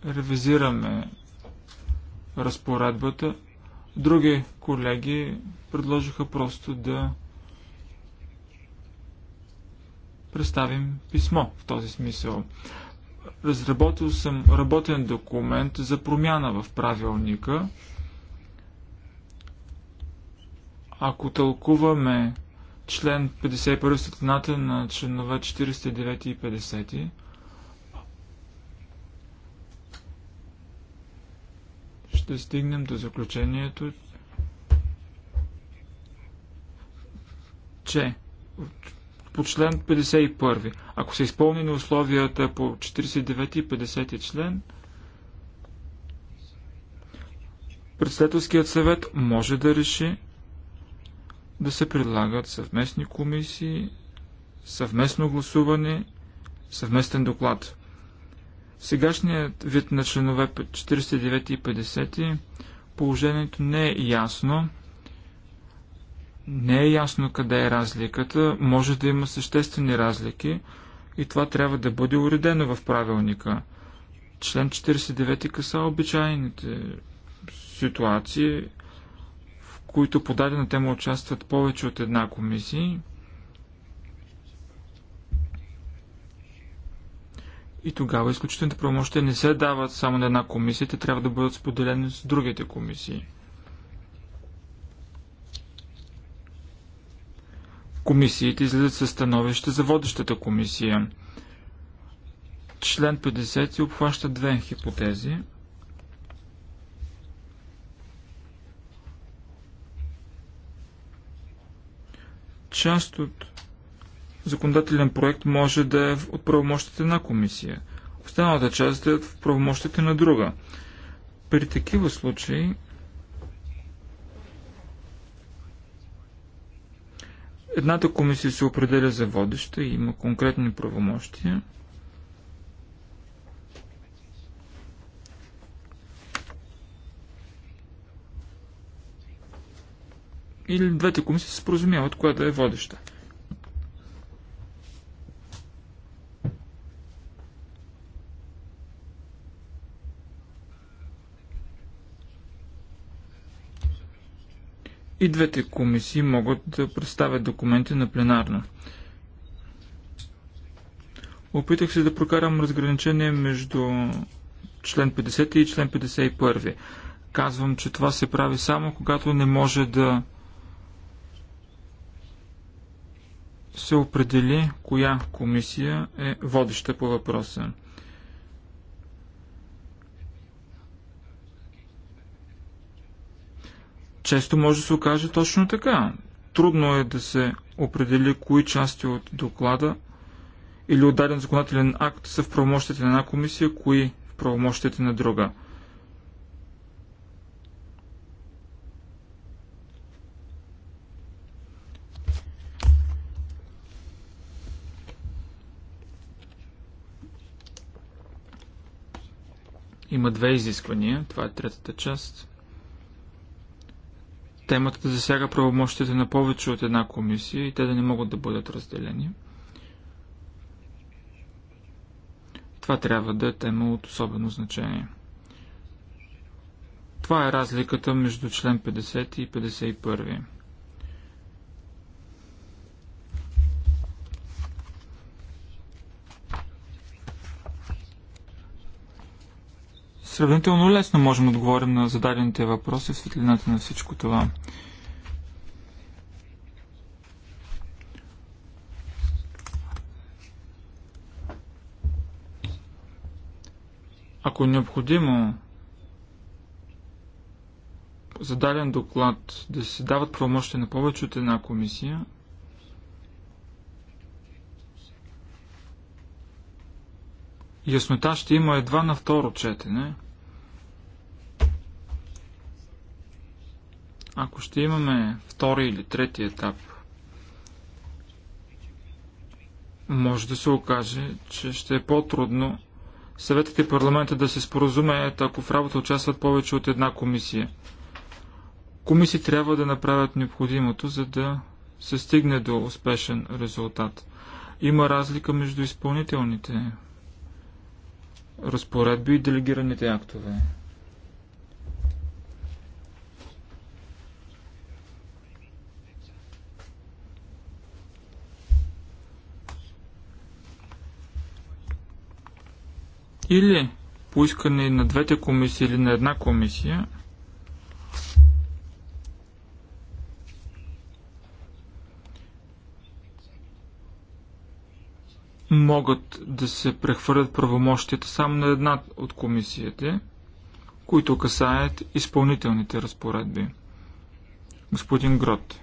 ревизираме разпоредбата. Други колеги предложиха просто да представим писмо в този смисъл. Разработил съм работен документ за промяна в правилника. Ако тълкуваме член 51 светлината на членове 49 и 50, ще стигнем до заключението, че по член 51. Ако са изпълнени условията по 49 и 50 член, председателският съвет може да реши да се предлагат съвместни комисии, съвместно гласуване, съвместен доклад. Сегашният вид на членове 49 и 50 положението не е ясно не е ясно къде е разликата, може да има съществени разлики и това трябва да бъде уредено в правилника. Член 49 каса обичайните ситуации, в които по дадена тема участват повече от една комисия. И тогава изключителните правомощия не се дават само на една комисия, те трябва да бъдат споделени с другите комисии. комисиите излизат със становище за водещата комисия. Член 50 обхваща две хипотези. Част от законодателен проект може да е от правомощите на комисия. Останалата част е в правомощите на друга. При такива случаи Едната комисия се определя за водеща и има конкретни правомощия. Или двете комисии се споразумяват, която е водеща. и двете комисии могат да представят документи на пленарно. Опитах се да прокарам разграничение между член 50 и член 51. Казвам, че това се прави само когато не може да се определи коя комисия е водеща по въпроса. Често може да се окаже точно така. Трудно е да се определи кои части от доклада или от даден законодателен акт са в правомощите на една комисия, кои в правомощите на друга. Има две изисквания. Това е третата част темата да засяга правомощите на повече от една комисия и те да не могат да бъдат разделени. Това трябва да е тема от особено значение. Това е разликата между член 50 и 51. Сравнително лесно можем да отговорим на зададените въпроси в светлината на всичко това. Ако е необходимо за даден доклад да се дават правомощия на повече от една комисия, яснота ще има едва на второ четене – Ако ще имаме втори или трети етап, може да се окаже, че ще е по-трудно съветът и парламента да се споразумеят, ако в работа участват повече от една комисия. Комисии трябва да направят необходимото, за да се стигне до успешен резултат. Има разлика между изпълнителните разпоредби и делегираните актове. или поискане на двете комисии или на една комисия, могат да се прехвърлят правомощите само на една от комисиите, които касаят изпълнителните разпоредби. Господин Грот.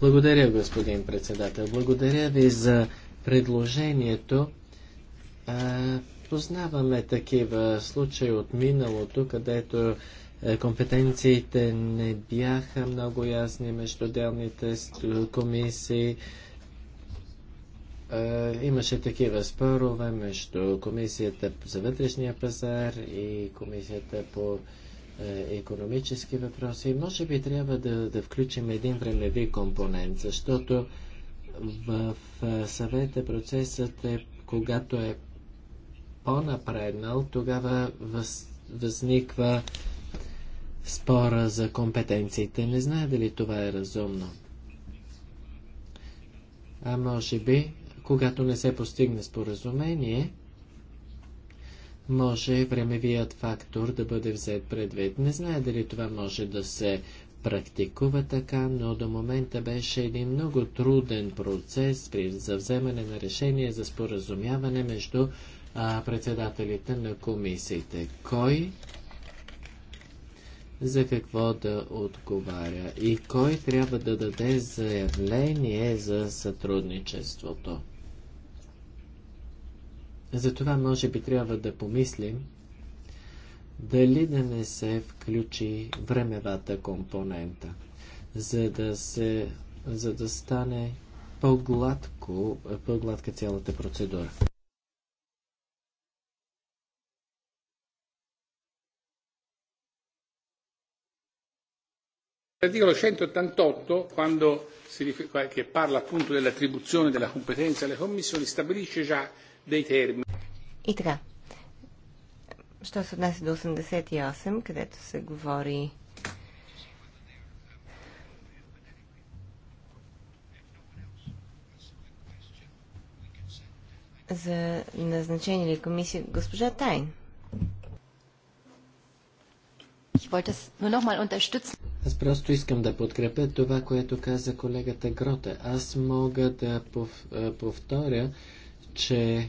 Благодаря, господин председател. Благодаря ви за предложението Познаваме такива случаи от миналото, където е, компетенциите не бяха много ясни между отделните комисии. Имаше такива спорове между Комисията за вътрешния пазар и Комисията по економически въпроси. Може би трябва да, да включим един времеви компонент, защото в е, съвета процесът е когато е по-напреднал, тогава въз, възниква спора за компетенциите. Не знае дали това е разумно. А може би, когато не се постигне споразумение, може времевият фактор да бъде взет предвид. Не знае дали това може да се практикува така, но до момента беше един много труден процес при завземане на решение за споразумяване между а, председателите на комисиите. Кой за какво да отговаря и кой трябва да даде заявление за сътрудничеството. Затова може би трябва да помислим дали да не се включи времевата компонента, за да, се, за да стане по-гладко, по-гладка цялата процедура. L'articolo 188, quando si, che parla appunto dell'attribuzione della competenza alle commissioni, stabilisce già dei termini. И така, що се отнася до 88, където се говори за назначение или комисия госпожа Тайн. Аз просто искам да подкрепя това, което каза колегата Грота. Аз мога да пов, повторя, че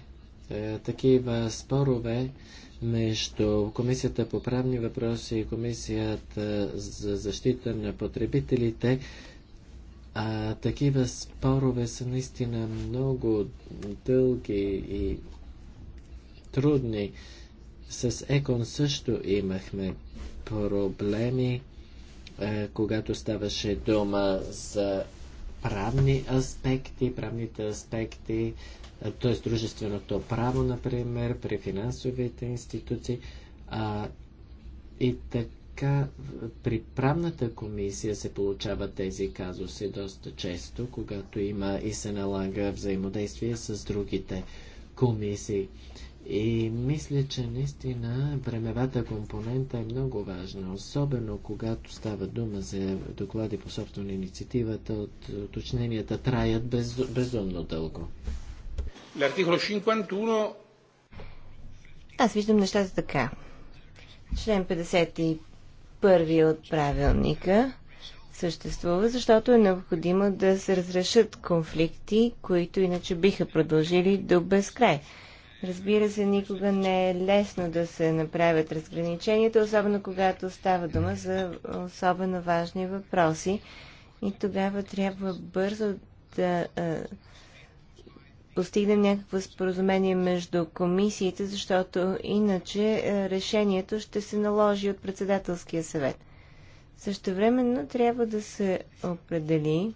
е, такива спорове между Комисията по правни въпроси и Комисията за защита на потребителите, а, такива спорове са наистина много дълги и трудни. С Екон също имахме проблеми, е, когато ставаше дума за правни аспекти, правните аспекти, е, т.е. дружественото право, например, при финансовите институции. А, и така, при правната комисия се получават тези казуси доста често, когато има и се налага взаимодействие с другите комисии. И мисля, че наистина времевата компонента е много важна, особено когато става дума за доклади по собствена инициативата, от уточненията траят без, безумно дълго. Аз виждам нещата така. Член 51 от правилника съществува, защото е необходимо да се разрешат конфликти, които иначе биха продължили до безкрай. Разбира се, никога не е лесно да се направят разграниченията, особено когато става дума за особено важни въпроси. И тогава трябва бързо да а, постигнем някакво споразумение между комисиите, защото иначе решението ще се наложи от председателския съвет. Също времено трябва да се определи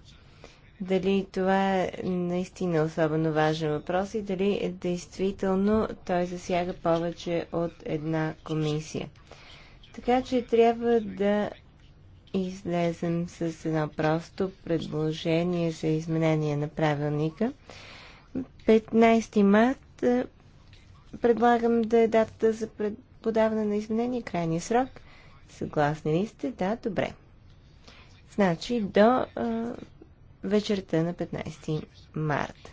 дали това е наистина особено важен въпрос и дали е действително той засяга повече от една комисия. Така че трябва да излезем с едно просто предложение за изменение на правилника. 15 март е, предлагам да е датата за подаване на изменение, крайния срок. Съгласни ли сте? Да, добре. Значи до е, вечерта на 15 март.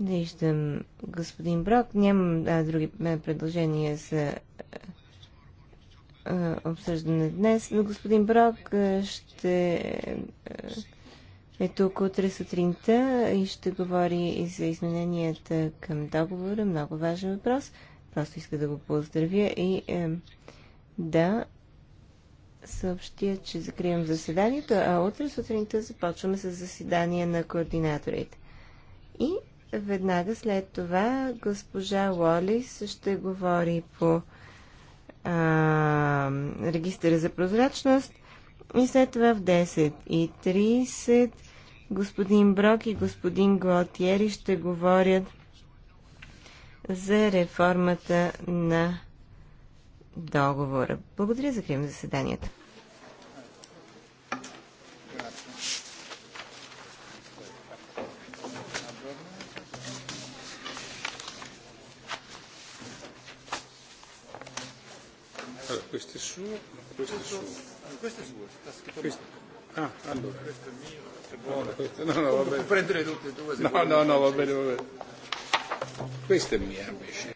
Виждам господин Брок. Нямам а, други предложения за а, обсъждане днес, но господин Брок а, ще е тук утре сутринта и ще говори и за измененията към договора. Много важен въпрос. Просто иска да го поздравя и да съобщя, че закривам заседанието, а утре сутринта започваме с заседание на координаторите. И веднага след това госпожа Лолис ще говори по а, регистъра за прозрачност и след това в 10.30 господин Брок и господин Глотиери ще говорят за реформата на договора. Благодаря, закривам заседанието. questo è suo, questo è suo. Questo è suo, sta scritto questo. Ah, allora. Questo è mio, è vuole. Questo, no, no, va bene. Prendere tutte e due. No, no, no, va bene, va bene. Questa è mia invece.